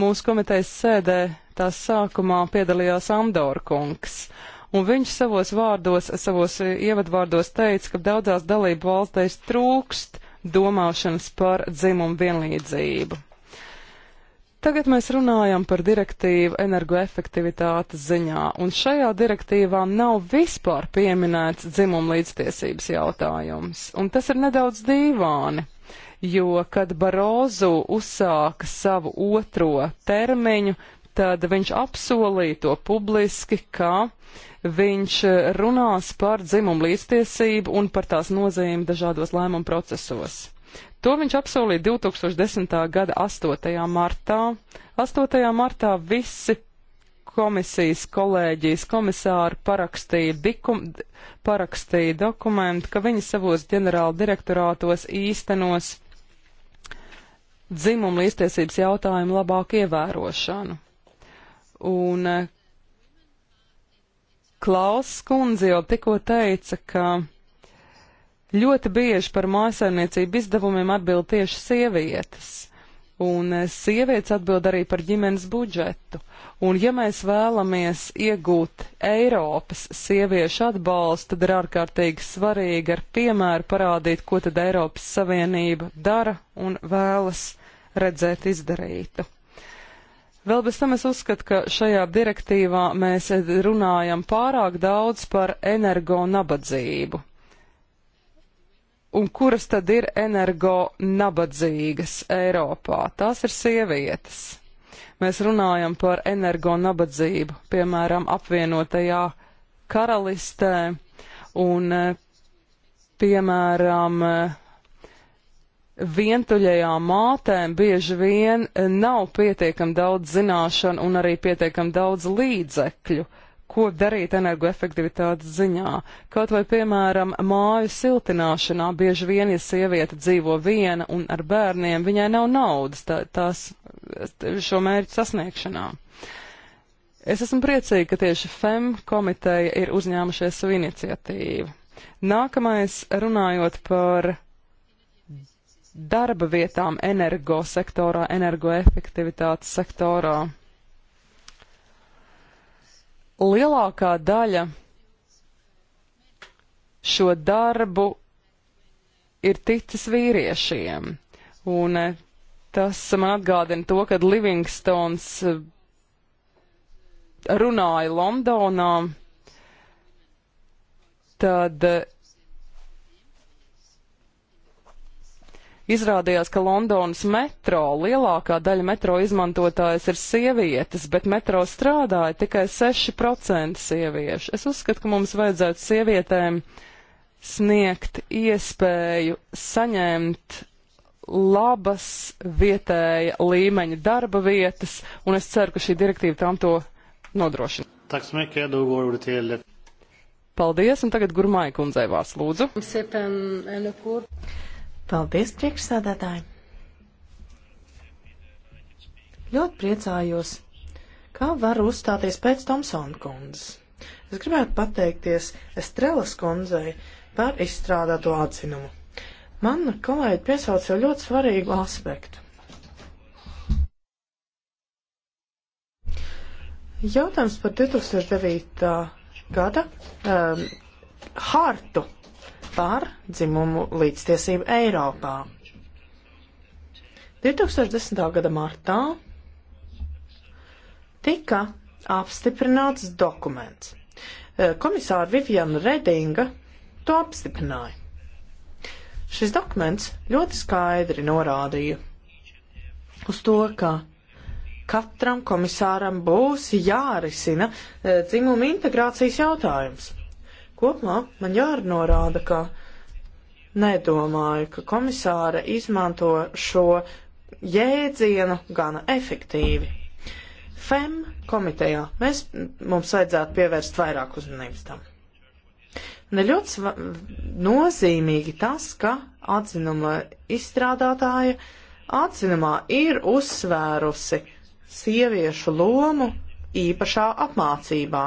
mūsu komitejas sēdē tās sākumā piedalījās Andorkungs. Un viņš savos vārdos, savos eh, ievadvārdos teica, ka daudzās dalību valstīs trūkst domāšanas par dzimumu vienlīdzību. Tagad mēs runājam par direktīvu energoefektivitātes ziņā, un šajā direktīvā nav vispār pieminēts dzimuma līdztiesības jautājums, un tas ir nedaudz dīvāni jo, kad Barozu uzsāka savu otro termiņu, tad viņš apsolīja to publiski, ka viņš runās par dzimumu līdztiesību un par tās nozīmi dažādos lēmumu procesos. To viņš apsolīja 2010. gada 8. martā. 8. martā visi komisijas kolēģijas komisāri parakstīja, dikum, parakstīja dokumentu, ka viņi savos ģenerāla direktorātos īstenos dzimumu līdztiesības jautājumu labāku ievērošanu. Un eh, Klaus Kundze jau tikko teica, ka ļoti bieži par mājasaimniecību izdevumiem atbild tieši sievietes. Un eh, sievietes atbild arī par ģimenes budžetu. Un ja mēs vēlamies iegūt Eiropas sieviešu atbalstu, tad ir ārkārtīgi svarīgi ar piemēru parādīt, ko tad Eiropas Savienība dara un vēlas redzēt izdarītu. Vēl bez tam es uzskatu, ka šajā direktīvā mēs eh, runājam pārāk daudz par energo nabadzību. Un kuras tad ir energo nabadzīgas Eiropā? Tās ir sievietes. Mēs runājam par energo nabadzību, piemēram, apvienotajā karalistē un, eh, piemēram, eh, vientuļajām mātēm bieži vien eh, nav pietiekam daudz zināšanu un arī pietiekam daudz līdzekļu, ko darīt energoefektivitātes ziņā. Kaut vai, piemēram, māju siltināšanā bieži vien, ja sieviete dzīvo viena un ar bērniem, viņai nav naudas tā, tās šo mērķu sasniegšanā. Es esmu priecīga, ka tieši FEM komiteja ir uzņēmušies savu iniciatīvu. Nākamais, runājot par darba vietām energosektorā, energoefektivitātes sektorā. Energo lielākā daļa šo darbu ir ticis vīriešiem. Un eh, tas man atgādina to, kad Livingstons eh, runāja Londonā, tad eh, Izrādījās, ka Londonas metro lielākā daļa metro izmantotājas ir sievietes, bet metro strādāja tikai 6% sieviešu. Es uzskatu, ka mums vajadzētu sievietēm sniegt iespēju saņemt labas vietēja līmeņa darba vietas, un es ceru, ka šī direktīva tam to nodrošina. Paldies, un tagad Gurmai kundzei vārds lūdzu. Paldies, priekšsādātāji! Ļoti priecājos, kā varu uzstāties pēc Tomsona kundzes. Es gribētu pateikties Estrelas kundzei par izstrādāto atzinumu. Mana kolēģi piesauca jau ļoti svarīgu aspektu. Jautājums par 2009. gada um, hartu par dzimumu līdztiesību Eiropā. 2010. gada martā tika apstiprināts dokuments. Eh, komisāra Viviana Redinga to apstiprināja. Šis dokuments ļoti skaidri norādīja uz to, ka katram komisāram būs jārisina eh, dzimuma integrācijas jautājums. Kopumā man jārnorāda, ka nedomāju, ka komisāra izmanto šo jēdzienu gana efektīvi. FEM komitejā mēs, mums vajadzētu pievērst vairāk uzmanības tam. Un ir ļoti nozīmīgi tas, ka atzinuma izstrādātāja atzinumā ir uzsvērusi sieviešu lomu īpašā apmācībā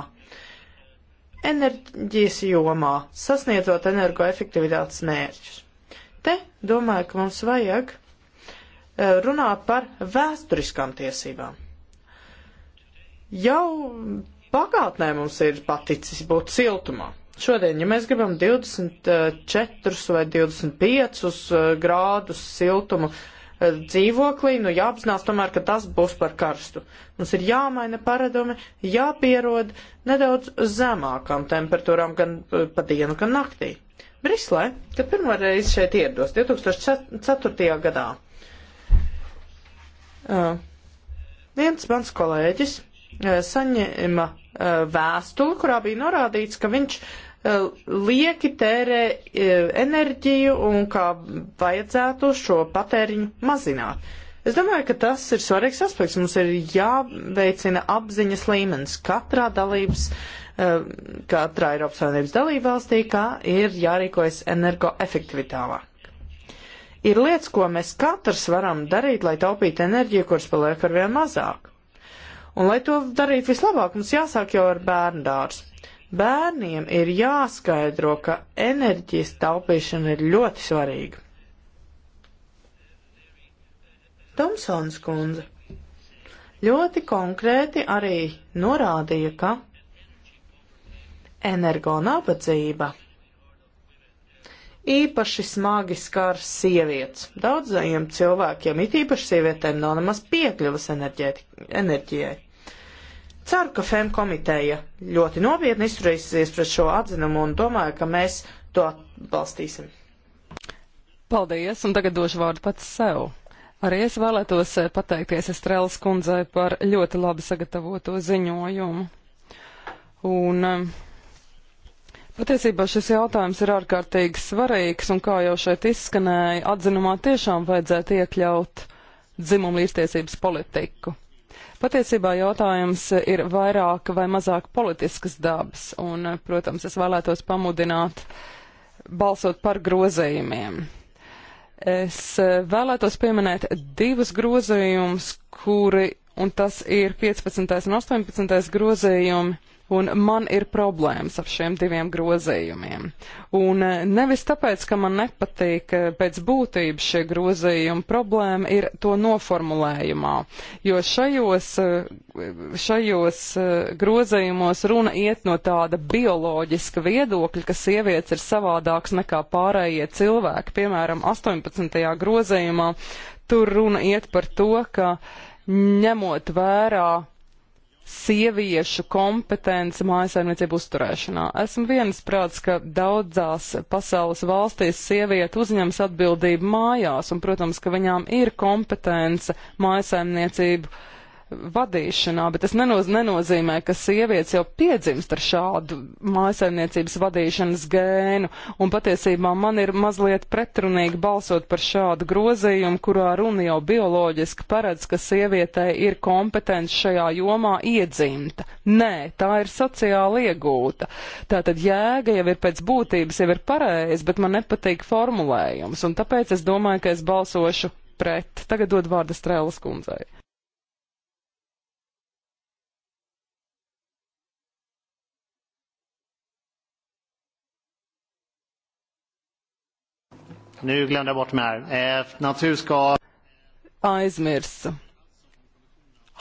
enerģijas jomā, sasniedzot energoefektivitātes mērķus. Te domāju, ka mums vajag eh, runāt par vēsturiskām tiesībām. Jau pagātnē mums ir paticis būt siltumā. Šodien, ja mēs gribam 24 eh, vai 25 eh, grādus siltumu, uh, dzīvoklī, nu jāapzinās tomēr, ka tas būs par karstu. Mums ir jāmaina paradumi, jāpierod nedaudz zemākām temperatūrām gan eh, pa dienu, gan naktī. Brislē, kad pirmo reizi šeit ierados, 2004. gadā, uh, viens mans kolēģis uh, saņēma uh, vēstuli, kurā bija norādīts, ka viņš uh, Eh, lieki tērē eh, enerģiju un kā vajadzētu šo patēriņu mazināt. Es domāju, ka tas ir svarīgs aspekts. Mums ir jāveicina apziņas līmenis katrā dalības, eh, katrā Eiropas Savienības dalībvalstī, kā ir jārīkojas energoefektivitālāk. Ir lietas, ko mēs katrs varam darīt, lai taupītu enerģiju, kuras paliek ar vien mazāk. Un, lai to darītu vislabāk, mums jāsāk jau ar bērnu dārstu. Bērniem ir jāskaidro, ka enerģijas taupīšana ir ļoti svarīga. Tomsons kundze ļoti konkrēti arī norādīja, ka energonabadzība īpaši smagi skar sievietes. Daudzajiem cilvēkiem, it īpaši sievietēm, nav nemaz piekļuvas enerģijai. Ceru, ka FEM komiteja ļoti nopietni izturēsies pret šo atzinumu un domāju, ka mēs to atbalstīsim. Paldies, un tagad došu vārdu pats sev. Arī es vēlētos eh, pateikties Estrēlas kundzei par ļoti labi sagatavoto ziņojumu. Un eh, patiesībā šis jautājums ir ārkārtīgi svarīgs, un kā jau šeit izskanēja, atzinumā tiešām vajadzētu iekļaut dzimumlīstiesības politiku. Patiesībā jautājums ir vairāk vai mazāk politiskas dabas, un, protams, es vēlētos pamudināt balsot par grozējumiem. Es e, vēlētos pieminēt divus grozījumus, kuri, un tas ir 15. un 18. grozījumi, un man ir problēmas ar šiem diviem grozījumiem. Un eh, nevis tāpēc, ka man nepatīk eh, pēc būtības šie grozījumi, problēma ir to noformulējumā, jo šajos, eh, šajos grozījumos runa iet no tāda bioloģiska viedokļa, ka sievietes ir savādāks nekā pārējie cilvēki. Piemēram, 18. grozījumā tur runa iet par to, ka ņemot vērā sieviešu kompetenci mājasaimniecību uzturēšanā. Esmu vienas prāts, ka daudzās pasaules valstīs sievieti uzņems atbildību mājās, un, protams, ka viņām ir kompetence mājasaimniecību vadīšanā, bet tas nenoz, nenozīmē, ka sievietes jau piedzimst ar šādu mājasaimniecības vadīšanas gēnu, un patiesībā man ir mazliet pretrunīgi balsot par šādu grozījumu, kurā runa jau bioloģiski paredz, ka sievietei ir kompetence šajā jomā iedzimta. Nē, tā ir sociāli iegūta. Tātad jēga jau ir pēc būtības, jau ir pareizi, bet man nepatīk formulējums, un tāpēc es domāju, ka es balsošu pret. Tagad dod vārdu Strēlas kundzei. Nu glömde jag bort mig här. Eh, naturskal... Aizmirsu.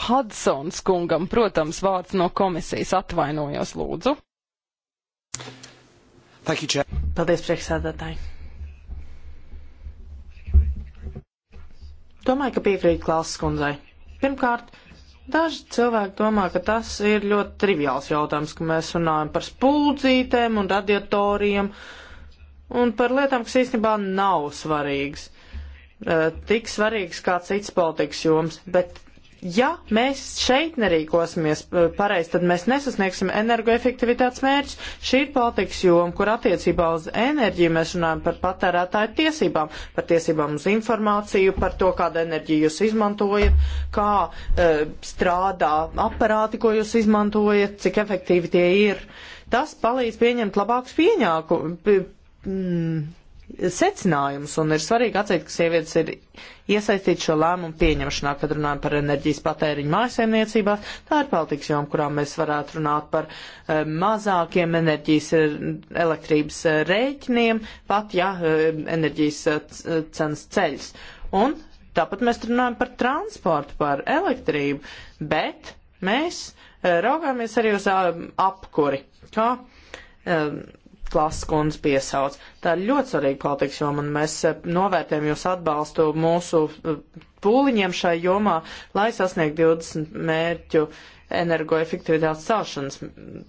Hudsons kungam, protams, vārds no komisijas atvainojos lūdzu. Thank you, Chair. Paldies, priekšsēdētāji. Domāju, ka piekrīt Klāsas kundzei. Pirmkārt, daži cilvēki domā, ka tas ir ļoti triviāls jautājums, ka mēs runājam par spuldzītēm un radiatoriem. Uh, un par lietām, kas īstenībā nav svarīgas. Eh, tik svarīgas kā cits politikas joms, bet ja mēs šeit nerīkosimies eh, pareizi, tad mēs nesasniegsim energoefektivitātes mērķus. Šī ir politikas joma, kur attiecībā uz enerģiju mēs runājam par patērētāju tiesībām, par tiesībām uz informāciju, par to, kādu enerģiju jūs izmantojat, kā e, strādā aparāti, ko jūs izmantojat, cik efektīvi tie ir. Tas palīdz pieņemt labākus pieņāku, mm, secinājumus, un ir svarīgi atzīt, ka sievietes ir iesaistītas šo lēmumu pieņemšanā, kad runājam par enerģijas patēriņu mājasemniecībās. Tā ir politikas joma, kurā mēs varētu runāt par uh, mazākiem enerģijas eh, elektrības uh, rēķiniem, pat ja uh, enerģijas uh, cenas ceļas. Un tāpat mēs runājam par transportu, par elektrību, bet mēs uh, raugāmies arī uz uh, apkuri. Kā? Uh, Plaskundz piesauc. Tā ir ļoti svarīga politikas joma, un mēs eh, novērtējam jūs atbalstu mūsu eh, pūliņiem šai jomā, lai sasniegtu 20 mērķu energoefektivitātes celšanas mm,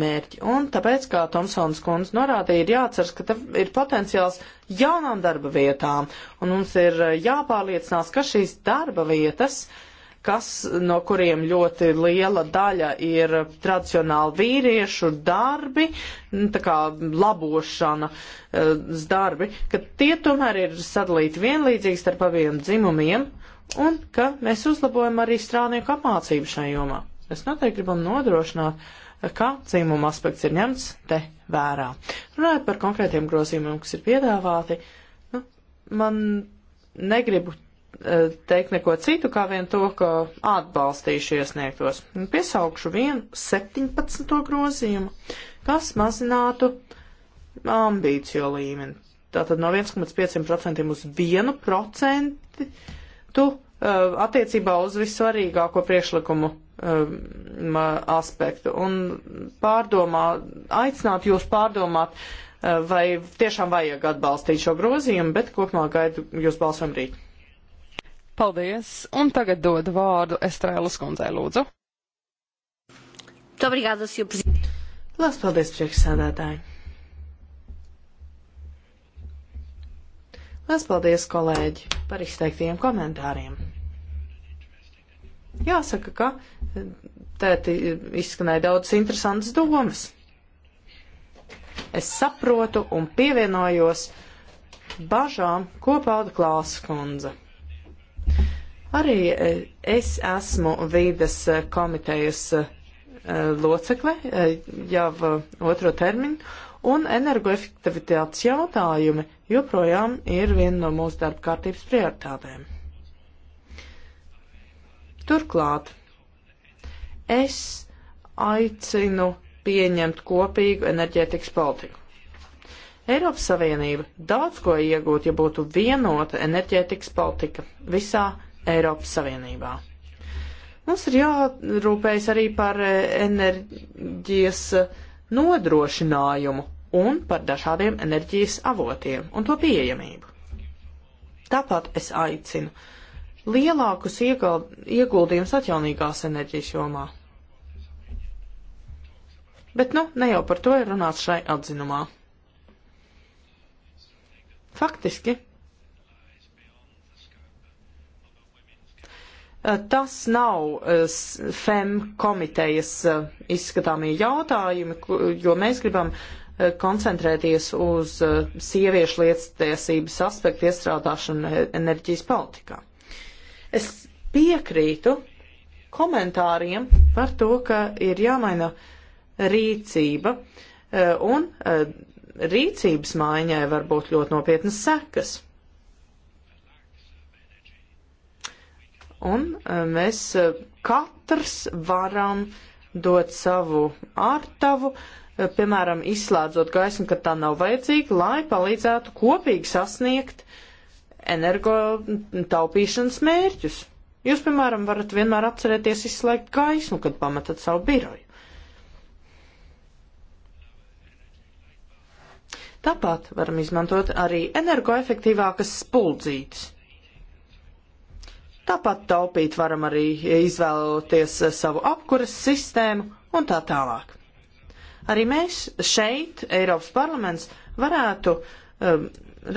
mērķi. Un tāpēc, kā Tomsons kundze norādīja, ir jāatceras, ka ir potenciāls jaunām darba vietām, un mums ir eh, jāpārliecinās, ka šīs darba vietas uh, kas, no kuriem ļoti liela daļa ir tradicionāli vīriešu darbi, nu, tā kā labošanas eh, darbi, ka tie tomēr ir sadalīti vienlīdzīgi starp abiem dzimumiem un ka mēs uzlabojam arī strādnieku apmācību šajā jomā. Mēs noteikti gribam nodrošināt, ka dzimuma aspekts ir ņemts te vērā. Runājot par konkrētiem grozījumiem, kas ir piedāvāti, nu, man negribu E, teikt neko citu, kā vien to, ka atbalstīšu iesniegtos. Piesaukšu vienu 17. grozījumu, kas mazinātu ambīciju līmeni. Tātad no 1,5% uz 1% tu uh, attiecībā uz vissvarīgāko priekšlikumu um, aspektu. Un pārdomā, aicināt jūs pārdomāt, uh, vai tiešām vajag atbalstīt šo grozījumu, bet kopumā gaidu jūs balsam rīt. Paldies, un tagad dodu vārdu Estrēlas kundzei, lūdzu. Obrigada, Sr. Presidente. Lielas paldies, priekšsēdētāji. Lielas paldies, kolēģi, par izteiktiem komentāriem. Jāsaka, ka eh, tēti izskanēja daudz interesantas domas. Es saprotu un pievienojos bažām, ko pauda Klāsa kundze. Arī e, es esmu vīdes e, komitejas e, locekle jau otro termiņu, un energoefektivitātes jautājumi joprojām ir viena no mūsu darba kārtības prioritātēm. Turklāt es aicinu pieņemt kopīgu enerģētikas politiku. Eiropas Savienība daudz ko iegūtu, ja būtu vienota enerģētikas politika visā Eiropas Savienībā. Mums ir jārūpējas arī par enerģijas nodrošinājumu un par dažādiem enerģijas avotiem un to pieejamību. Tāpat es aicinu lielākus ieguldījumus atjaunīgās enerģijas jomā. Bet nu, ne jau par to ir runāts šai atzinumā. Faktiski Eh, tas nav eh, FEM komitejas eh, izskatāmie jautājumi, jo mēs gribam koncentrēties uz sieviešu lietiesības aspektu iestrādāšanu e, enerģijas politikā. Es piekrītu komentāriem par to, ka ir jāmaina rīcība, un rīcības maiņai var būt ļoti nopietnas sekas. un e, mēs e, katrs varam dot savu ārtavu, e, piemēram, izslēdzot gaismu, kad tā nav vajadzīga, lai palīdzētu kopīgi sasniegt energo taupīšanas mērķus. Jūs, piemēram, varat vienmēr atcerēties izslēgt gaismu, kad pametat savu biroju. Tāpat varam izmantot arī energoefektīvākas spuldzītes. Tāpat taupīt varam arī izvēloties savu apkuras sistēmu un tā tālāk. Arī mēs šeit, Eiropas parlaments, varētu um,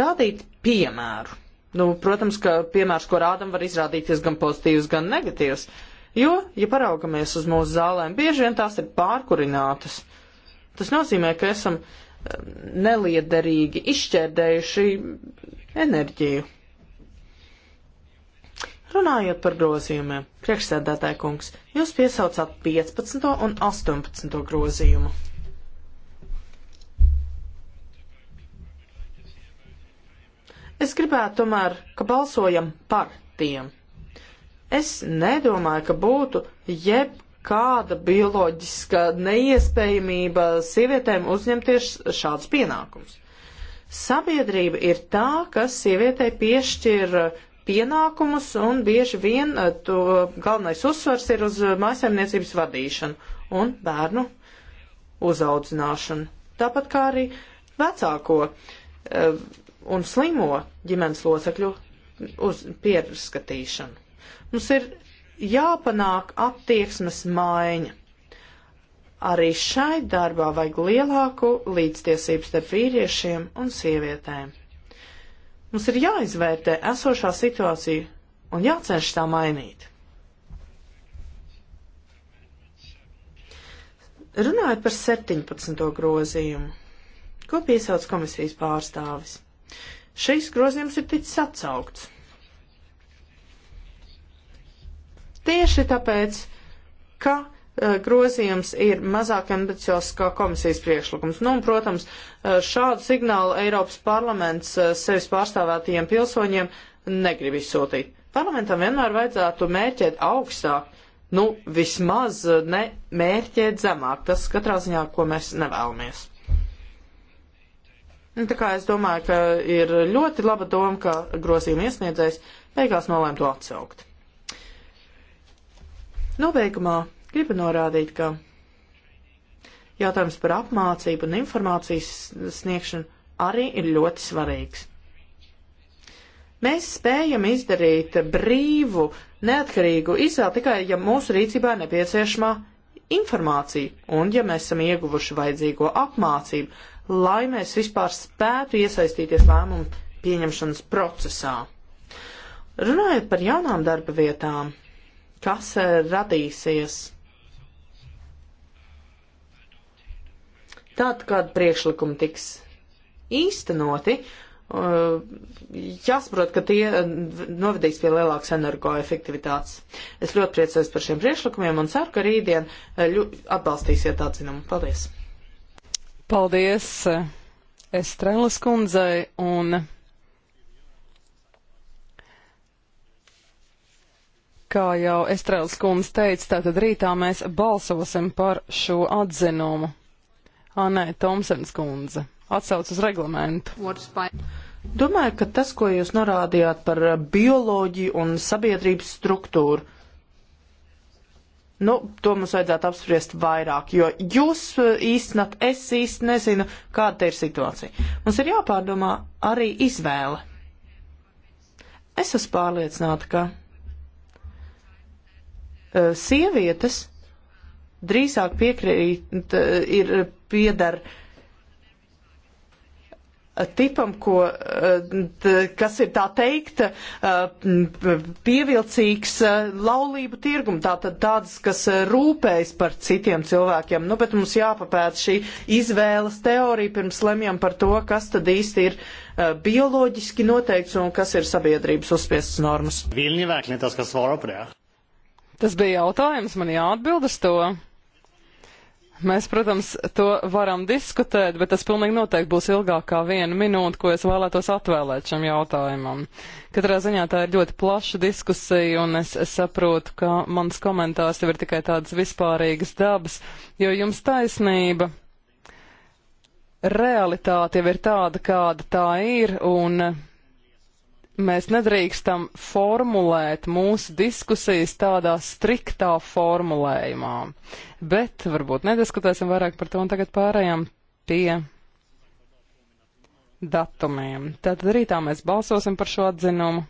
rādīt piemēru. Nu, protams, ka piemērs, ko rādam, var izrādīties gan pozitīvs, gan negatīvs. Jo, ja paraugamies uz mūsu zālēm, bieži vien tās ir pārkurinātas. Tas nozīmē, ka esam um, neliederīgi izšķērdējuši enerģiju. Runājot par grozījumiem, priekšsēdētāja kungs, jūs piesaucāt 15. un 18. grozījumu. Es gribētu tomēr, ka balsojam par tiem. Es nedomāju, ka būtu jebkāda bioloģiska neiespējamība sievietēm uzņemties šādus pienākumus. Sabiedrība ir tā, kas sievietei piešķir uh, pienākumus un bieži vien eh, to galvenais uzsvars ir uz eh, mājasemniecības vadīšanu un bērnu uzaudzināšanu. Tāpat kā arī vecāko eh, un slimo ģimenes locekļu uz pierskatīšanu. Mums ir jāpanāk attieksmes maiņa. Arī šai darbā vajag lielāku līdztiesību starp vīriešiem un sievietēm. Mums ir jāizvērtē esošā situācija un jācenšas tā mainīt. Runājot par 17. grozījumu, ko piesauc komisijas pārstāvis, šīs grozījums ir ticis atsaukts. Tieši tāpēc, ka Eh, grozījums ir mazāk ambiciozs kā komisijas priekšlikums. Nu, un, protams, eh, šādu signālu Eiropas parlaments eh, sevis pārstāvētajiem pilsoņiem negrib izsūtīt. Parlamentam vienmēr vajadzētu mērķēt augstāk, nu, vismaz ne mērķēt zemāk. Tas katrā ziņā, ko mēs nevēlamies. Un, tā kā es domāju, ka ir ļoti laba doma, ka grozījuma iesniedzējs beigās nolēma to atsaukt. Nobeigumā nu, Gribu norādīt, ka jautājums par apmācību un informācijas sniegšanu arī ir ļoti svarīgs. Mēs spējam izdarīt brīvu, neatkarīgu izvēli tikai, ja mūsu rīcībā ir nepieciešamā informācija un ja mēs esam ieguvuši vajadzīgo apmācību, lai mēs vispār spētu iesaistīties lēmumu pieņemšanas procesā. Runājot par jaunām darba vietām, kas eh, radīsies Tad, kad priekšlikumi tiks īstenoti, eh, jāsaprot, ka tie novedīs pie lielākas energoefektivitātes. Es ļoti priecājos par šiem priekšlikumiem un ceru, ka rītdien eh, atbalstīsiet atzinumu. Paldies! Paldies eh, Estrēlas kundzei un kā jau Estrēlas kundze teica, tātad rītā mēs balsosim par šo atzinumu. Anē ah, Tomsens kundze. Atsauc uz reglamentu. Domāju, ka tas, ko jūs norādījāt par bioloģiju un sabiedrības struktūru, Nu, to mums vajadzētu apspriest vairāk, jo jūs eh, īstenat, es īsti nezinu, kāda te ir situācija. Mums ir jāpārdomā arī izvēle. Es esmu pārliecināta, ka uh, sievietes drīzāk piekrīt, uh, ir piedara tipam, ko, eh, kas ir tā teikt, eh, pievilcīgs eh, laulību tirgum, tātad tāds, kas rūpējas par citiem cilvēkiem. Nu, bet mums jāpapēta šī izvēles teorija pirms lemjam par to, kas tad īsti ir bioloģiski noteikts un kas ir sabiedrības uzspiestas normas. Tas bija jautājums, man jāatbild uz to. Mēs, protams, to varam diskutēt, bet tas pilnīgi noteikti būs ilgāk kā viena minūte, ko es vēlētos atvēlēt šam jautājumam. Katrā ziņā tā ir ļoti plaša diskusija, un es, es saprotu, ka mans komentārs jau ir tikai tādas vispārīgas dabas, jo jums taisnība. Realitāte jau ir tāda, kāda tā ir, un Mēs nedrīkstam formulēt mūsu diskusijas tādā striktā formulējumā, bet varbūt nediskutēsim vairāk par to un tagad pārējām pie datumiem. Tātad rītā mēs balsosim par šo atzinumu,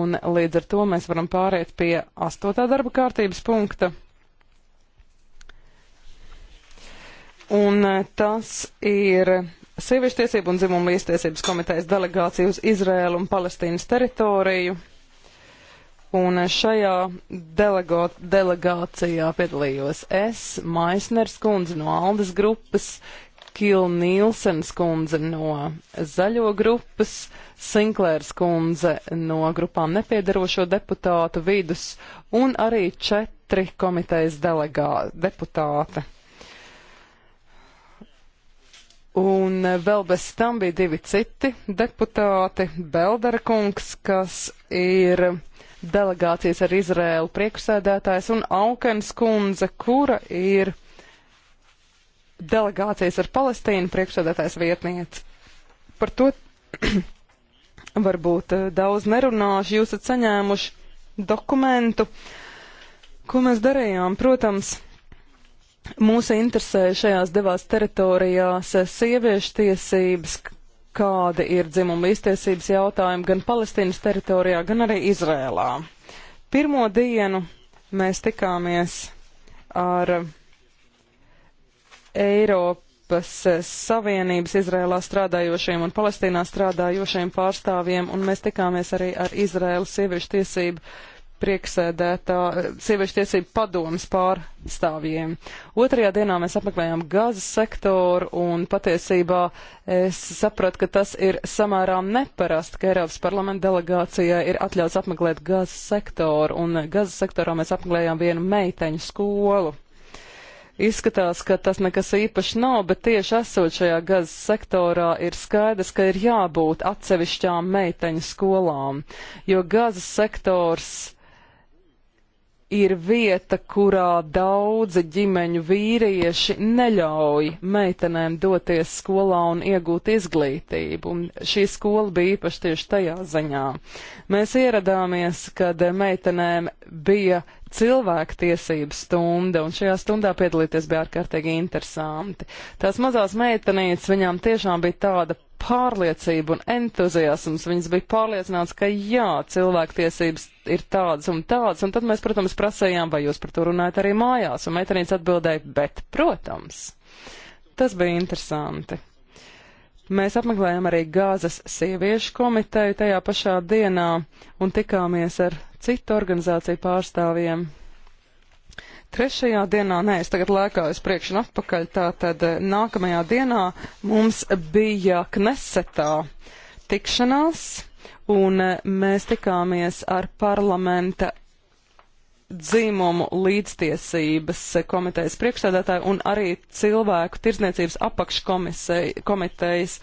un līdz ar to mēs varam pāriet pie astotā darba kārtības punkta. Un eh, tas ir Sieviešu tiesību un dzimumu līdztiesības komitejas delegāciju uz Izrēlu un Palestīnas teritoriju. Un šajā delego, delegācijā piedalījos es, Maisners kundze no Aldas grupas, Kila Nīlsens kundze no Zaļo grupas, Sinklērs kundze no grupām nepiedarošo deputātu vidus un arī četri komitejas delegā, deputāti. Un vēl bez tam bija divi citi deputāti - Beldera kungs, kas ir delegācijas ar Izrēlu priekšsēdētājs, un Aukens kundze, kura ir delegācijas ar Palestīnu priekšsēdētājs vietniece. Par to varbūt eh, daudz nerunāšu. Jūs esat saņēmuši dokumentu, ko mēs darījām. Protams, Mūs interesē šajās divās teritorijās sieviešu tiesības, kāda ir dzimuma līdztiesības jautājuma gan Palestīnas teritorijā, gan arī Izrēlā. Pirmo dienu mēs tikāmies ar Eiropas Savienības Izrēlā strādājošiem un Palestīnā strādājošiem pārstāvjiem, un mēs tikāmies arī ar Izrēlas sieviešu tiesību prieksēdētā sieviešu tiesību padomas pārstāvjiem. Otrajā dienā mēs apmeklējām gazas sektoru un patiesībā es sapratu, ka tas ir samērā neparasti, ka Eiropas parlamenta delegācijai ir atļauts apmeklēt gazas sektoru un gazas sektorā mēs apmeklējām vienu meiteņu skolu. Izskatās, ka tas nekas īpaši nav, bet tieši esot šajā gazas sektorā ir skaidrs, ka ir jābūt atsevišķām meiteņu skolām, jo gazas sektors ir vieta, kurā daudzi ģimeņu vīrieši neļauj meitenēm doties skolā un iegūt izglītību. Un šī skola bija īpaši tieši tajā ziņā. Mēs ieradāmies, kad meitenēm bija cilvēktiesības stunda, un šajā stundā piedalīties bija ārkārtīgi interesanti. Tās mazās meitenītes viņām tiešām bija tāda pārliecība un entuziasms. Viņas bija pārliecināts, ka jā, cilvēktiesības ir tādas un tādas, un tad mēs, protams, prasējām, vai jūs par to runājat arī mājās, un meitenīts atbildēja, bet, protams. Tas bija interesanti. Mēs apmeklējām arī Gāzes sieviešu komiteju tajā pašā dienā un tikāmies ar citu organizāciju pārstāvjiem. Trešajā dienā, nē, es tagad lēkāju uz priekšu un atpakaļ, tātad eh, nākamajā dienā mums bija Knesetā tikšanās, un eh, mēs tikāmies ar parlamenta dzīmumu līdztiesības komitejas priekšstādātāju un arī cilvēku tirdzniecības apakškomitejas komitejas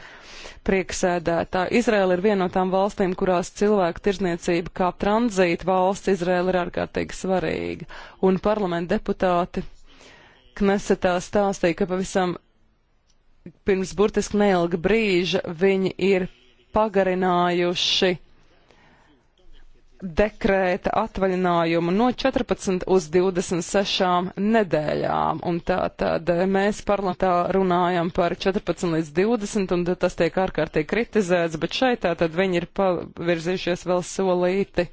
prieksēdētāji. Izraela ir viena no tām valstīm, kurās cilvēku tirzniecība kā tranzīta valsts Izraela ir ārkārtīgi svarīga. Un parlamenta deputāti Knesetā stāstīja, ka pavisam pirms burtiski neilga brīža viņi ir pagarinājuši dekrēta atvaļinājumu no 14 uz 26 nedēļām. Un tā tad mēs parlamentā runājam par 14 līdz 20, un tas tiek ārkārtīgi kritizēts, bet šeit tā tad viņi ir pavirzījušies vēl solīti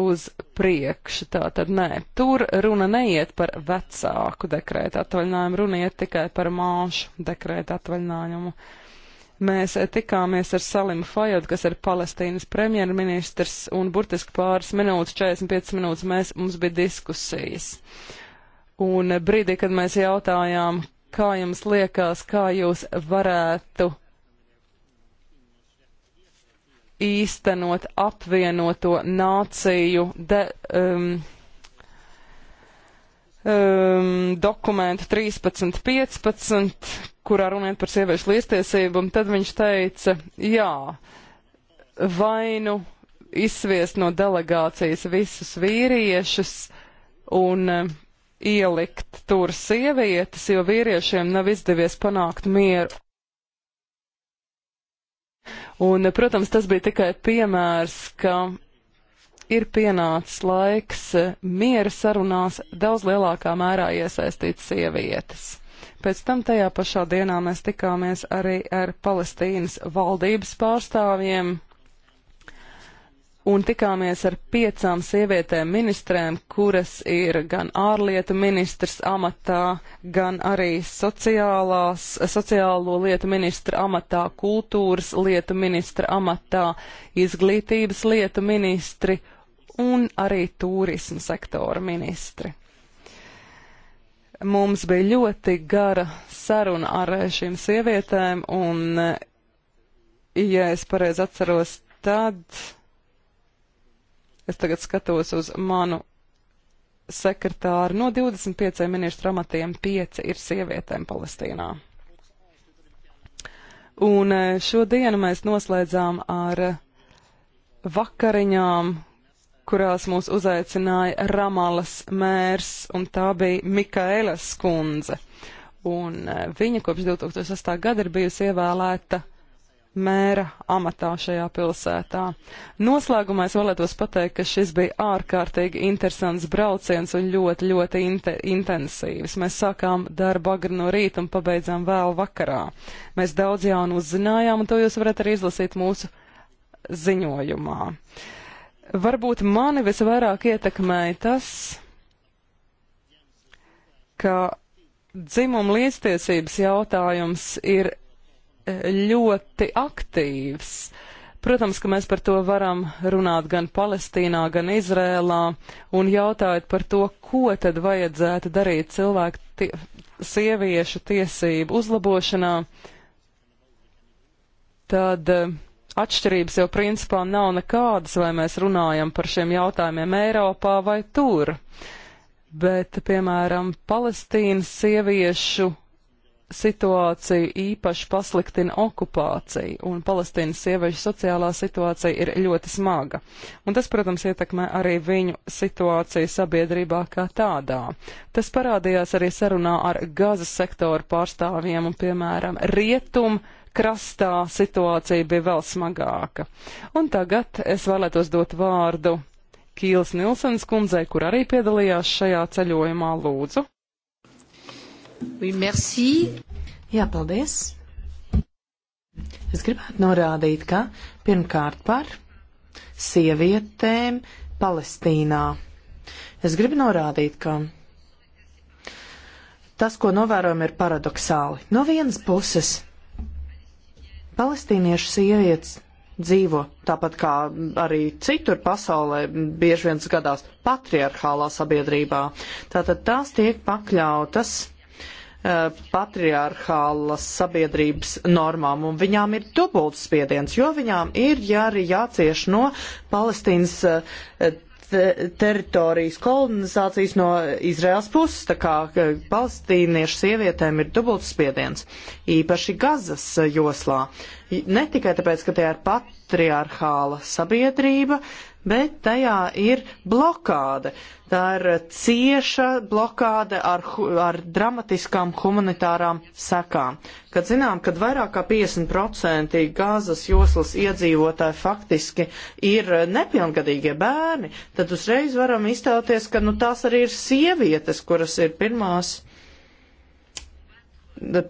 uz priekšu. Tā tad nē, tur runa neiet par vecāku dekrēta atvaļinājumu, runa iet tikai par māšu dekrēta atvaļinājumu. Uh, Mēs eh, tikāmies ar Salimu Fajadu, kas ir Palestīnas premjerministrs, un burtiski pāris minūtes, 45 minūtes mēs, mums bija diskusijas. Un brīdī, kad mēs jautājām, kā jums liekas, kā jūs varētu īstenot apvienoto nāciju de, um, um, dokumentu 13.15, kurā runājot par sieviešu līdztiesību, un tad viņš teica, jā, vainu izsviest no delegācijas visus vīriešus un eh, ielikt tur sievietes, jo vīriešiem nav izdevies panākt mieru. Un, eh, protams, tas bija tikai piemērs, ka ir pienācis laiks eh, miera sarunās daudz lielākā mērā iesaistīt sievietes. Pēc tam tajā pašā dienā mēs tikāmies arī ar Palestīnas valdības pārstāvjiem un tikāmies ar piecām sievietēm ministrēm, kuras ir gan ārlietu ministrs amatā, gan arī sociālās, sociālo lietu ministra amatā, kultūras lietu ministra amatā, izglītības lietu ministri un arī turismu sektora ministri. Mums bija ļoti gara saruna ar šīm sievietēm, un, ja es pareizi atceros, tad es tagad skatos uz manu sekretāri no 25 ministru amatiem 5 ir sievietēm Palestīnā. Un eh, šo dienu mēs noslēdzām ar vakariņām, kurās mūs uzaicināja Ramalas mērs, un tā bija Mikaela skundze. Un e, viņa kopš 2008. gada ir bijusi ievēlēta mēra amatā šajā pilsētā. Noslēgumā es vēlētos pateikt, ka šis bija ārkārtīgi interesants brauciens un ļoti, ļoti inte intensīvs. Mēs sākām darbu agri no rīta un pabeidzām vēl vakarā. Mēs daudz jaunu uzzinājām, un to jūs varat arī izlasīt mūsu ziņojumā. Uh, Varbūt mani visvairāk ietekmēja tas, ka dzimuma līdztiesības jautājums ir e, ļoti aktīvs. Protams, ka mēs par to varam runāt gan Palestīnā, gan Izrēlā, un jautājot par to, ko tad vajadzētu darīt cilvēku tie, sieviešu tiesību uzlabošanā, tad uh, Atšķirības jau principā nav nekādas, vai mēs runājam par šiem jautājumiem Eiropā vai tur. Bet, piemēram, Palestīnas sieviešu situāciju īpaši pasliktina okupācija, un Palestīnas sieviešu sociālā situācija ir ļoti smaga. Un tas, protams, ietekmē arī viņu situāciju sabiedrībā kā tādā. Tas parādījās arī sarunā ar gazas sektoru pārstāvjiem un, piemēram, rietumu krastā situācija bija vēl smagāka. Un tagad es vēlētos dot vārdu Kīls Nilsens kundzei, kur arī piedalījās šajā ceļojumā, lūdzu. Oui, merci. Jā, paldies. Es gribētu norādīt, ka pirmkārt par sievietēm Palestīnā. Es gribu norādīt, ka tas, ko novērojam, ir paradoxāli. No vienas puses Palestīniešu sievietes dzīvo tāpat kā arī citur pasaulē bieži vien gadās patriarchālā sabiedrībā. Tātad tās tiek pakļautas uh, patriarchālas sabiedrības normām, un viņām ir dubultspiediens, jo viņām ir ja arī jācieš no Palestīnas uh, teritorijas kolonizācijas no Izraels puses, tā kā palestīniešu sievietēm ir dubults spiediens, īpaši Gazas joslā. Ne tikai tāpēc, ka tie ir patriarchāla sabiedrība, bet tajā ir blokāde. Tā ir cieša blokāde ar, ar dramatiskām humanitārām sekām. Kad zinām, ka vairāk kā 50% gāzes joslas iedzīvotāji faktiski ir nepilngadīgie bērni, tad uzreiz varam iztēloties, ka nu, tās arī ir sievietes, kuras ir pirmās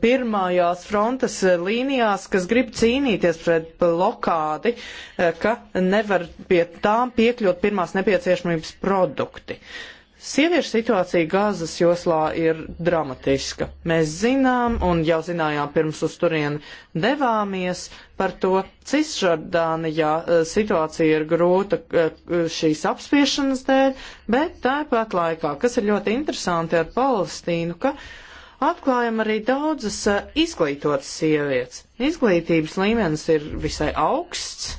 pirmajās frontes līnijās, kas grib cīnīties pret blokādi, eh, ka nevar pie tām piekļūt pirmās nepieciešamības produkti. Sieviešu situācija Gāzes joslā ir dramatiska. Mēs zinām, un jau zinājām pirms uz turieni devāmies par to, Cisjordānijā eh, situācija ir grūta eh, šīs apspiešanas dēļ, bet tāpat laikā, kas ir ļoti interesanti ar Palestīnu, ka uh, atklājam arī daudzas eh, izglītotas sievietes. Izglītības līmenis ir visai augsts.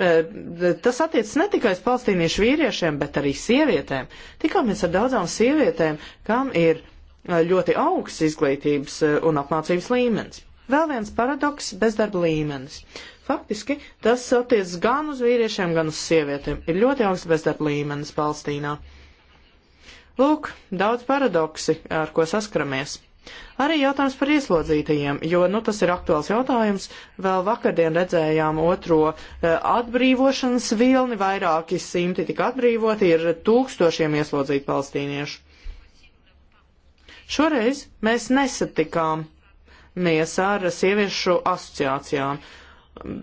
Eh, tas attiecas ne tikai uz palestīniešu vīriešiem, bet arī sievietēm. Tikāmies ar daudzām sievietēm, kam ir eh, ļoti augsts izglītības un apmācības līmenis. Vēl viens paradoks - bezdarba līmenis. Faktiski tas attiecas gan uz vīriešiem, gan uz sievietēm. Ir ļoti augsts bezdarba līmenis Palestīnā. Uh, Lūk, daudz paradoksi, ar ko saskaramies. Arī jautājums par ieslodzītajiem, jo nu, tas ir aktuāls jautājums. Vēl vakardien redzējām otro eh, atbrīvošanas vilni, vairāki simti tika atbrīvoti, ir tūkstošiem ieslodzīti palestīniešu. Šoreiz mēs nesatikām mies ar sieviešu asociācijām,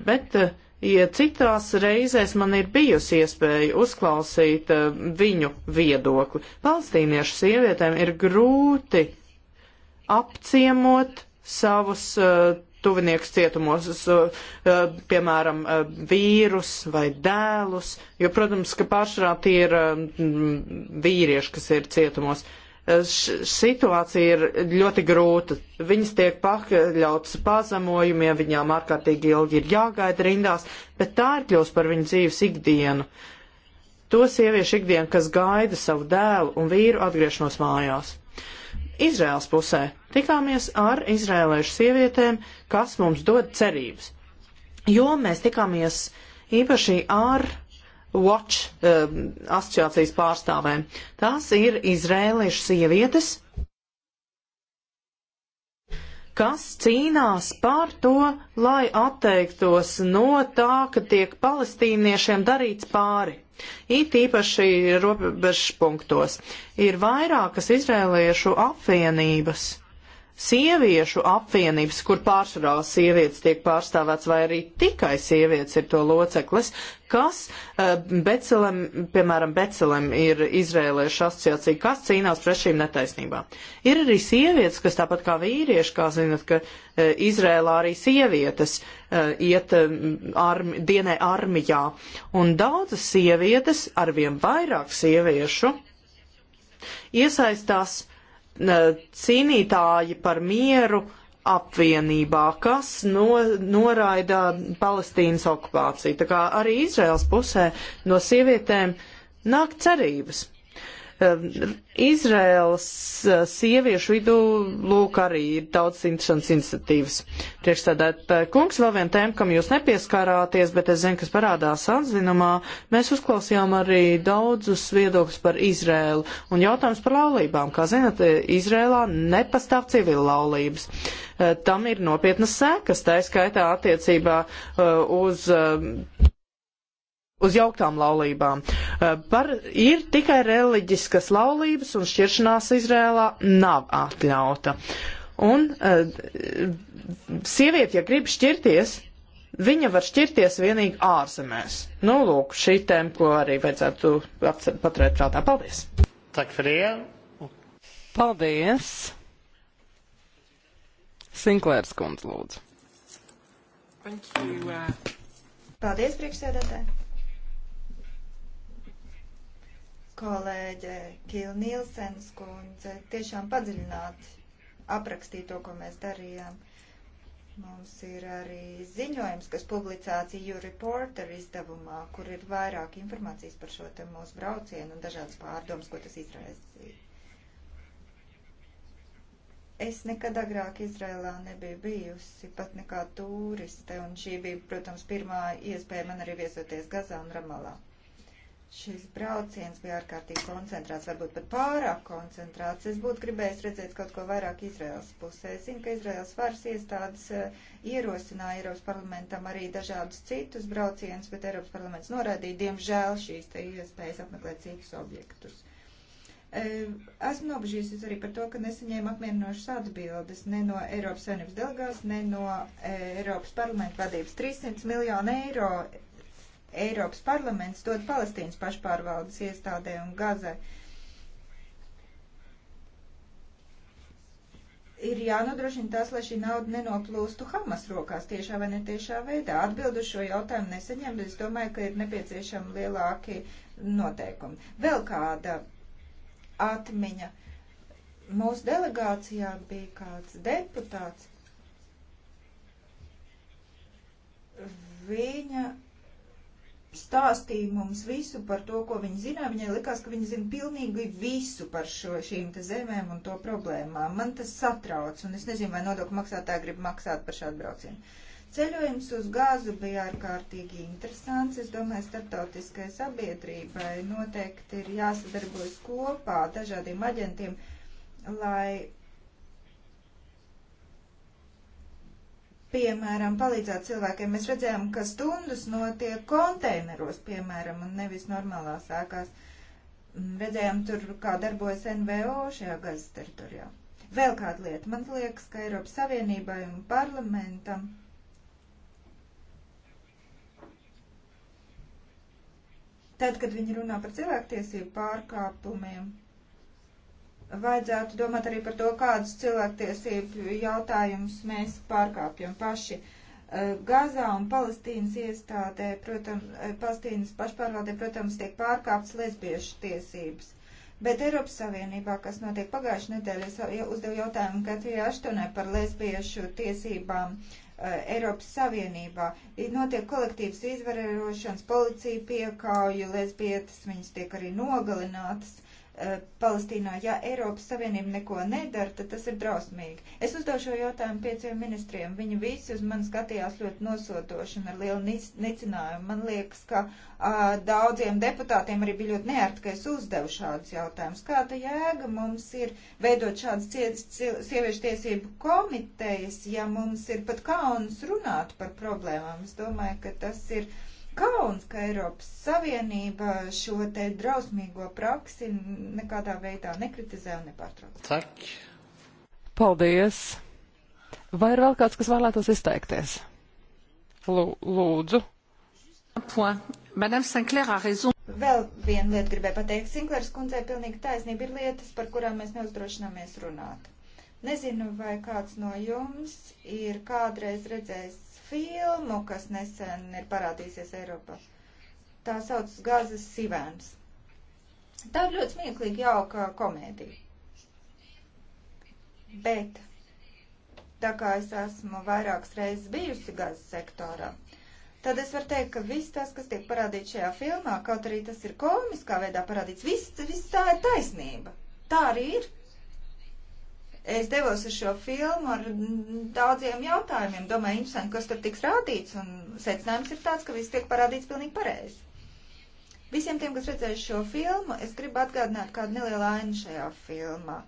bet uh, ja citās reizēs man ir bijusi iespēja uzklausīt uh, viņu viedokli. Palestīniešu sievietēm ir grūti apciemot savus uh, eh, tuvinieks cietumos, eh, piemēram, vīrus vai dēlus, jo, protams, ka pārsvarā tie ir vīrieši, kas ir cietumos. Uh, situācija ir ļoti grūta. Viņas tiek pakļautas pazemojumiem, viņām ārkārtīgi ilgi ir jāgaida rindās, bet tā ir kļūst par viņu dzīves ikdienu. To sieviešu ikdienu, kas gaida savu dēlu un vīru atgriešanos mājās. Izraels pusē tikāmies ar izrēlēšu sievietēm, kas mums dod cerības. Jo mēs tikāmies īpaši ar Watch um, asociācijas pārstāvēm. Tās ir izrēliešu sievietes, kas cīnās par to, lai atteiktos no tā, ka tiek palestīniešiem darīts pāri. It īpaši robežpunktos ir vairākas izrēliešu apvienības sieviešu apvienības, kur pārsvarā sievietes tiek pārstāvēts, vai arī tikai sievietes ir to loceklis, kas eh, Becelem, piemēram, Becelem ir izrēliešu asociācija, kas cīnās pret šīm netaisnībām. Ir arī sievietes, kas tāpat kā vīrieši, kā zinat, ka eh, Izrēlā arī sievietes eh, iet armi, dienē armijā, un daudzas sievietes, arvien vairāk sieviešu, iesaistās uh, cīnītāji par mieru apvienībā, kas no, noraida Palestīnas okupāciju. Tā kā arī Izraels pusē no sievietēm nāk cerības. Um, Izraels uh, sieviešu vidū, lūk, arī ir daudz interesants iniciatīvas. Priekšstādāt kungs, vēl viena tēma, kam jūs nepieskārāties, bet es zinu, kas parādās atzinumā, mēs uzklausījām arī daudzus viedokļus par Izrēlu un jautājums par laulībām. Kā zinat, Izrēlā nepastāv civila laulības. Uh, tam ir nopietnas sekas, tā skaitā attiecībā uh, uz um, uz jauktām laulībām. Eh, par, ir tikai reliģiskas laulības un šķiršanās Izrēlā nav atļauta. Un eh, sieviete, ja grib šķirties, viņa var šķirties vienīgi ārzemēs. Nu, lūk, šī tēma, ko arī vajadzētu paturēt prātā. Paldies! Paldies! Sinklērs kundze, lūdzu. Uh, Paldies, priekšsēdētāji! kolēģe Kilnielsens kundze tiešām padziļināti aprakstīja to, ko mēs darījām. Mums ir arī ziņojums, kas publicēts EU Reporter izdevumā, kur ir vairāk informācijas par šo te mūsu braucienu un dažādas pārdomas, ko tas izraisīja. Es nekad agrāk Izrēlā nebiju bijusi, pat nekā turiste, un šī bija, protams, pirmā iespēja man arī viesoties Gazā un Ramalā. Šis brauciens bija ārkārtīgi koncentrēts, varbūt pat pārāk koncentrēts. Es būtu gribējis redzēt kaut ko vairāk Izraels pusē. Es zinu, ka Izraels varas iestādes eh, ierosināja Eiropas parlamentam arī dažādus citus braucienus, bet Eiropas parlaments norādīja, diemžēl, šīs te iespējas apmeklēt citus objektus. Eh, esmu nobežījusies arī par to, ka nesaņēmu apmierinošas atbildes ne no Eiropas Savienības delegās, ne no eh, Eiropas parlamenta vadības 300 miljonu eiro Eiropas parlaments dod Palestīnas pašpārvaldes iestādē un Gazai. Ir jānodrošina tas, lai šī nauda nenoplūstu Hamas rokās tiešā vai netiešā veidā. Atbildu šo jautājumu neseņem, bet es domāju, ka ir nepieciešami lielāki noteikumi. Vēl kāda atmiņa. Mūsu delegācijā bija kāds deputāts. Viņa stāstīja mums visu par to, ko viņa zināja. Viņai likās, ka viņa zina pilnīgi visu par šo, šīm te zemēm un to problēmām. Man tas satrauc, un es nezinu, vai nodokļu maksātāji grib maksāt par šādu braucienu. Ceļojums uz gāzu bija ārkārtīgi interesants. Es domāju, starptautiskai sabiedrībai noteikti ir jāsadarbojas kopā dažādiem aģentiem, lai piemēram, palīdzēt cilvēkiem. Mēs redzējām, ka stundas notiek konteineros, piemēram, un nevis normālās ēkās. Redzējām tur, kā darbojas NVO šajā gazas teritorijā. Vēl kāda lieta. Man liekas, ka Eiropas Savienībai un parlamentam tad, kad viņi runā par cilvēktiesību pārkāpumiem, vajadzētu domāt arī par to, kādus cilvēktiesību jautājumus mēs pārkāpjam paši. Eh, Gazā un Palestīnas iestādē, protams, eh, Palestīnas pašpārvaldē, protams, tiek pārkāptas lesbiešu tiesības. Bet Eiropas Savienībā, kas notiek pagājušajā nedēļā, es uzdevu jautājumu Katrija Aštonē par lesbiešu tiesībām eh, Eiropas Savienībā. Notiek kolektīvas izvarošanas, policija piekauja lesbietas, viņas tiek arī nogalinātas Eh, Palestīnā. Ja Eiropas Savienība neko nedara, tad tas ir drausmīgi. Es uzdevu šo jautājumu pieciem ministriem. Viņi visi uz mani skatījās ļoti nosodoši un ar lielu nicinājumu. Man liekas, ka a, daudziem deputātiem arī bija ļoti neērti, ka es uzdevu šādus jautājumus. Kāda jēga mums ir veidot šādas sieviešu tiesību komitejas, ja mums ir pat kauns runāt par problēmām? Es domāju, ka tas ir. Uh, kauns, ka Eiropas Savienība šo te drausmīgo praksi nekādā veidā nekritizē un nepārtrauc. Tak. Paldies! Vai ir vēl kāds, kas vēlētos izteikties? Lūdzu. Vēl viena lieta gribēju pateikt. Sinklers kundzei pilnīgi taisnība ir lietas, par kurām mēs neuzdrošināmies runāt. Nezinu, vai kāds no jums ir kādreiz redzējis filmu, kas nesen ir parādīsies Eiropā. Tā sauc Gāzes Sivēns. Tā ir ļoti smieklīgi jauka komēdija. Bet tā kā es esmu vairākas reizes bijusi gazas sektorā, tad es varu teikt, ka viss tas, kas tiek parādīts šajā filmā, kaut arī tas ir komiskā veidā parādīts, viss, viss tā ir taisnība. Tā arī ir. Es devos uz šo filmu ar daudziem jautājumiem. Domāju, interesanti, kas tur tiks rādīts, un secinājums ir tāds, ka viss tiek parādīts pilnīgi pareizi. Visiem tiem, kas redzējuši šo filmu, es gribu atgādināt kādu nelielu ainu šajā filmā.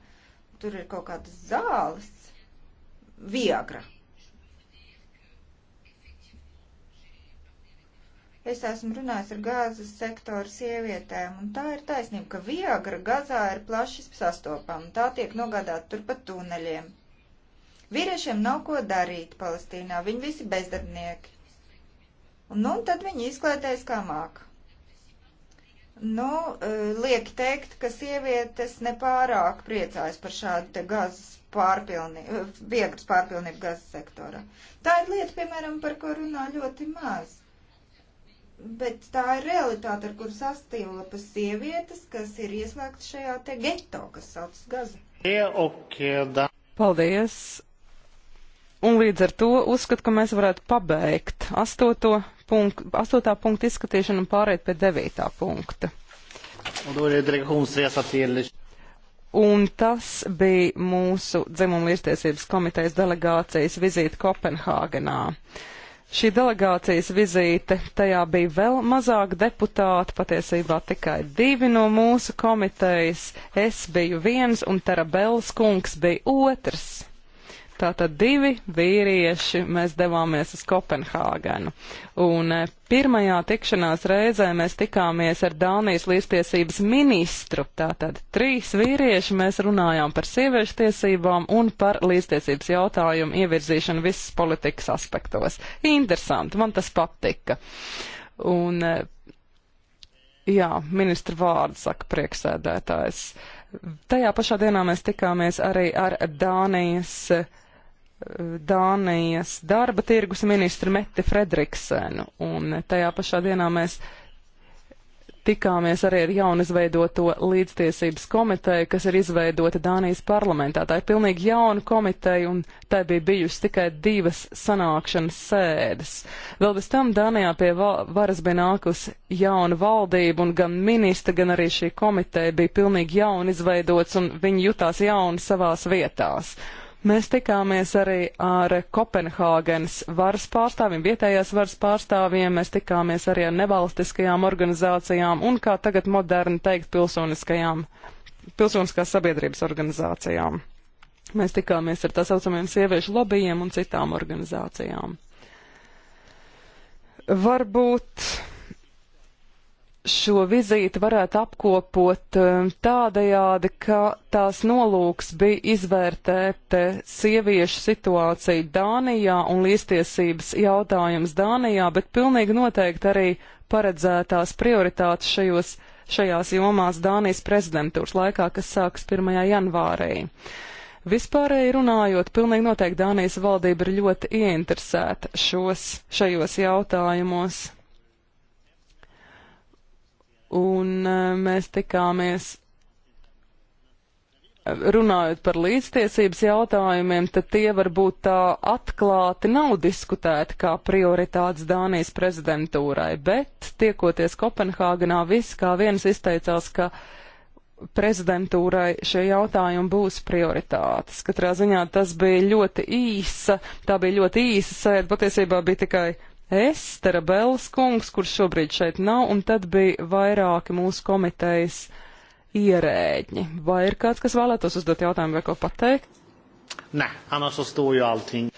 Tur ir kaut kādas zāles, viagra. Es esmu runājis ar gāzes sektoru sievietēm, un tā ir taisnība, ka Viagra gazā ir plaši sastopama, tā tiek nogādāta turpat tuneļiem. Vīriešiem nav ko darīt Palestīnā, viņi visi bezdarbnieki. Un, nu, un tad viņi izklētēs kā māk. Nu, e, liek teikt, ka sievietes nepārāk priecājas par šādu te gazas pārpilnību, e, Viegras pārpilnību gazas sektorā. Tā ir lieta, piemēram, par ko runā ļoti maz bet tā ir realitāte, ar kur sastīmlapas sievietes, kas ir ieslēgts šajā te geto, kas sauc Gaza. Paldies! Un līdz ar to uzskatu, ka mēs varētu pabeigt astoto punktu, astotā punktu izskatīšanu un pārēt pie devītā punkta. Un tas bija mūsu dzimuma līdztiesības komitejas delegācijas vizīte Kopenhāgenā. Uh, šī delegācijas vizīte, tajā bija vēl mazāk deputāti, patiesībā tikai divi no mūsu komitejas. Es biju viens un Tarabels kungs bija otrs. Tātad divi vīrieši mēs devāmies uz Kopenhāgenu. Un eh, pirmajā tikšanās reizē mēs tikāmies ar Dānijas līdztiesības ministru. Tātad trīs vīrieši mēs runājām par sieviešu tiesībām un par līdztiesības jautājumu ievirzīšanu visas politikas aspektos. Interesanti, man tas patika. Un, eh, jā, ministra vārds saka prieksēdētājs. Tajā pašā dienā mēs tikāmies arī ar Dānijas eh, Dānijas darba tirgus ministru Meti Fredriksenu, un tajā pašā dienā mēs tikāmies arī ar jaunizveidoto līdztiesības komiteju, kas ir izveidota Dānijas parlamentā. Tā ir pilnīgi jauna komiteja, un tai bija bijusi tikai divas sanākšanas sēdes. Vēl bez tam Dānijā pie varas bija nākusi jauna valdība, un gan ministra, gan arī šī komiteja bija pilnīgi jaunizveidots, un viņi jutās jauni savās vietās. Mēs tikāmies arī ar Kopenhāgenes varas pārstāvjiem, vietējās varas pārstāvjiem, mēs tikāmies arī ar nevalstiskajām organizācijām un, kā tagad moderni teikt, pilsoniskajām, pilsoniskās sabiedrības organizācijām. Mēs tikāmies ar tā saucamajiem sieviešu lobbyiem un citām organizācijām. Varbūt šo vizīti varētu apkopot eh, tādajādi, ka tās nolūks bija izvērtēt sieviešu situāciju Dānijā un līstiesības jautājums Dānijā, bet pilnīgi noteikti arī paredzētās prioritātes šajos, šajās jomās Dānijas prezidentūras laikā, kas sāks 1. janvārī. Vispārēji runājot, pilnīgi noteikti Dānijas valdība ir ļoti ieinteresēta šos, šajos jautājumos un e, mēs tikāmies e, runājot par līdztiesības jautājumiem, tad tie varbūt tā atklāti nav diskutēti kā prioritātes Dānijas prezidentūrai, bet tiekoties Kopenhāgenā viss kā viens izteicās, ka prezidentūrai šie jautājumi būs prioritātes. Katrā ziņā tas bija ļoti īsa, tā bija ļoti īsa sēde, patiesībā bija tikai es, Tarabels kungs, kurš šobrīd šeit nav, un tad bija vairāki mūsu komitejas ierēģi. Vai ir kāds, kas vēlētos uzdot jautājumu vai ko pateikt? Nē, Anas uzdoju altiņu.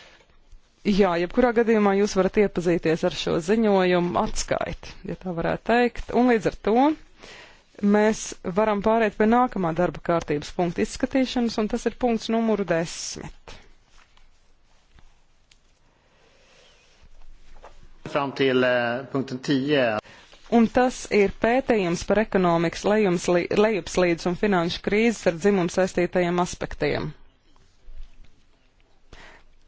Jā, jebkurā gadījumā jūs varat iepazīties ar šo ziņojumu atskaiti, ja tā varētu teikt, un līdz ar to mēs varam pāriet pie nākamā darba kārtības punkta izskatīšanas, un tas ir punkts numuru desmit. Fram till eh, punkten 10. Un tas ir pētījums par ekonomikas lejums, lejupslīdes un finanšu krīzes ar dzimumu saistītajiem aspektiem.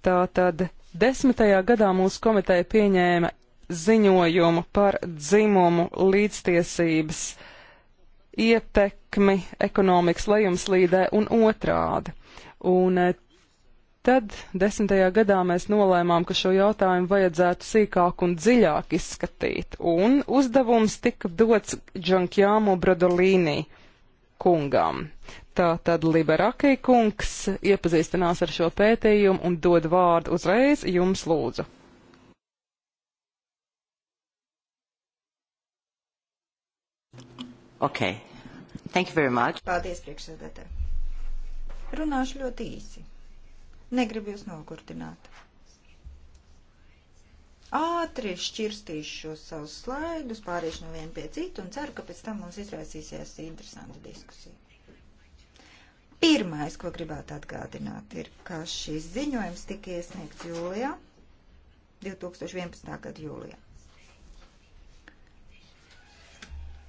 Tātad desmitajā gadā mūsu komiteja pieņēma ziņojumu par dzimumu līdztiesības ietekmi ekonomikas lejumslīdē un otrādi. Un eh, Tad desmitajā gadā mēs nolēmām, ka šo jautājumu vajadzētu sīkāk un dziļāk izskatīt, un uzdevums tika dots Džankjāmo Bradolīnī kungam. Tā tad Liberakī kungs iepazīstinās ar šo pētījumu un dod vārdu uzreiz jums lūdzu. Okay. Thank you very much. Paldies, priekšsēdētāji. Runāšu ļoti īsi. Negribu jūs nogurdināt. Ātri šķirstīšu šos savus slaidus, pāriešu no viena pie citu un ceru, ka pēc tam mums izraisīsies interesanta diskusija. Pirmais, ko gribētu atgādināt, ir, ka šis ziņojums tika iesniegts jūlijā, 2011. gada jūlijā.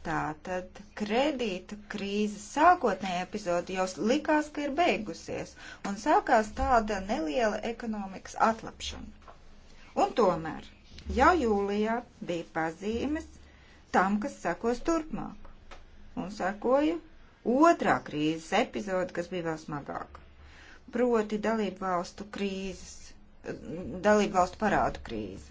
Tātad kredīta krīzes sākotnējā epizode jau likās, ka ir beigusies, un sākās tāda neliela ekonomikas atlapšana. Un tomēr jau jūlijā bija pazīmes tam, kas sekos turpmāk, un sekoja otrā krīzes epizode, kas bija vēl smagāka, proti dalību valstu krīzes, dalību valstu parādu krīze.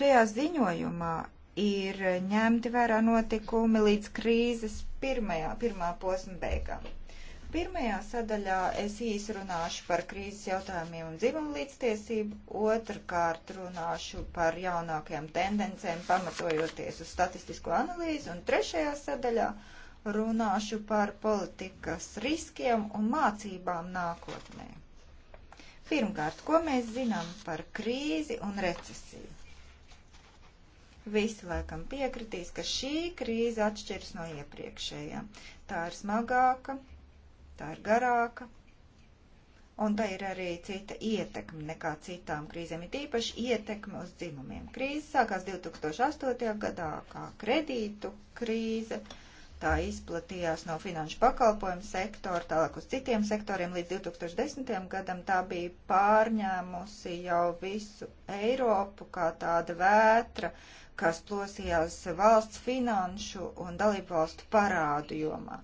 Šajā ziņojumā ir ņemti vērā notikumi līdz krīzes pirmajā, pirmā posma beigām. Pirmajā sadaļā es īsi runāšu par krīzes jautājumiem un dzimumu līdztiesību, otrkārt runāšu par jaunākajām tendencēm, pamatojoties uz statistisko analīzi, un trešajā sadaļā runāšu par politikas riskiem un mācībām nākotnē. Pirmkārt, ko mēs zinām par krīzi un recesiju? Visi laikam piekritīs, ka šī krīze atšķiras no iepriekšējām. Tā ir smagāka, tā ir garāka, un tā ir arī cita ietekme nekā citām krīzēm, ir tīpaši ietekme uz dzimumiem. Krīze sākās 2008. gadā kā kredītu krīze, tā izplatījās no finanšu pakalpojumu sektora, tālāk uz citiem sektoriem līdz 2010. gadam tā bija pārņēmusi jau visu Eiropu kā tāda vētra, kas plosījās valsts finanšu un dalību valstu parādu jomā.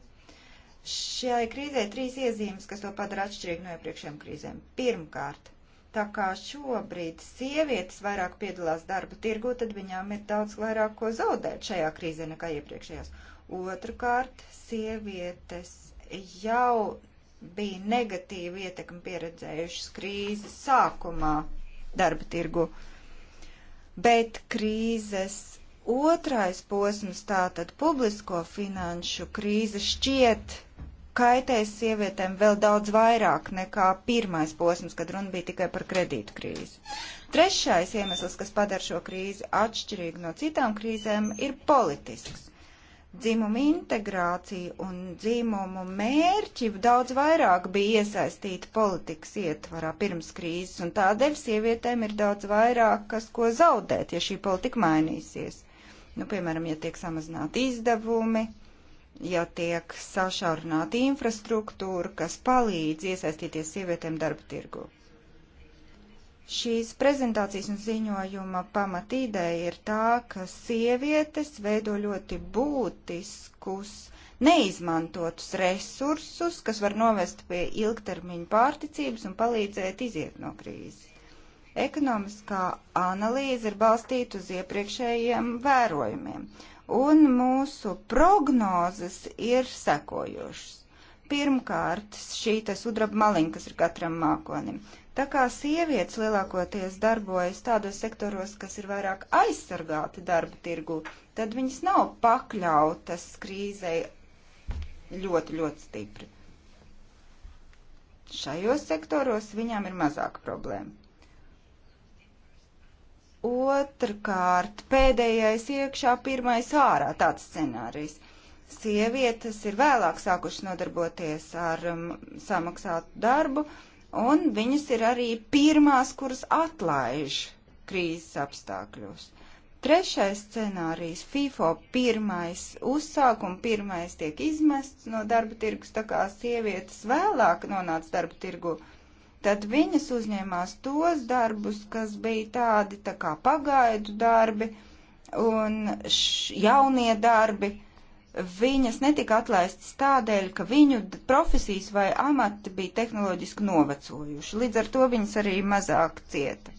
Šai krīzē trīs iezīmes, kas to padara atšķirīgi no iepriekšējām krīzēm. Pirmkārt, tā kā šobrīd sievietes vairāk piedalās darba tirgu, tad viņām ir daudz vairāk ko zaudēt šajā krīzē nekā iepriekšējās. Otrakārt, sievietes jau bija negatīva ietekme pieredzējušas krīzes sākumā darba tirgu. Uh, bet krīzes otrais posms, tātad publisko finanšu krīze, šķiet kaitēs sievietēm vēl daudz vairāk nekā pirmais posms, kad runa bija tikai par kredītu krīzi. Trešais iemesls, kas padara šo krīzi atšķirīgu no citām krīzēm, ir politisks dzimumu integrācija un dzimumu mērķi daudz vairāk bija iesaistīti politikas ietvarā pirms krīzes, un tādēļ sievietēm ir daudz vairāk kas ko zaudēt, ja šī politika mainīsies. Nu, piemēram, ja tiek samazināti izdevumi, ja tiek sašaurināta infrastruktūra, kas palīdz iesaistīties sievietēm darba tirgu. Šīs prezentācijas un ziņojuma pamatīdeja ir tā, ka sievietes veido ļoti būtiskus neizmantotus resursus, kas var novest pie ilgtermiņa pārticības un palīdzēt iziet no krīzes. Ekonomiskā analīze ir balstīta uz iepriekšējiem vērojumiem, un mūsu prognozes ir sekojošas. Pirmkārt, šī te sudraba maliņa, kas ir katram mākonim. Uh, Tā kā sievietes lielākoties darbojas tādos sektoros, kas ir vairāk aizsargāti darba tirgu, tad viņas nav pakļautas krīzei ļoti, ļoti stipri. Šajos sektoros viņām ir mazāk problēma. Otrkārt, pēdējais iekšā, pirmais ārā tāds scenārijs. Sievietes ir vēlāk sākušas nodarboties ar um, samaksātu darbu, un viņas ir arī pirmās, kuras atlaiž krīzes apstākļos. Trešais scenārijs - FIFO pirmais uzsāk un pirmais tiek izmests no darba tirgus, tā kā sievietes vēlāk nonāca darba tirgu, tad viņas uzņēmās tos darbus, kas bija tādi tā kā pagaidu darbi un jaunie darbi viņas netika atlaistas tādēļ, ka viņu profesijas vai amati bija tehnoloģiski novecojuši. Līdz ar to viņas arī mazāk cieta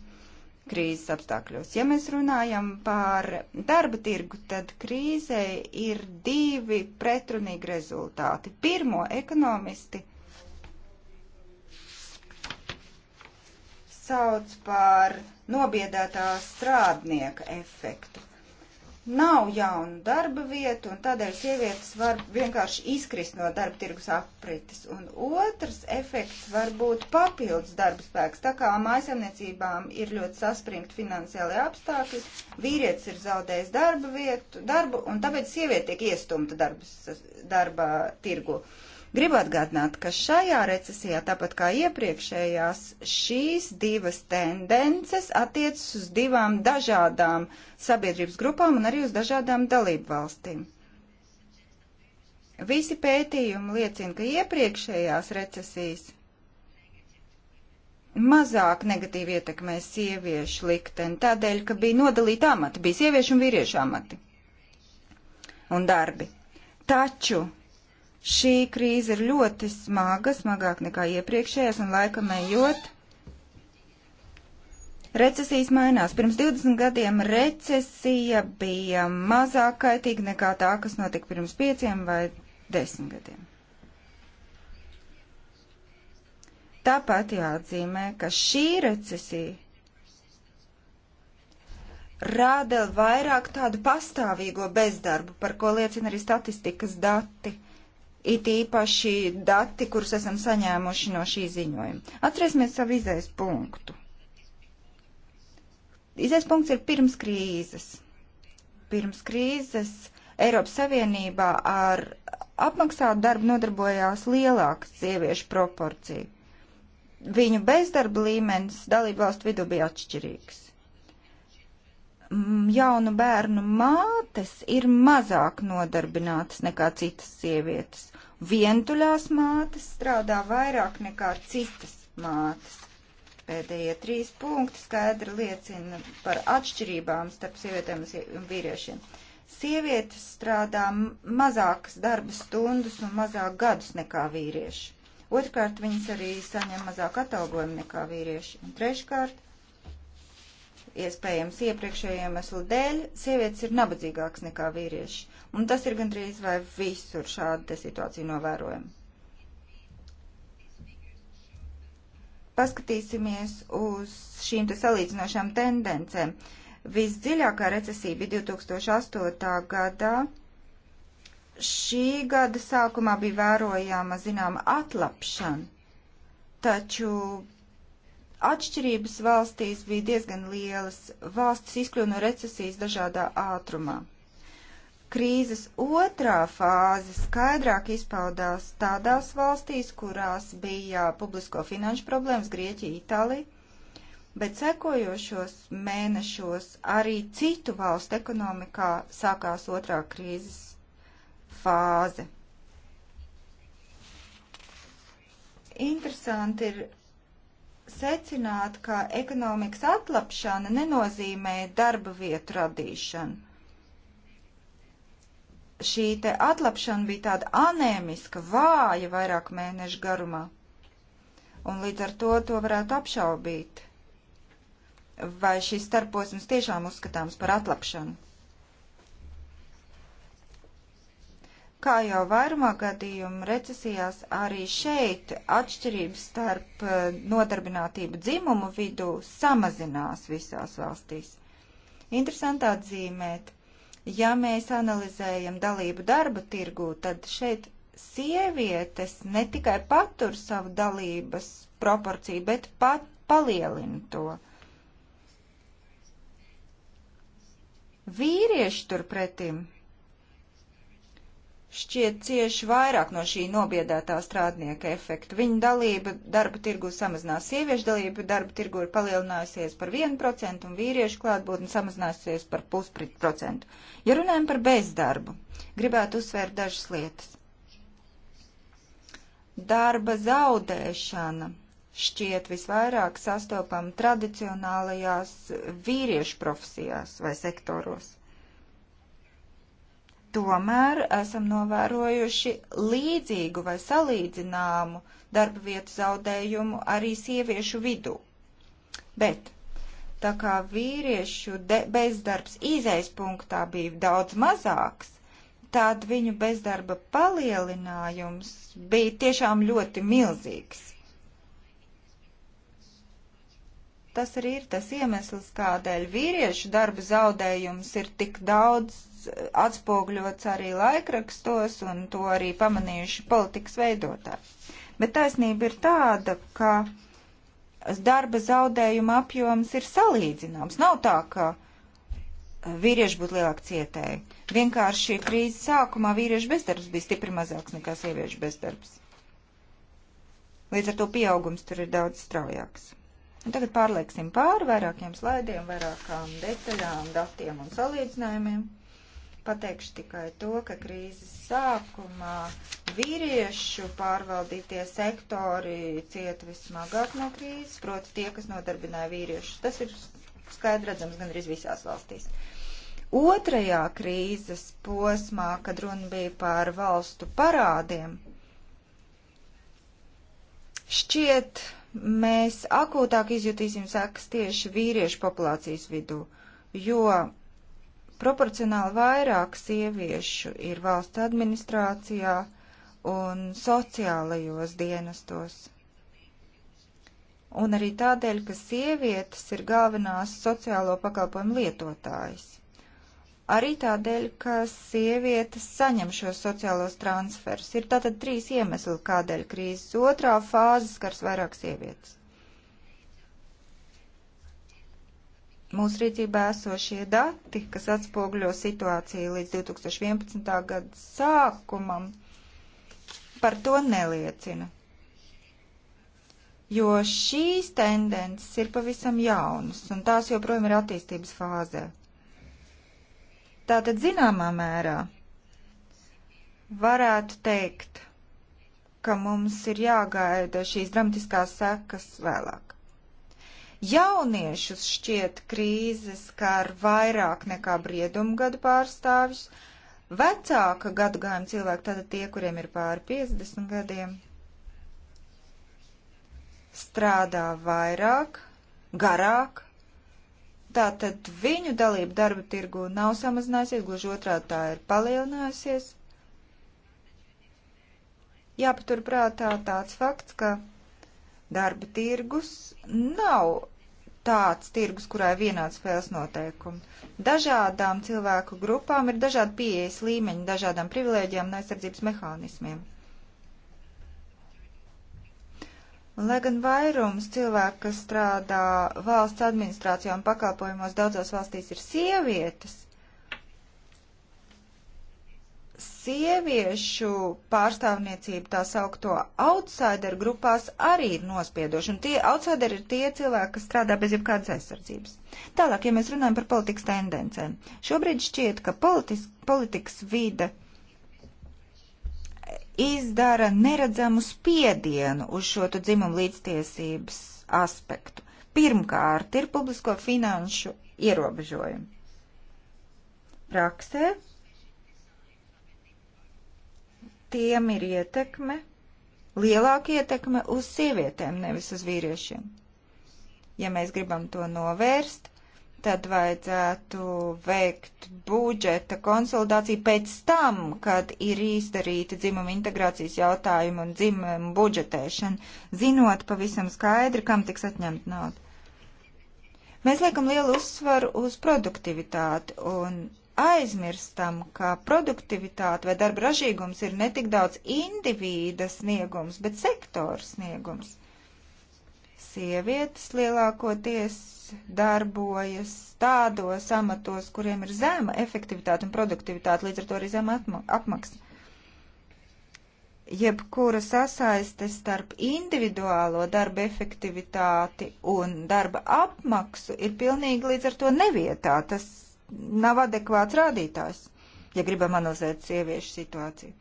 krīzes apstākļos. Ja mēs runājam par darba tirgu, tad krīzē ir divi pretrunīgi rezultāti. Pirmo ekonomisti sauc par nobiedētā strādnieka efektu nav jaunu darba vietu, un tādēļ sievietes var vienkārši izkrist no darba tirgus aprites. Un otrs efekts var būt papildus darba spēks. Tā kā mājasemniecībām ir ļoti saspringti finansiāli apstākļi, vīrietis ir zaudējis darba vietu, darbu, un tāpēc sieviete tiek iestumta darbas, darba tirgu. Uh, Gribu atgādināt, ka šajā recesijā, tāpat kā iepriekšējās, šīs divas tendences attiecas uz divām dažādām sabiedrības grupām un arī uz dažādām dalību valstīm. Visi pētījumi liecina, ka iepriekšējās recesijas mazāk negatīvi ietekmē sieviešu likteni, tādēļ, ka bija nodalīta amata, bija sieviešu un vīriešu amati un darbi. Taču Šī krīze ir ļoti smaga, smagāk nekā iepriekšējās, un laikam ejot. Recesijas mainās. Pirms 20 gadiem recesija bija mazāk kaitīga nekā tā, kas notika pirms 5 vai 10 gadiem. Tāpat jāatzīmē, ka šī recesija rāda vairāk tādu pastāvīgo bezdarbu, par ko liecina arī statistikas dati it īpaši dati, kurus esam saņēmuši no šī ziņojuma. Atcerēsimies savu izējas punktu. Izējas punkts ir pirms krīzes. Pirms krīzes Eiropas Savienībā ar apmaksātu darbu nodarbojās lielāks sieviešu proporcija. Viņu bezdarba līmenis dalību valstu vidū bija atšķirīgs jaunu bērnu mātes ir mazāk nodarbinātas nekā citas sievietes. Vientuļās mātes strādā vairāk nekā citas mātes. Pēdējie trīs punkti skaidri liecina par atšķirībām starp sievietēm un vīriešiem. Sievietes strādā mazākas darba stundas un mazāk gadus nekā vīrieši. Otrkārt, viņas arī saņem mazāk atalgojumu nekā vīrieši. Un treškārt, Iespējams, iepriekšējiem iemeslu dēļ sievietes ir nabadzīgākas nekā vīrieši, un tas ir gandrīz vai visur šāda situācija novērojama. Paskatīsimies uz šīm te salīdzinošām tendencēm. Visdziļākā recesija bija 2008. gadā šī gada sākumā bija vērojama zināma atlapšana, taču Atšķirības valstīs bija diezgan lielas. Valstis izkļuva no recesijas dažādā ātrumā. Krīzes otrā fāze skaidrāk izpaudās tādās valstīs, kurās bija publisko finanšu problēmas - Grieķija, Itālija bet sekojošos mēnešos arī citu valstu ekonomikā sākās otrā krīzes fāze. Interesanti ir secināt, ka ekonomikas atlapšana nenozīmē darba vietu radīšanu. Šī te atlapšana bija tāda anēmiska, vāja vairāk mēnešu garumā, un līdz ar to to varētu apšaubīt. Vai šis starposms tiešām uzskatāms par atlapšanu? Kā jau vairumā gadījumu recesijās, arī šeit atšķirības starp eh, nodarbinātību dzimumu vidū samazinās visās valstīs. Interesanti atzīmēt, ja mēs analizējam dalību darba tirgū, tad šeit sievietes ne tikai patur savu dalības proporciju, bet pat palielina to. Vīrieši turpretim šķiet cieši vairāk no šī nobiedētā strādnieka efekta. Viņa dalība darba tirgu samazinās, sieviešu dalība darba tirgu ir palielinājusies par 1% un vīriešu klātbūtne samazinājusies par pusprocentu. Ja runājam par bezdarbu, gribētu uzsvērt dažas lietas. Darba zaudēšana šķiet visvairāk sastopama tradicionālajās vīriešu profesijās vai sektoros Tomēr esam novērojuši līdzīgu vai salīdzināmu darba vietu zaudējumu arī sieviešu vidū. Bet tā kā vīriešu bezdarbs izējas punktā bija daudz mazāks, tad viņu bezdarba palielinājums bija tiešām ļoti milzīgs. Tas arī ir tas iemesls, kādēļ vīriešu darba zaudējums ir tik daudz atspogļots arī laikrakstos, un to arī pamanījuši politikas veidotāji. Bet taisnība ir tāda, ka darba zaudējuma apjoms ir salīdzināms. Nav tā, ka vīrieši būtu lielāk cietēji. Vienkārši krīzes sākumā vīriešu bezdarbs bija stipri mazāks nekā sieviešu bezdarbs. Līdz ar to pieaugums tur ir daudz straujāks. Un tagad pārlieksim pāri vairākiem slaidiem, vairākām detaļām, datiem un salīdzinājumiem. Pateikšu tikai to, ka krīzes sākumā vīriešu pārvaldītie sektori cieta vismagāk no krīzes, proti tie, kas nodarbināja vīriešus. Tas ir skaidredzams gan arī visās valstīs. Otrajā krīzes posmā, kad runa bija par valstu parādiem, šķiet, mēs akūtāk izjutīsim sekas tieši vīriešu populācijas vidū, jo Proporcionāli vairāk sieviešu ir valsts administrācijā un sociālajos dienestos. Un arī tādēļ, ka sievietes ir galvenās sociālo pakalpojumu lietotājas. Arī tādēļ, ka sievietes saņem šos sociālos transferus. Ir tātad trīs iemesli, kādēļ krīzes otrā fāze skars vairāk sievietes. mūsu rīcībā esošie dati, kas atspoguļo situāciju līdz 2011. gada sākumam, par to neliecina. Jo šīs tendences ir pavisam jaunas, un tās joprojām ir attīstības fāzē. Tātad, zināmā mērā, varētu teikt, ka mums ir jāgaida šīs dramatiskās sekas vēlāk. Jauniešus šķiet krīzes skar vairāk nekā briedumgadu pārstāvjus. Vecāka gadagājuma cilvēki, tātad tie, kuriem ir pāri 50 gadiem, strādā vairāk, garāk, tātad viņu dalība darba tirgu nav samazinājusies, gluži otrādi tā ir palielinājusies. Jāpaturprātā tāds fakts, ka Darba tirgus nav tāds tirgus, kurā ir vienāds spēles noteikumi. Dažādām cilvēku grupām ir dažādi pieejas līmeņi, dažādām privilēģijām un aizsardzības mehānismiem. Un, lai gan vairums cilvēku, kas strādā valsts administrācijā un pakalpojumos daudzās valstīs, ir sievietes, sieviešu pārstāvniecība tā saukto outsider grupās arī ir nospiedoša, un tie outsider ir tie cilvēki, kas strādā bez jebkādas aizsardzības. Tālāk, ja mēs runājam par politikas tendencēm, šobrīd šķiet, ka politis, politikas vide izdara neredzamu spiedienu uz šo dzimumu līdztiesības aspektu. Pirmkārt, ir publisko finanšu ierobežojumi. Praksē tiem ir ietekme, lielāka ietekme uz sievietēm, nevis uz vīriešiem. Ja mēs gribam to novērst, tad vajadzētu veikt budžeta konsolidāciju pēc tam, kad ir izdarīta dzimuma integrācijas jautājuma un dzimuma budžetēšana, zinot pavisam skaidri, kam tiks atņemt naudu. Mēs liekam lielu uzsvaru uz produktivitāti un aizmirstam, ka produktivitāte vai darba ražīgums ir ne tik daudz indivīda sniegums, bet sektora sniegums. Sievietes lielākoties darbojas tādos amatos, kuriem ir zema efektivitāte un produktivitāte, līdz ar to arī zema apmaksa jebkura sasaiste starp individuālo darba efektivitāti un darba apmaksu ir pilnīgi līdz ar to nevietā. Tas nav adekvāts rādītājs, ja gribam analizēt sieviešu situāciju.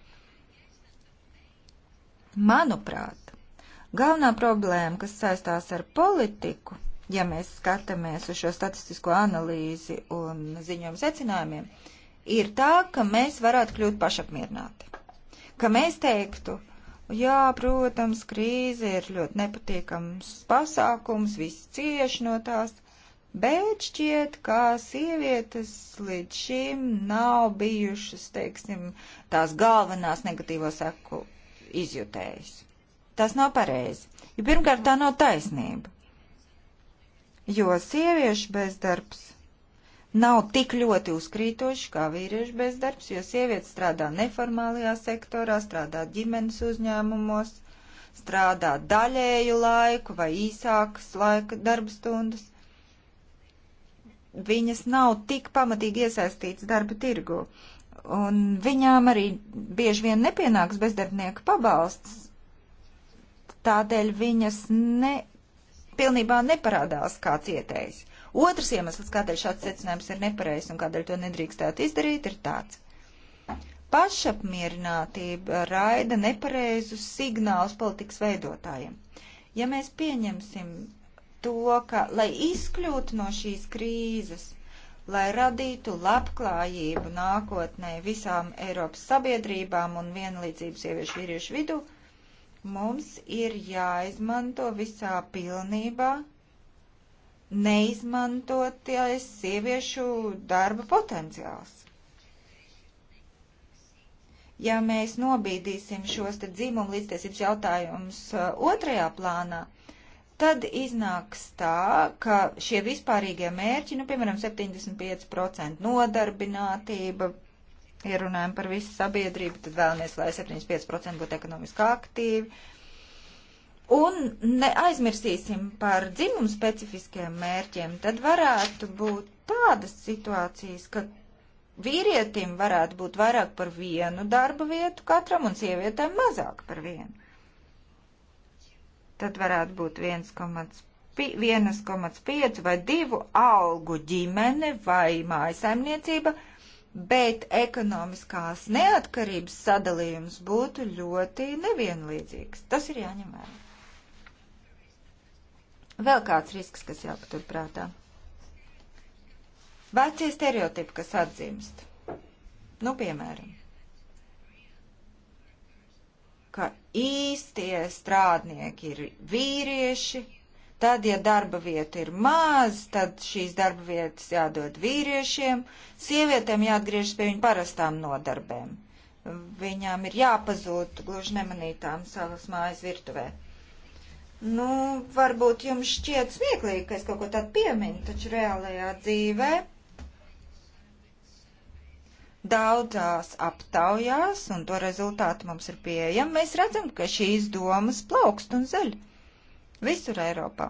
Manuprāt, galvenā problēma, kas saistās ar politiku, ja mēs skatāmies uz šo statistisko analīzi un ziņojumu secinājumiem, ir tā, ka mēs varētu kļūt pašapmierināti. Ka mēs teiktu, jā, protams, krīze ir ļoti nepatīkams pasākums, visi cieši no tās, Bet šķiet, ka sievietes līdz šim nav bijušas, teiksim, tās galvenās negatīvo seku izjutējas. Tas nav pareizi. Jo ja pirmkārt, tā nav taisnība. Jo sieviešu bezdarbs nav tik ļoti uzkrītoši kā vīriešu bezdarbs, jo sievietes strādā neformālajā sektorā, strādā ģimenes uzņēmumos, strādā daļēju laiku vai īsākas laika darba stundas viņas nav tik pamatīgi iesaistītas darba tirgu. Un viņām arī bieži vien nepienāks bezdarbnieku pabalsts, tādēļ viņas ne, pilnībā neparādās kā cietējs. Otrs iemesls, kādēļ šāds secinājums ir nepareizs un kādēļ to nedrīkstētu izdarīt, ir tāds. Pašapmierinātība raida nepareizus signālus politikas veidotājiem. Ja mēs pieņemsim to, ka, lai izkļūtu no šīs krīzes, lai radītu labklājību nākotnē visām Eiropas sabiedrībām un vienlīdzību sieviešu vīriešu vidu, mums ir jāizmanto visā pilnībā neizmantoties sieviešu darba potenciāls. Ja mēs nobīdīsim šos te dzimumu līdztiesības jautājumus uh, otrajā plānā, tad iznāks tā, ka šie vispārīgie mērķi, nu, piemēram, 75% nodarbinātība, ja runājam par visu sabiedrību, tad vēlamies, lai 75% būtu ekonomiski aktīvi. Un neaizmirsīsim par dzimumu specifiskiem mērķiem, tad varētu būt tādas situācijas, ka vīrietim varētu būt vairāk par vienu darba vietu katram un sievietēm mazāk par vienu tad varētu būt 1,5 vai 2 algu ģimene vai mājasaimniecība, bet ekonomiskās neatkarības sadalījums būtu ļoti nevienlīdzīgs. Tas ir jāņem vērā. Vēl kāds risks, kas jāpatur prātā. Vecie stereotipi, kas atzīmst. Nu, piemēram, ka īstie strādnieki ir vīrieši, Tad, ja darba vieta ir maz, tad šīs darba vietas jādod vīriešiem, sievietēm jāatgriežas pie viņu parastām nodarbēm. Viņām ir jāpazūd gluži nemanītām savas mājas virtuvē. Nu, varbūt jums šķiet smieklīgi, ka es kaut ko tādu pieminu, taču reālajā dzīvē Daudzās aptaujās, un to rezultātu mums ir pieejami, mēs redzam, ka šīs domas plaukst un zaļ visur Eiropā,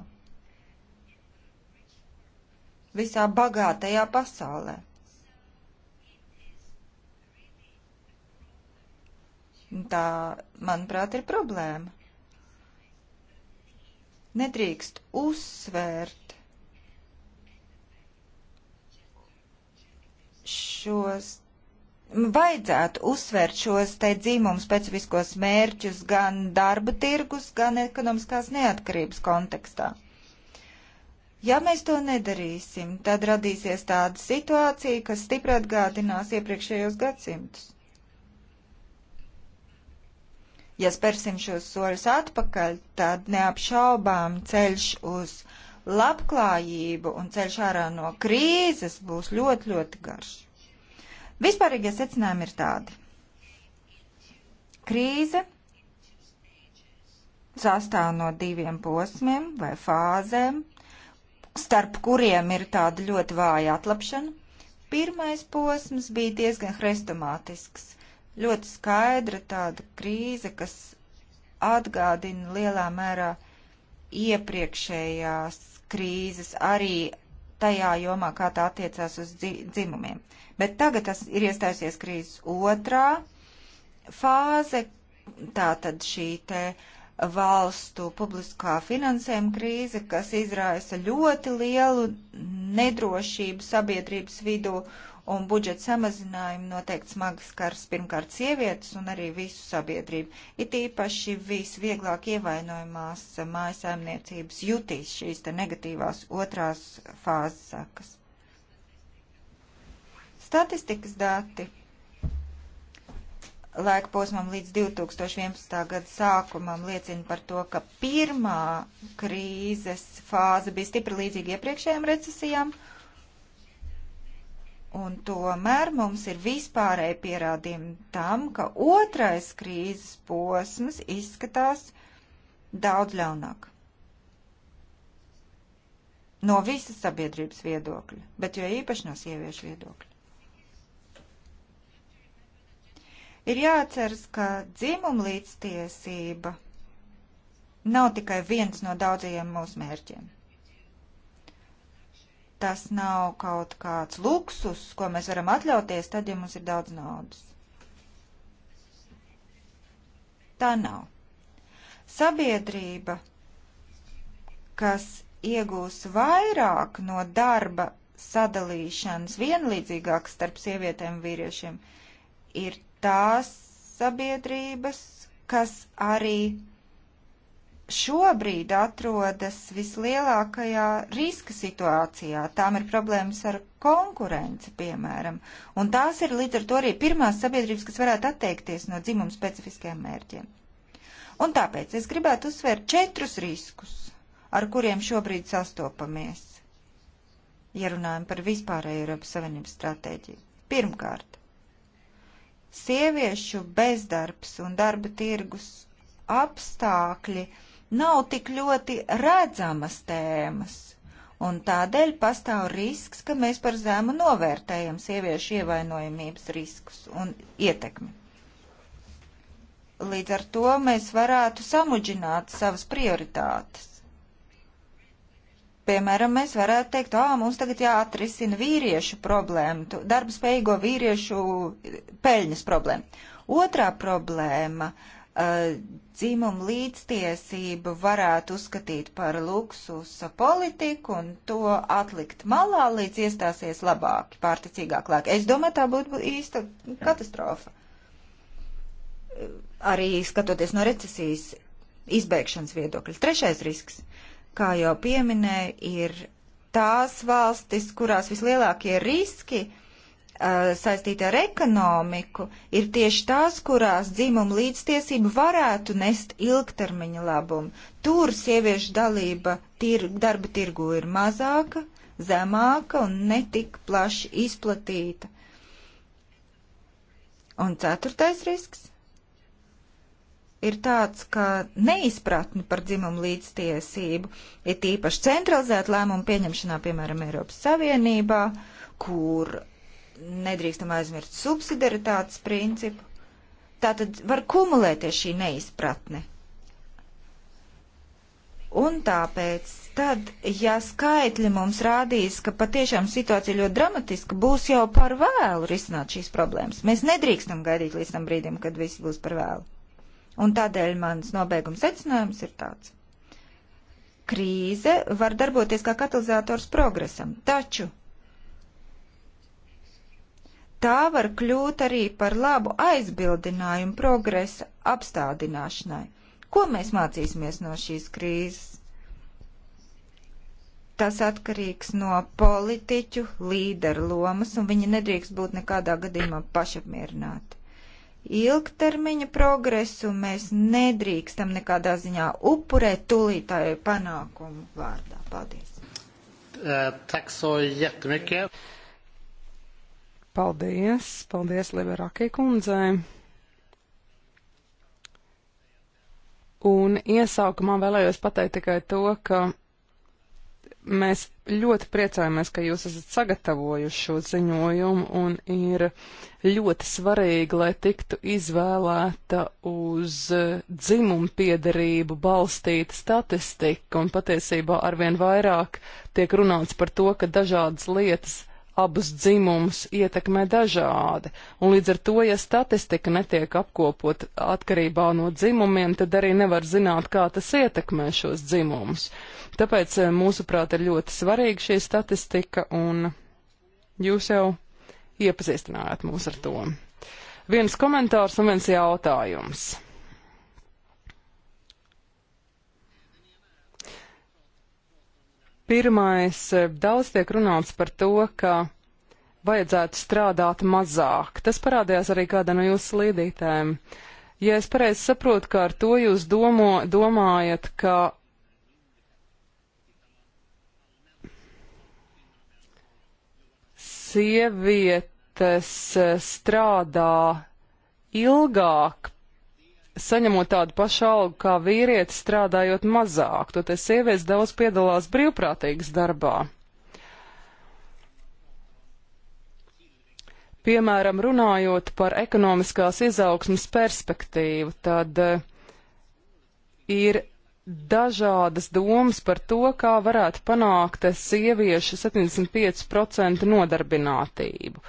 visā bagātajā pasaulē. Tā, manuprāt, ir problēma. Nedrīkst uzsvērt šos vajadzētu uzsvērt šos te dzīmumu specifiskos mērķus gan darba tirgus, gan ekonomiskās neatkarības kontekstā. Ja mēs to nedarīsim, tad radīsies tāda situācija, kas stipri atgādinās iepriekšējos gadsimtus. Ja spērsim šos soļus atpakaļ, tad neapšaubām ceļš uz labklājību un ceļš ārā no krīzes būs ļoti, ļoti garš. Vispārīgie secinājumi ir tādi. Krīze sastāv no diviem posmiem vai fāzēm, starp kuriem ir tāda ļoti vāja atlapšana. Pirmais posms bija diezgan hrestomātisks, ļoti skaidra tāda krīze, kas atgādina lielā mērā iepriekšējās krīzes, arī tajā jomā, kā tā attiecās uz dzimumiem. Bet tagad tas ir iestājusies krīzes otrā fāze, tā tad šī te valstu publiskā finansējuma krīze, kas izraisa ļoti lielu nedrošību sabiedrības vidū un budžeta samazinājumi noteikti smagi skars pirmkārt sievietes un arī visu sabiedrību. It īpaši visvieglāk ievainojumās mājasēmniecības jutīs šīs te negatīvās otrās fāzes sakas. Statistikas dati laika posmam līdz 2011. gada sākumam liecina par to, ka pirmā krīzes fāze bija stipri līdzīga iepriekšējām recesijām Un tomēr mums ir vispārēji pierādījumi tam, ka otrais krīzes posms izskatās daudz ļaunāk. No visas sabiedrības viedokļa, bet jo īpaši no sieviešu viedokļa. Ir jāatceras, ka dzimuma līdztiesība nav tikai viens no daudzajiem mūsu mērķiem tas nav kaut kāds luksus, ko mēs varam atļauties, tad, ja mums ir daudz naudas. Tā nav. Sabiedrība, kas iegūs vairāk no darba sadalīšanas vienlīdzīgāks starp sievietēm un vīriešiem, ir tās sabiedrības, kas arī šobrīd atrodas vislielākajā riska situācijā. Tām ir problēmas ar konkurenci, piemēram, un tās ir līdz ar to arī pirmās sabiedrības, kas varētu atteikties no dzimuma specifiskiem mērķiem. Un tāpēc es gribētu uzsvērt četrus riskus, ar kuriem šobrīd sastopamies, ja runājam par vispārēju Eiropas Savienības stratēģiju. Pirmkārt, sieviešu bezdarbs un darba tirgus apstākļi nav tik ļoti redzamas tēmas. Un tādēļ pastāv risks, ka mēs par zemu novērtējam sieviešu ievainojamības riskus un ietekmi. Līdz ar to mēs varētu samudžināt savas prioritātes. Piemēram, mēs varētu teikt, ā, mums tagad jāatrisina vīriešu problēma, darba spējīgo vīriešu peļņas problēma. Otrā problēma dzimumu līdztiesību varētu uzskatīt par luksusa politiku un to atlikt malā, līdz iestāsies labāki, pārticīgāk laiki. Es domāju, tā būtu īsta katastrofa. Arī skatoties no recesijas izbēgšanas viedokļa. Trešais risks, kā jau pieminēju, ir tās valstis, kurās vislielākie riski ir Eh, saistīti ar ekonomiku, ir tieši tās, kurās dzimuma līdztiesība varētu nest ilgtermiņa labumu. Tur sieviešu dalība tir, darba tirgu ir mazāka, zemāka un netik plaši izplatīta. Un ceturtais risks ir tāds, ka neizpratni par dzimumu līdztiesību ir tīpaši centralizēta lēmuma pieņemšanā, piemēram, Eiropas Savienībā, kur nedrīkstam aizmirst subsidiaritātes principu. Tātad var kumulēties šī neizpratne. Un tāpēc, tad, ja skaitļi mums rādīs, ka patiešām situācija ļoti dramatiska, būs jau par vēlu risināt šīs problēmas. Mēs nedrīkstam gaidīt līdz tam brīdim, kad viss būs par vēlu. Un tādēļ mans nobeigums secinājums ir tāds. Krīze var darboties kā katalizators progresam, taču tā var kļūt arī par labu aizbildinājumu progresa apstādināšanai. Ko mēs mācīsimies no šīs krīzes? Tas atkarīgs no politiķu līderu lomas, un viņi nedrīkst būt nekādā gadījumā pašapmierināti. Ilgtermiņa progresu mēs nedrīkstam nekādā ziņā upurēt tūlītāju panākumu vārdā. Paldies! Uh, eh, tak så jättemycket. Paldies! Paldies Liberakī kundzei! Un iesaukumā vēlējos pateikt tikai to, ka mēs ļoti priecājamies, ka jūs esat sagatavojuši šo ziņojumu un ir ļoti svarīgi, lai tiktu izvēlēta uz dzimumu piedarību balstīta statistika un patiesībā arvien vairāk tiek runāts par to, ka dažādas lietas abus dzimumus ietekmē dažādi, un līdz ar to, ja statistika netiek apkopot atkarībā no dzimumiem, tad arī nevar zināt, kā tas ietekmē šos dzimumus. Tāpēc, eh, mūsuprāt, ir ļoti svarīga šī statistika, un jūs jau iepazīstinājāt mūs ar to. Viens komentārs un viens jautājums. Pirmais, eh, daudz tiek runāts par to, ka vajadzētu strādāt mazāk. Tas parādījās arī kādā no jūsu slīdītēm. Ja es pareizi saprotu, ka ar to jūs domo, domājat, ka sievietes eh, strādā ilgāk saņemot tādu pašu algu kā vīrieti, strādājot mazāk. Toties sievietes daudz piedalās brīvprātīgas darbā. Piemēram, runājot par ekonomiskās izaugsmas perspektīvu, tad eh, ir dažādas domas par to, kā varētu panākt sieviešu 75% nodarbinātību.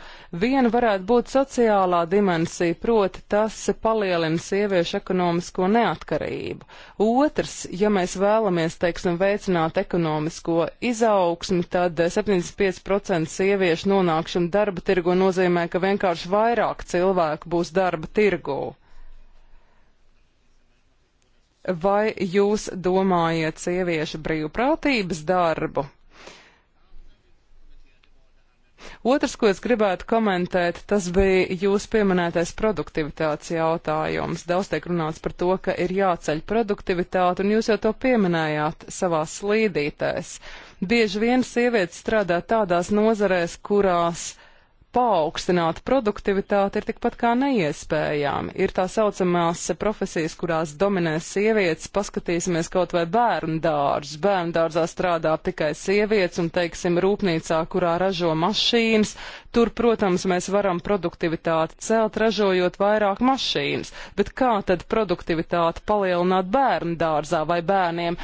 Viena varētu būt sociālā dimensija, proti tas palielina sieviešu ekonomisko neatkarību. Otrs, ja mēs vēlamies, teiksim, veicināt ekonomisko izaugsmi, tad 75% sieviešu nonākšana darba tirgu nozīmē, ka vienkārši vairāk cilvēku būs darba tirgu vai jūs domājat sieviešu brīvprātības darbu? Otrs, ko es gribētu komentēt, tas bija jūs pieminētais produktivitātes jautājums. Daudz tiek runāts par to, ka ir jāceļ produktivitāte, un jūs jau to pieminējāt savā slīdītēs. Bieži vien sievietes strādā tādās nozarēs, kurās uh, paaugstināt produktivitāti ir tikpat kā neiespējami. Ir tā saucamās profesijas, kurās dominē sievietes, paskatīsimies kaut vai bērnu dārzus. Bērnu dārzā strādā tikai sievietes un, teiksim, rūpnīcā, kurā ražo mašīnas. Tur, protams, mēs varam produktivitāti celt, ražojot vairāk mašīnas. Bet kā tad produktivitāti palielināt bērnu dārzā vai bērniem?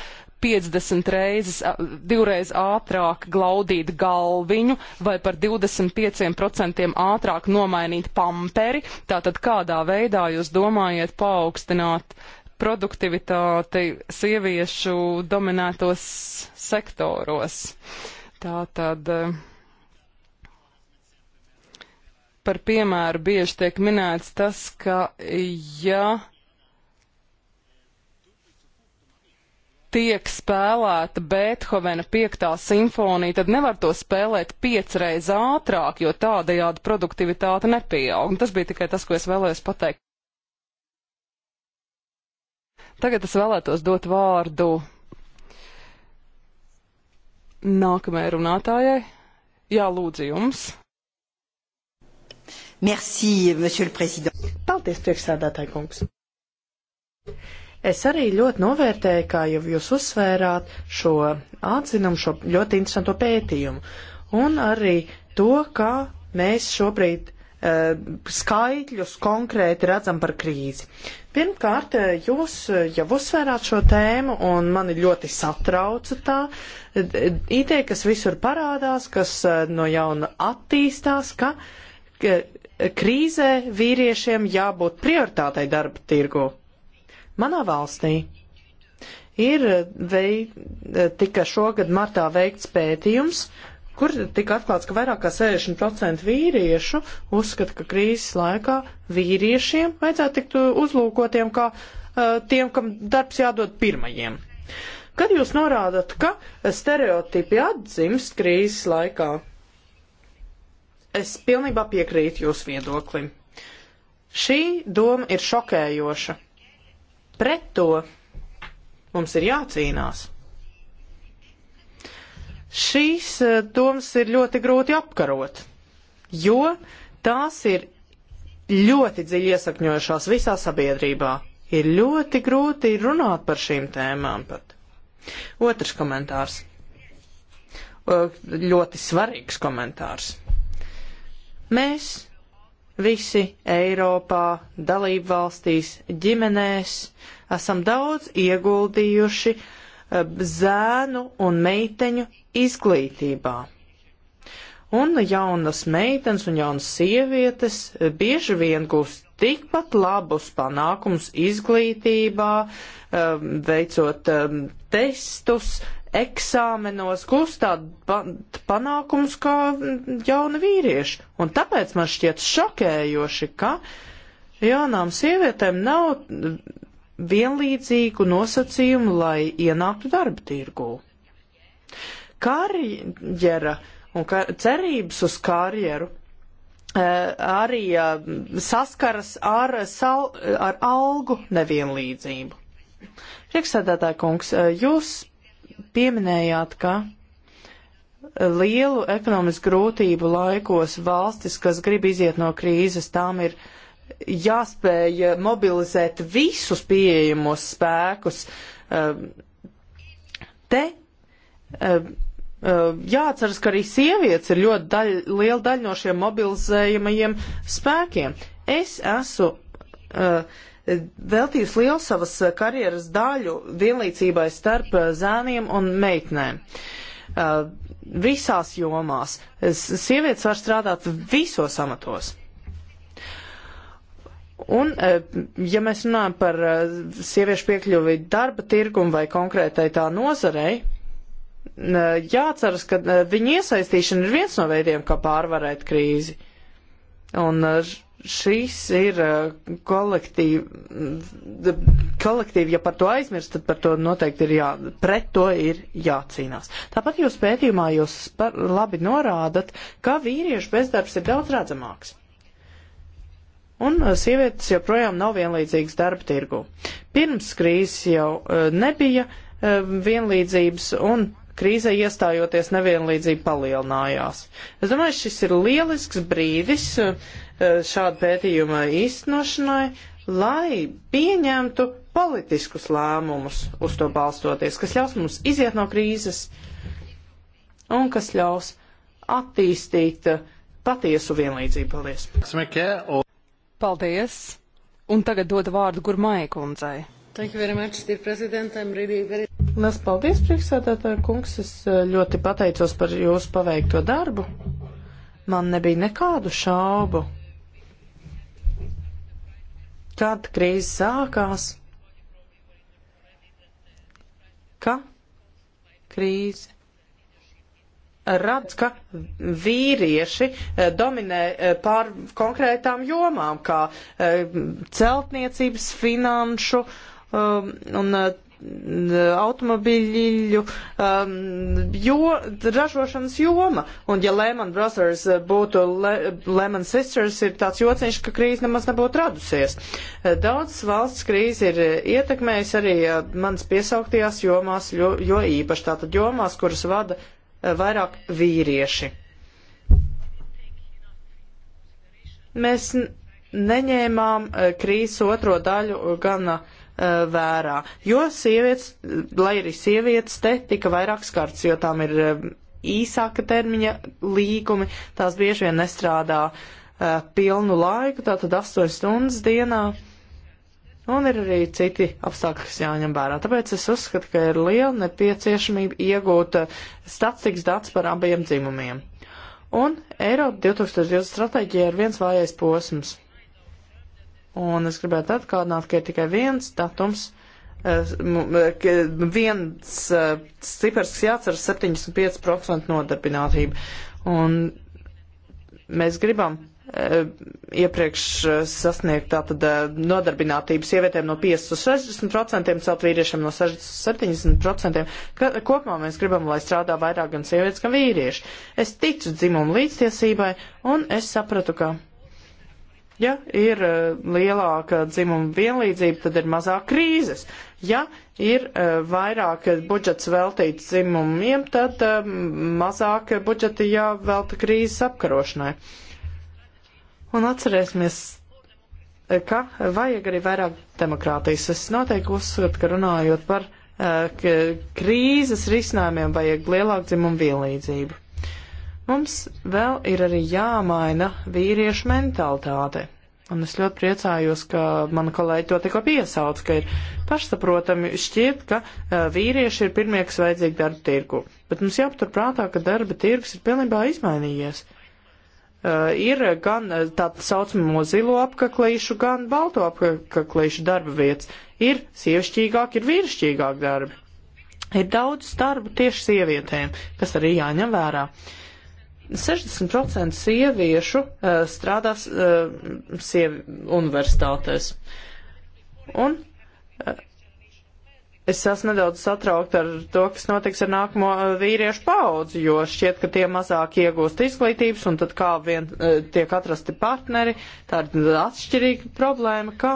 50 reizes, divreiz ātrāk glaudīt galviņu vai par 25% ātrāk nomainīt pamperi. Tātad kādā veidā jūs domājat paaugstināt produktivitāti sieviešu dominētos sektoros? Tātad. Eh, par piemēru bieži tiek minēts tas, ka ja tiek spēlēta Bēthovena 5. simfonija, tad nevar to spēlēt piecreiz ātrāk, jo tādējādi produktivitāte nepieaug. Un tas bija tikai tas, ko es vēlējos pateikt. Tagad es vēlētos dot vārdu nākamajai runātājai. Jā, lūdzu jums. Merci, monsieur le président. Paldies, priekšsēdētāji kungs. Es arī ļoti novērtēju, kā jau jūs uzsvērāt, šo atzinumu, šo ļoti interesanto pētījumu. Un arī to, kā mēs šobrīd uh, skaitļus konkrēti redzam par krīzi. Pirmkārt, e, jūs jau uzsvērāt šo tēmu, un mani ļoti satrauca tā e, ideja, kas visur parādās, kas uh, no jauna attīstās, ka, ka krīzē vīriešiem jābūt prioritātei darba tirgu Manā valstī ir eh, vei, eh, tika šogad martā veikts pētījums, kur tika atklāts, ka vairāk kā 60% vīriešu uzskata, ka krīzes laikā vīriešiem vajadzētu tikt uzlūkotiem kā uh, tiem, kam darbs jādod pirmajiem. Kad jūs norādat, ka stereotipi atzimst krīzes laikā, es pilnībā piekrītu jūsu viedoklim. Šī doma ir šokējoša. Pret to mums ir jācīnās. Šīs eh, domas ir ļoti grūti apkarot, jo tās ir ļoti dziļi iesakņojušās visā sabiedrībā. Ir ļoti grūti runāt par šīm tēmām pat. Otrs komentārs. Eh, ļoti svarīgs komentārs. Mēs Visi Eiropā, dalību valstīs, ģimenēs esam daudz ieguldījuši eh, zēnu un meiteņu izglītībā. Un jaunas meitenes un jaunas sievietes eh, bieži vien gūst tikpat labus panākumus izglītībā, eh, veicot testus, eksāmenos gūstāt panākums kā jauni vīrieši. Un tāpēc man šķiet šokējoši, ka jaunām sievietēm nav vienlīdzīgu nosacījumu, lai ienāktu darba tirgū. Karjera un kar cerības uz karjeru eh, arī eh, saskaras ar, sal, ar algu nevienlīdzību. Priekšsēdētāja kungs, eh, jūs pieminējāt, ka lielu ekonomisku grūtību laikos valstis, kas grib iziet no krīzes, tām ir jāspēj mobilizēt visus pieejamos spēkus. Ehm, te ehm, ehm, jāatceras, ka arī sievietes ir ļoti daļ, liela daļa no šiem mobilizējamajiem spēkiem. Es esmu uh, veltījis lielu savas karjeras daļu vienlīdzībai starp uh, zēniem un meitnēm. Uh, visās jomās. Sievietes var strādāt visos amatos. Un, uh, ja mēs runājam par sieviešu piekļuvi darba tirgumu vai konkrētai tā nozarei, jāceras, ka viņa iesaistīšana ir viens no veidiem, kā pārvarēt krīzi. Un šis ir uh, kolektīvi, kolektīvi, ja par to aizmirst, tad par to noteikti ir jā, pret to ir jācīnās. Tāpat jūs pētījumā jūs par, labi norādat, ka vīriešu bezdarbs ir daudz redzamāks. Un uh, sievietes joprojām nav vienlīdzīgas darba tirgu. Pirms krīzes jau uh, nebija vienlīdzības un krīzē iestājoties nevienlīdzība palielinājās. Es domāju, šis ir lielisks brīdis Eh, šādu pētījumu īstenošanai, lai pieņemtu politiskus lēmumus uz to balstoties, kas ļaus mums iziet no krīzes un kas ļaus attīstīt eh, patiesu vienlīdzību. Paldies! Paldies! Un tagad dodu vārdu Gurmai kundzei. Lielas paldies, priekšsēdētāja kungs. Es eh, ļoti pateicos par jūsu paveikto darbu. Man nebija nekādu šaubu, kad krīze sākās, ka krīze redz, ka vīrieši eh, dominē eh, pār konkrētām jomām, kā eh, celtniecības, finanšu um, un automobīļu um, jo, ražošanas joma. Un ja Lehman Brothers uh, būtu Le, Lehman Sisters, ir tāds jociņš, ka krīze nemaz nebūtu radusies. Uh, Daudz valsts krīze ir uh, ietekmējis arī manas piesauktajās jomās, jo, jo īpaši tātad jomās, kuras vada vairāk vīrieši. Mēs neņēmām krīzes otro daļu gana uh, Eh, vērā, jo sievietes, lai arī sievietes te tika vairāk skarts, jo tām ir eh, īsāka termiņa līgumi, tās bieži vien nestrādā eh, pilnu laiku, tātad 8 stundas dienā. Un ir arī citi apstākļi, kas jāņem vērā. Tāpēc es uzskatu, ka ir liela nepieciešamība iegūt statistikas datus par abiem dzimumiem. Un Eiropa 2020 stratēģija ir viens vājais posms. Un es gribētu atkārtināt, ka ir tikai viens datums, e, viens e, cipars, kas jāatceras 75% nodarbinātība. Un mēs gribam e, iepriekš sasniegt tātad nodarbinātības sievietēm no 5 uz 60%, celt vīriešiem no 60 uz 70%. Ka, kopumā mēs gribam, lai strādā vairāk gan sievietes, gan vīrieši. Es ticu dzimumu līdztiesībai un es sapratu, ka Ja ir uh, lielāka dzimuma vienlīdzība, tad ir mazāk krīzes. Ja ir uh, vairāk budžets veltīts dzimumiem, tad uh, mazāk budžeti jāvelta krīzes apkarošanai. Un atcerēsimies, ka vajag arī vairāk demokrātijas. Es noteikti uzskatu, ka runājot par krīzes risinājumiem, vajag lielāku dzimumu vienlīdzību. Mums vēl ir arī jāmaina vīriešu mentalitāte. Un es ļoti priecājos, ka mana kolēģi to tikko piesauc, ka ir pašsaprotami šķiet, ka uh, vīrieši ir pirmie, kas vajadzīgi darba tirgu. Bet mums jāpatur prātā, ka darba tirgus ir pilnībā izmainījies. Uh, ir gan uh, tā saucamo zilo apkaklīšu, gan balto apkaklīšu darba vietas. Ir sievišķīgāk, ir vīrišķīgāk darbi. Ir daudz darbu tieši sievietēm, kas arī jāņem vērā. Uh, 60% sieviešu uh, strādās uh, sievi universitātēs. Un uh, es esmu nedaudz satraukta ar to, kas notiks ar nākamo vīriešu paudzi, jo šķiet, ka tie mazāk iegūst izglītības un tad kā vien uh, tiek atrasti partneri, tā ir atšķirīga problēma, kā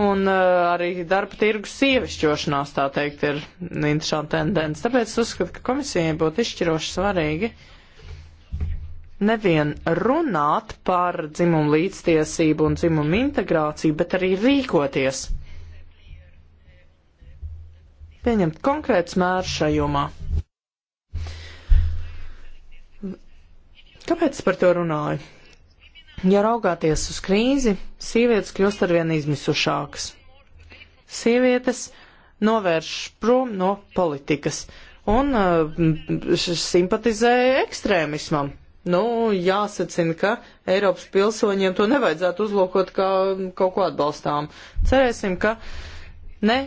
un uh, arī darba tirgus sievišķošanās, tā teikt, ir interesanta tendence. Tāpēc es uzskatu, ka komisijai būtu izšķiroši svarīgi. Uh, nevien runāt par dzimumu līdztiesību un dzimumu integrāciju, bet arī rīkoties. Pieņemt konkrēts mērs šajomā. Kāpēc par to runāju? Ja raugāties uz krīzi, sievietes kļūst arvien izmisušākas. Sievietes novērš prom no politikas un uh, simpatizē ekstrēmismam, Nu, jāsacina, ka Eiropas pilsoņiem to nevajadzētu uzlūkot kā kaut ko atbalstām. Cerēsim, ka ne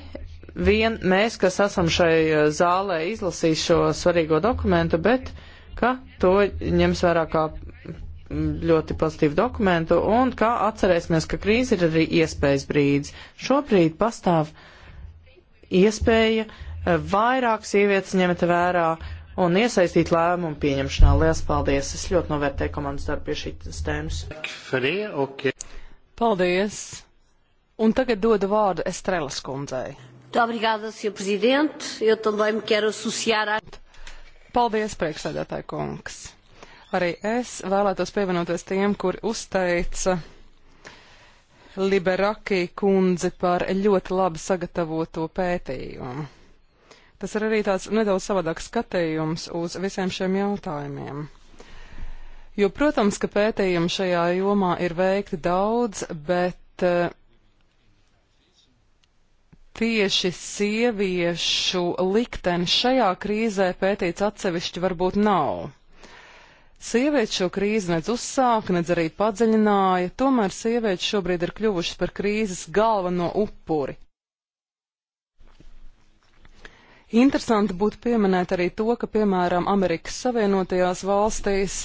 vien mēs, kas esam šai eh, zālē, izlasīs šo svarīgo dokumentu, bet ka to ņems vērā kā ļoti pozitīvu dokumentu un kā atcerēsimies, ka krīze ir arī iespējas brīdis. Šobrīd pastāv iespēja eh, vairāk sievietes ņemt vērā uh, un iesaistīt lēmumu pieņemšanā. Lielas paldies! Es ļoti novērtēju komandas darbu pie šīs tēmas. Paldies! Un tagad dodu vārdu Estrelas kundzei. Obrigada, Sr. Presidente. Eu também me quero associar à. Paldies, priekšsēdētāji kungs. Arī es vēlētos pievienoties tiem, kuri uzteica Liberakī kundzi par ļoti labi sagatavoto pētījumu. Tas ir arī tāds nedaudz savādāks skatījums uz visiem šiem jautājumiem. Jo, protams, ka pētījumi šajā jomā ir veikti daudz, bet uh, tieši sieviešu likteni šajā krīzē pētīts atsevišķi varbūt nav. Sievietes šo krīzi nedz uzsāka, nedz arī padziļināja, tomēr sievietes šobrīd ir kļuvušas par krīzes galveno upuri. Interesanti būtu pieminēt arī to, ka, piemēram, Amerikas Savienotajās valstīs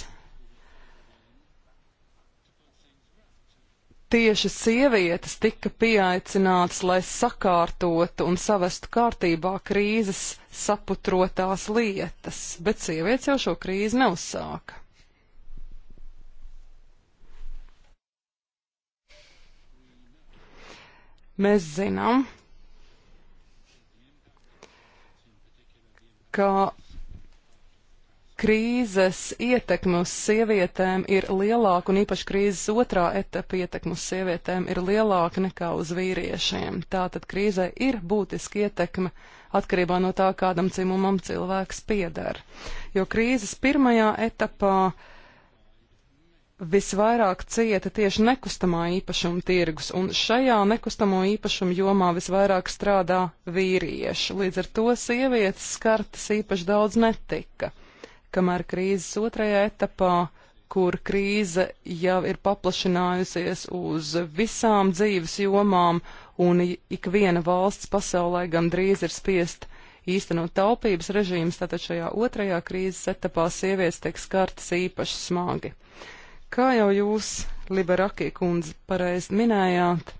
tieši sievietes tika pieaicinātas, lai sakārtotu un savestu kārtībā krīzes saputrotās lietas, bet sievietes jau šo krīzi neuzsāka. Mēs zinām, ka krīzes ietekme uz sievietēm ir lielāka, un īpaši krīzes otrā etapa ietekme uz sievietēm ir lielāka nekā uz vīriešiem. Tātad krīzē ir būtiska ietekme atkarībā no tā, kādam cimumam cilvēks pieder. Jo krīzes pirmajā etapā uh, visvairāk cieta tieši nekustamā īpašuma tirgus, un šajā nekustamo īpašumu jomā visvairāk strādā vīrieši. Līdz ar to sievietes skartas īpaši daudz netika, kamēr krīzes otrajā etapā, kur krīze jau ir paplašinājusies uz visām dzīves jomām, un ik viena valsts pasaulē gan drīz ir spiest īstenot taupības režīmus, tātad šajā otrajā krīzes etapā sievietes tiek skartas īpaši smagi. Kā jau jūs, Liberakī kundze, pareizi minējāt,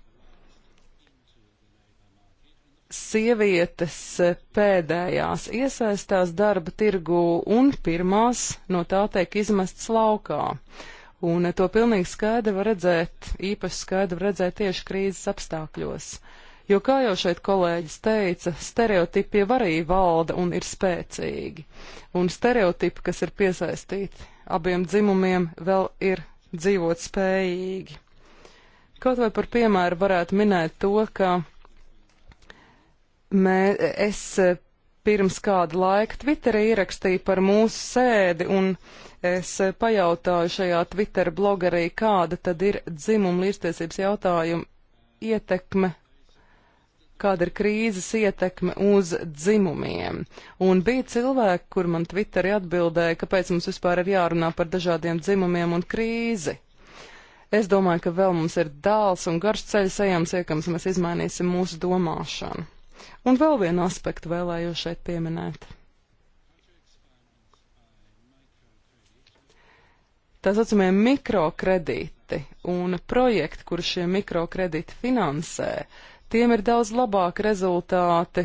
sievietes eh, pēdējās iesaistās darba tirgu un pirmās no tā tiek izmests laukā. Un eh, to pilnīgi skaidri var redzēt, īpaši skaidri var redzēt tieši krīzes apstākļos. Jo, kā jau šeit kolēģis teica, stereotipi jau arī valda un ir spēcīgi. Un stereotipi, kas ir piesaistīti abiem dzimumiem vēl ir dzīvot spējīgi. Kaut vai par piemēru varētu minēt to, ka mē, es eh, pirms kāda laika Twitterī ierakstīju par mūsu sēdi, un es eh, pajautāju šajā Twitter blogerī, kāda tad ir dzimuma līdztiesības jautājuma ietekme kāda ir krīzes ietekme uz dzimumiem. Un bija cilvēki, kur man Twitterī atbildēja, kāpēc mums vispār ir jārunā par dažādiem dzimumiem un krīzi. Es domāju, ka vēl mums ir dāls un garš ceļš ejams, iekams mēs izmainīsim mūsu domāšanu. Un vēl vienu aspektu vēlējos šeit pieminēt. tā saucamie mikrokredīti un projekti, kur šie mikrokredīti finansē, uh, tiem ir daudz labāki rezultāti.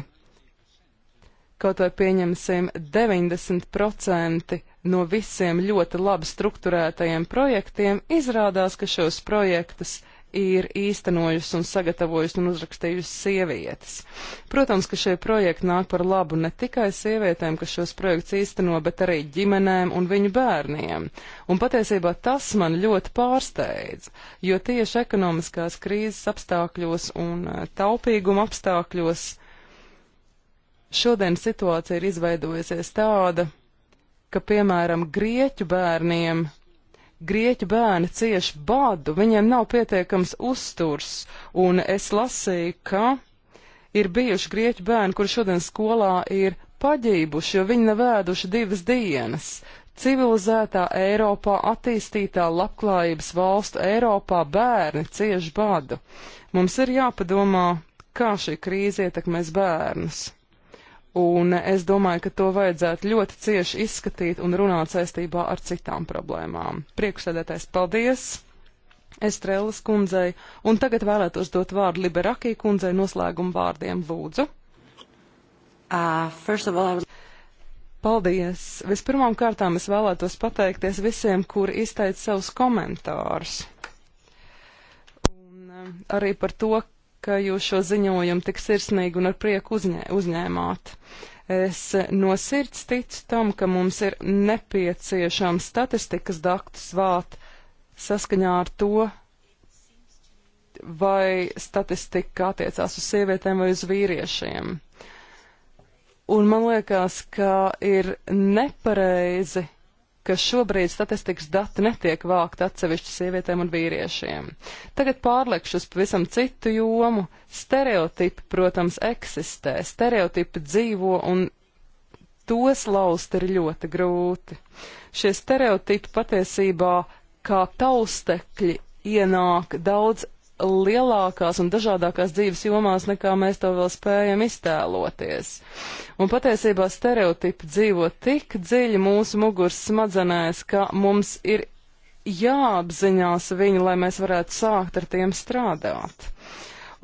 Kaut vai pieņemsim 90% no visiem ļoti labi strukturētajiem projektiem, izrādās, ka šos projektus ir īstenojusi un sagatavojusi un uzrakstījusi sievietes. Protams, ka šie projekti nāk par labu ne tikai sievietēm, kas šos projekts īsteno, bet arī ģimenēm un viņu bērniem. Un patiesībā tas man ļoti pārsteidz, jo tieši ekonomiskās krīzes apstākļos un eh, taupīguma apstākļos šodien situācija ir izveidojusies tāda, ka, piemēram, grieķu bērniem grieķu bērni cieš badu, viņiem nav pietiekams uzturs, un es lasīju, ka ir bijuši grieķu bērni, kuri šodien skolā ir paģībuši, jo viņi nav ēduši divas dienas. Civilizētā Eiropā, attīstītā labklājības valstu Eiropā bērni cieš badu. Mums ir jāpadomā, kā šī krīze ietekmēs bērnus un es domāju, ka to vajadzētu ļoti cieši izskatīt un runāt saistībā ar citām problēmām. Priekšsēdētais, paldies! Estrēlas kundzei, un tagad vēlētos dot vārdu Liberakī kundzei noslēguma vārdiem lūdzu. Uh, all... Paldies! Vispirmām kārtām es vēlētos pateikties visiem, kuri izteica savus komentārus. Un um, arī par to, ka jūs šo ziņojumu tik sirsnīgi un ar prieku uzņē, uzņēmāt. Es no sirds ticu tam, ka mums ir nepieciešams statistikas datus vāt saskaņā ar to, vai statistika attiecās uz sievietēm vai uz vīriešiem. Un man liekas, ka ir nepareizi ka šobrīd statistikas dati netiek vākt atsevišķi sievietēm un vīriešiem. Tagad pārliekšu uz pavisam citu jomu. Stereotipi, protams, eksistē. Stereotipi dzīvo un tos laust ir ļoti grūti. Šie stereotipi patiesībā kā taustekļi ienāk daudz lielākās un dažādākās dzīves jomās, nekā mēs to vēl spējam iztēloties. Un patiesībā stereotipi dzīvo tik dziļi mūsu muguras smadzenēs, ka mums ir jāapziņās viņi, lai mēs varētu sākt ar tiem strādāt.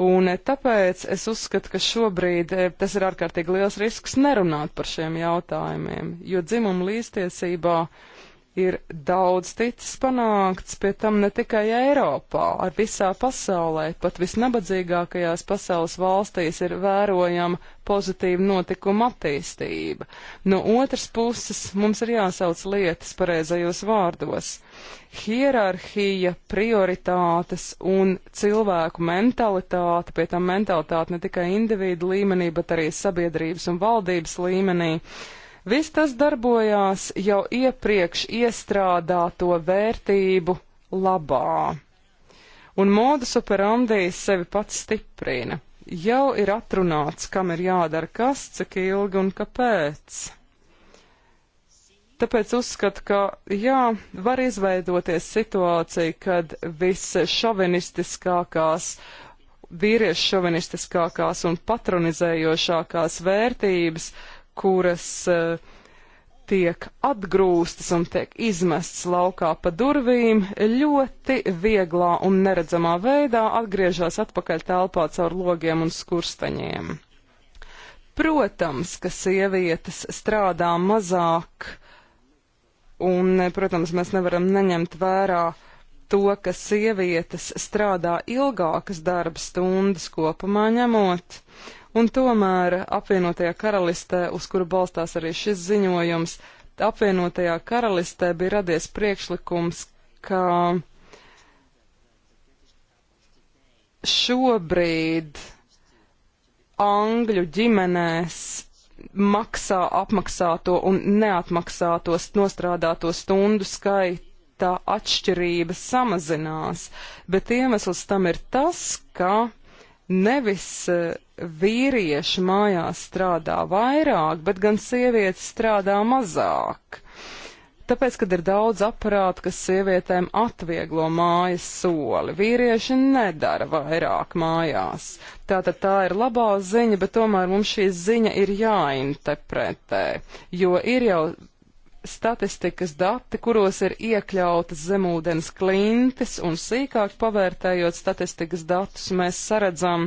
Un tāpēc es uzskatu, ka šobrīd eh, tas ir ārkārtīgi liels risks nerunāt par šiem jautājumiem, jo dzimuma līdztiesībā uh, ir daudz ticis panākts, pie tam ne tikai Eiropā, ar visā pasaulē, pat visnabadzīgākajās pasaules valstīs ir vērojama pozitīva notikuma attīstība. No otras puses mums ir jāsauc lietas pareizajos vārdos. Hierarhija, prioritātes un cilvēku mentalitāte, pie tam mentalitāte ne tikai individu līmenī, bet arī sabiedrības un valdības līmenī Viss tas darbojās jau iepriekš iestrādāto vērtību labā. Un modus operandi sevi pats stiprina. Jau ir atrunāts, kam ir jādara kas, cik ilgi un kāpēc. Tāpēc uzskatu, ka jā, var izveidoties situācija, kad visšovinistiskākās, vīriešu šovinistiskākās un patronizējošākās vērtības kuras eh, tiek atgrūstas un tiek izmestas laukā pa durvīm, ļoti vieglā un neredzamā veidā atgriežas atpakaļ telpā caur logiem un skursteņiem. Protams, ka sievietes strādā mazāk, un, eh, protams, mēs nevaram neņemt vērā to, ka sievietes strādā ilgākas darba stundas kopumā ņemot, Un tomēr apvienotajā karalistē, uz kuru balstās arī šis ziņojums, apvienotajā karalistē bija radies priekšlikums, ka šobrīd Angļu ģimenēs maksā apmaksāto un neatmaksātos nostrādāto stundu skaita atšķirība samazinās, bet iemesls tam ir tas, ka nevis eh, vīrieši mājās strādā vairāk, bet gan sievietes strādā mazāk. Tāpēc, kad ir daudz aparātu, kas sievietēm atvieglo mājas soli, vīrieši nedara vairāk mājās. Tātad tā ir labā ziņa, bet tomēr mums šī ziņa ir jāinterpretē, jo ir jau statistikas dati, kuros ir iekļautas zemūdens klintis, un sīkāk pavērtējot statistikas datus, mēs saredzam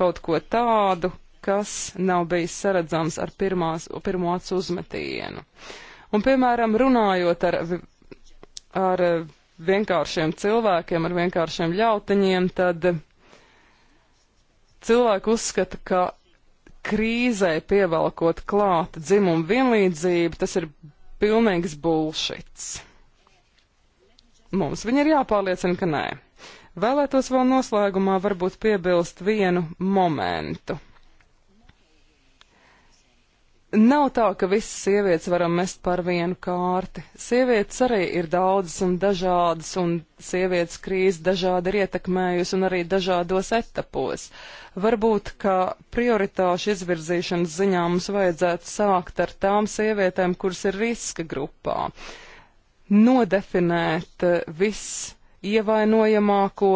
kaut ko tādu, kas nav bijis saredzams ar pirmās, pirmo acu uzmetienu. Un, piemēram, runājot ar, ar vienkāršiem cilvēkiem, ar vienkāršiem ļautiņiem, tad cilvēki uzskata, ka krīzē pievelkot klāt dzimumu vienlīdzību, tas ir pilnīgs bulšits. Mums viņi ir jāpārliecina, ka nē. Vēlētos vēl noslēgumā varbūt piebilst vienu momentu. Nav tā, ka visas sievietes varam mest par vienu kārti. Sievietes arī ir daudzas un dažādas, un sievietes krīze dažādi ir ietekmējusi un arī dažādos etapos. Varbūt, ka prioritāšu izvirzīšanas ziņā mums vajadzētu sākt ar tām sievietēm, kuras ir riska grupā. Nodefinēt eh, viss ievainojamāko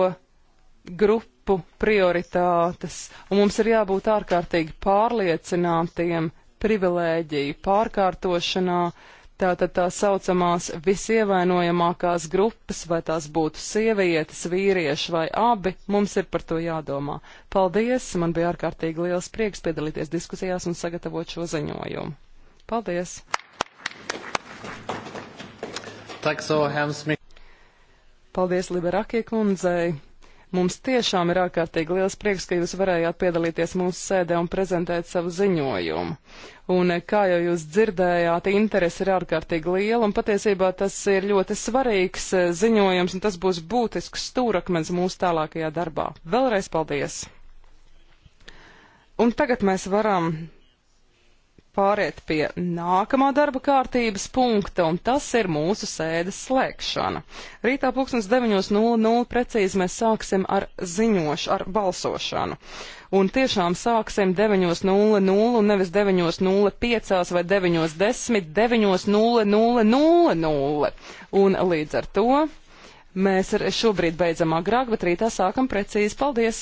grupu prioritātes, un mums ir jābūt ārkārtīgi pārliecinātiem, privilēģiju pārkārtošanā, tātad tā saucamās visievainojamākās grupas, vai tās būtu sievietes, vīrieši vai abi, mums ir par to jādomā. Paldies, man bija ārkārtīgi liels prieks piedalīties diskusijās un sagatavot šo ziņojumu. Paldies! Paldies Liberakie kundzei! Mums tiešām ir ārkārtīgi liels prieks, ka jūs varējāt piedalīties mūsu sēdē un prezentēt savu ziņojumu. Un, eh, kā jau jūs dzirdējāt, interesi ir ārkārtīgi liela, un patiesībā tas ir ļoti svarīgs eh, ziņojums, un tas būs būtisks stūrakmens mūsu tālākajā darbā. Vēlreiz paldies! Un tagad mēs varam pāriet pie nākamā darba kārtības punkta, un tas ir mūsu sēdes slēgšana. Rītā pulkstens 9.00 precīzi mēs sāksim ar ziņošu, ar balsošanu. Un tiešām sāksim 9.00 un nevis 9.05 vai 9.10, 9.00. Un līdz ar to mēs šobrīd beidzam agrāk, bet rītā sākam precīzi. Paldies!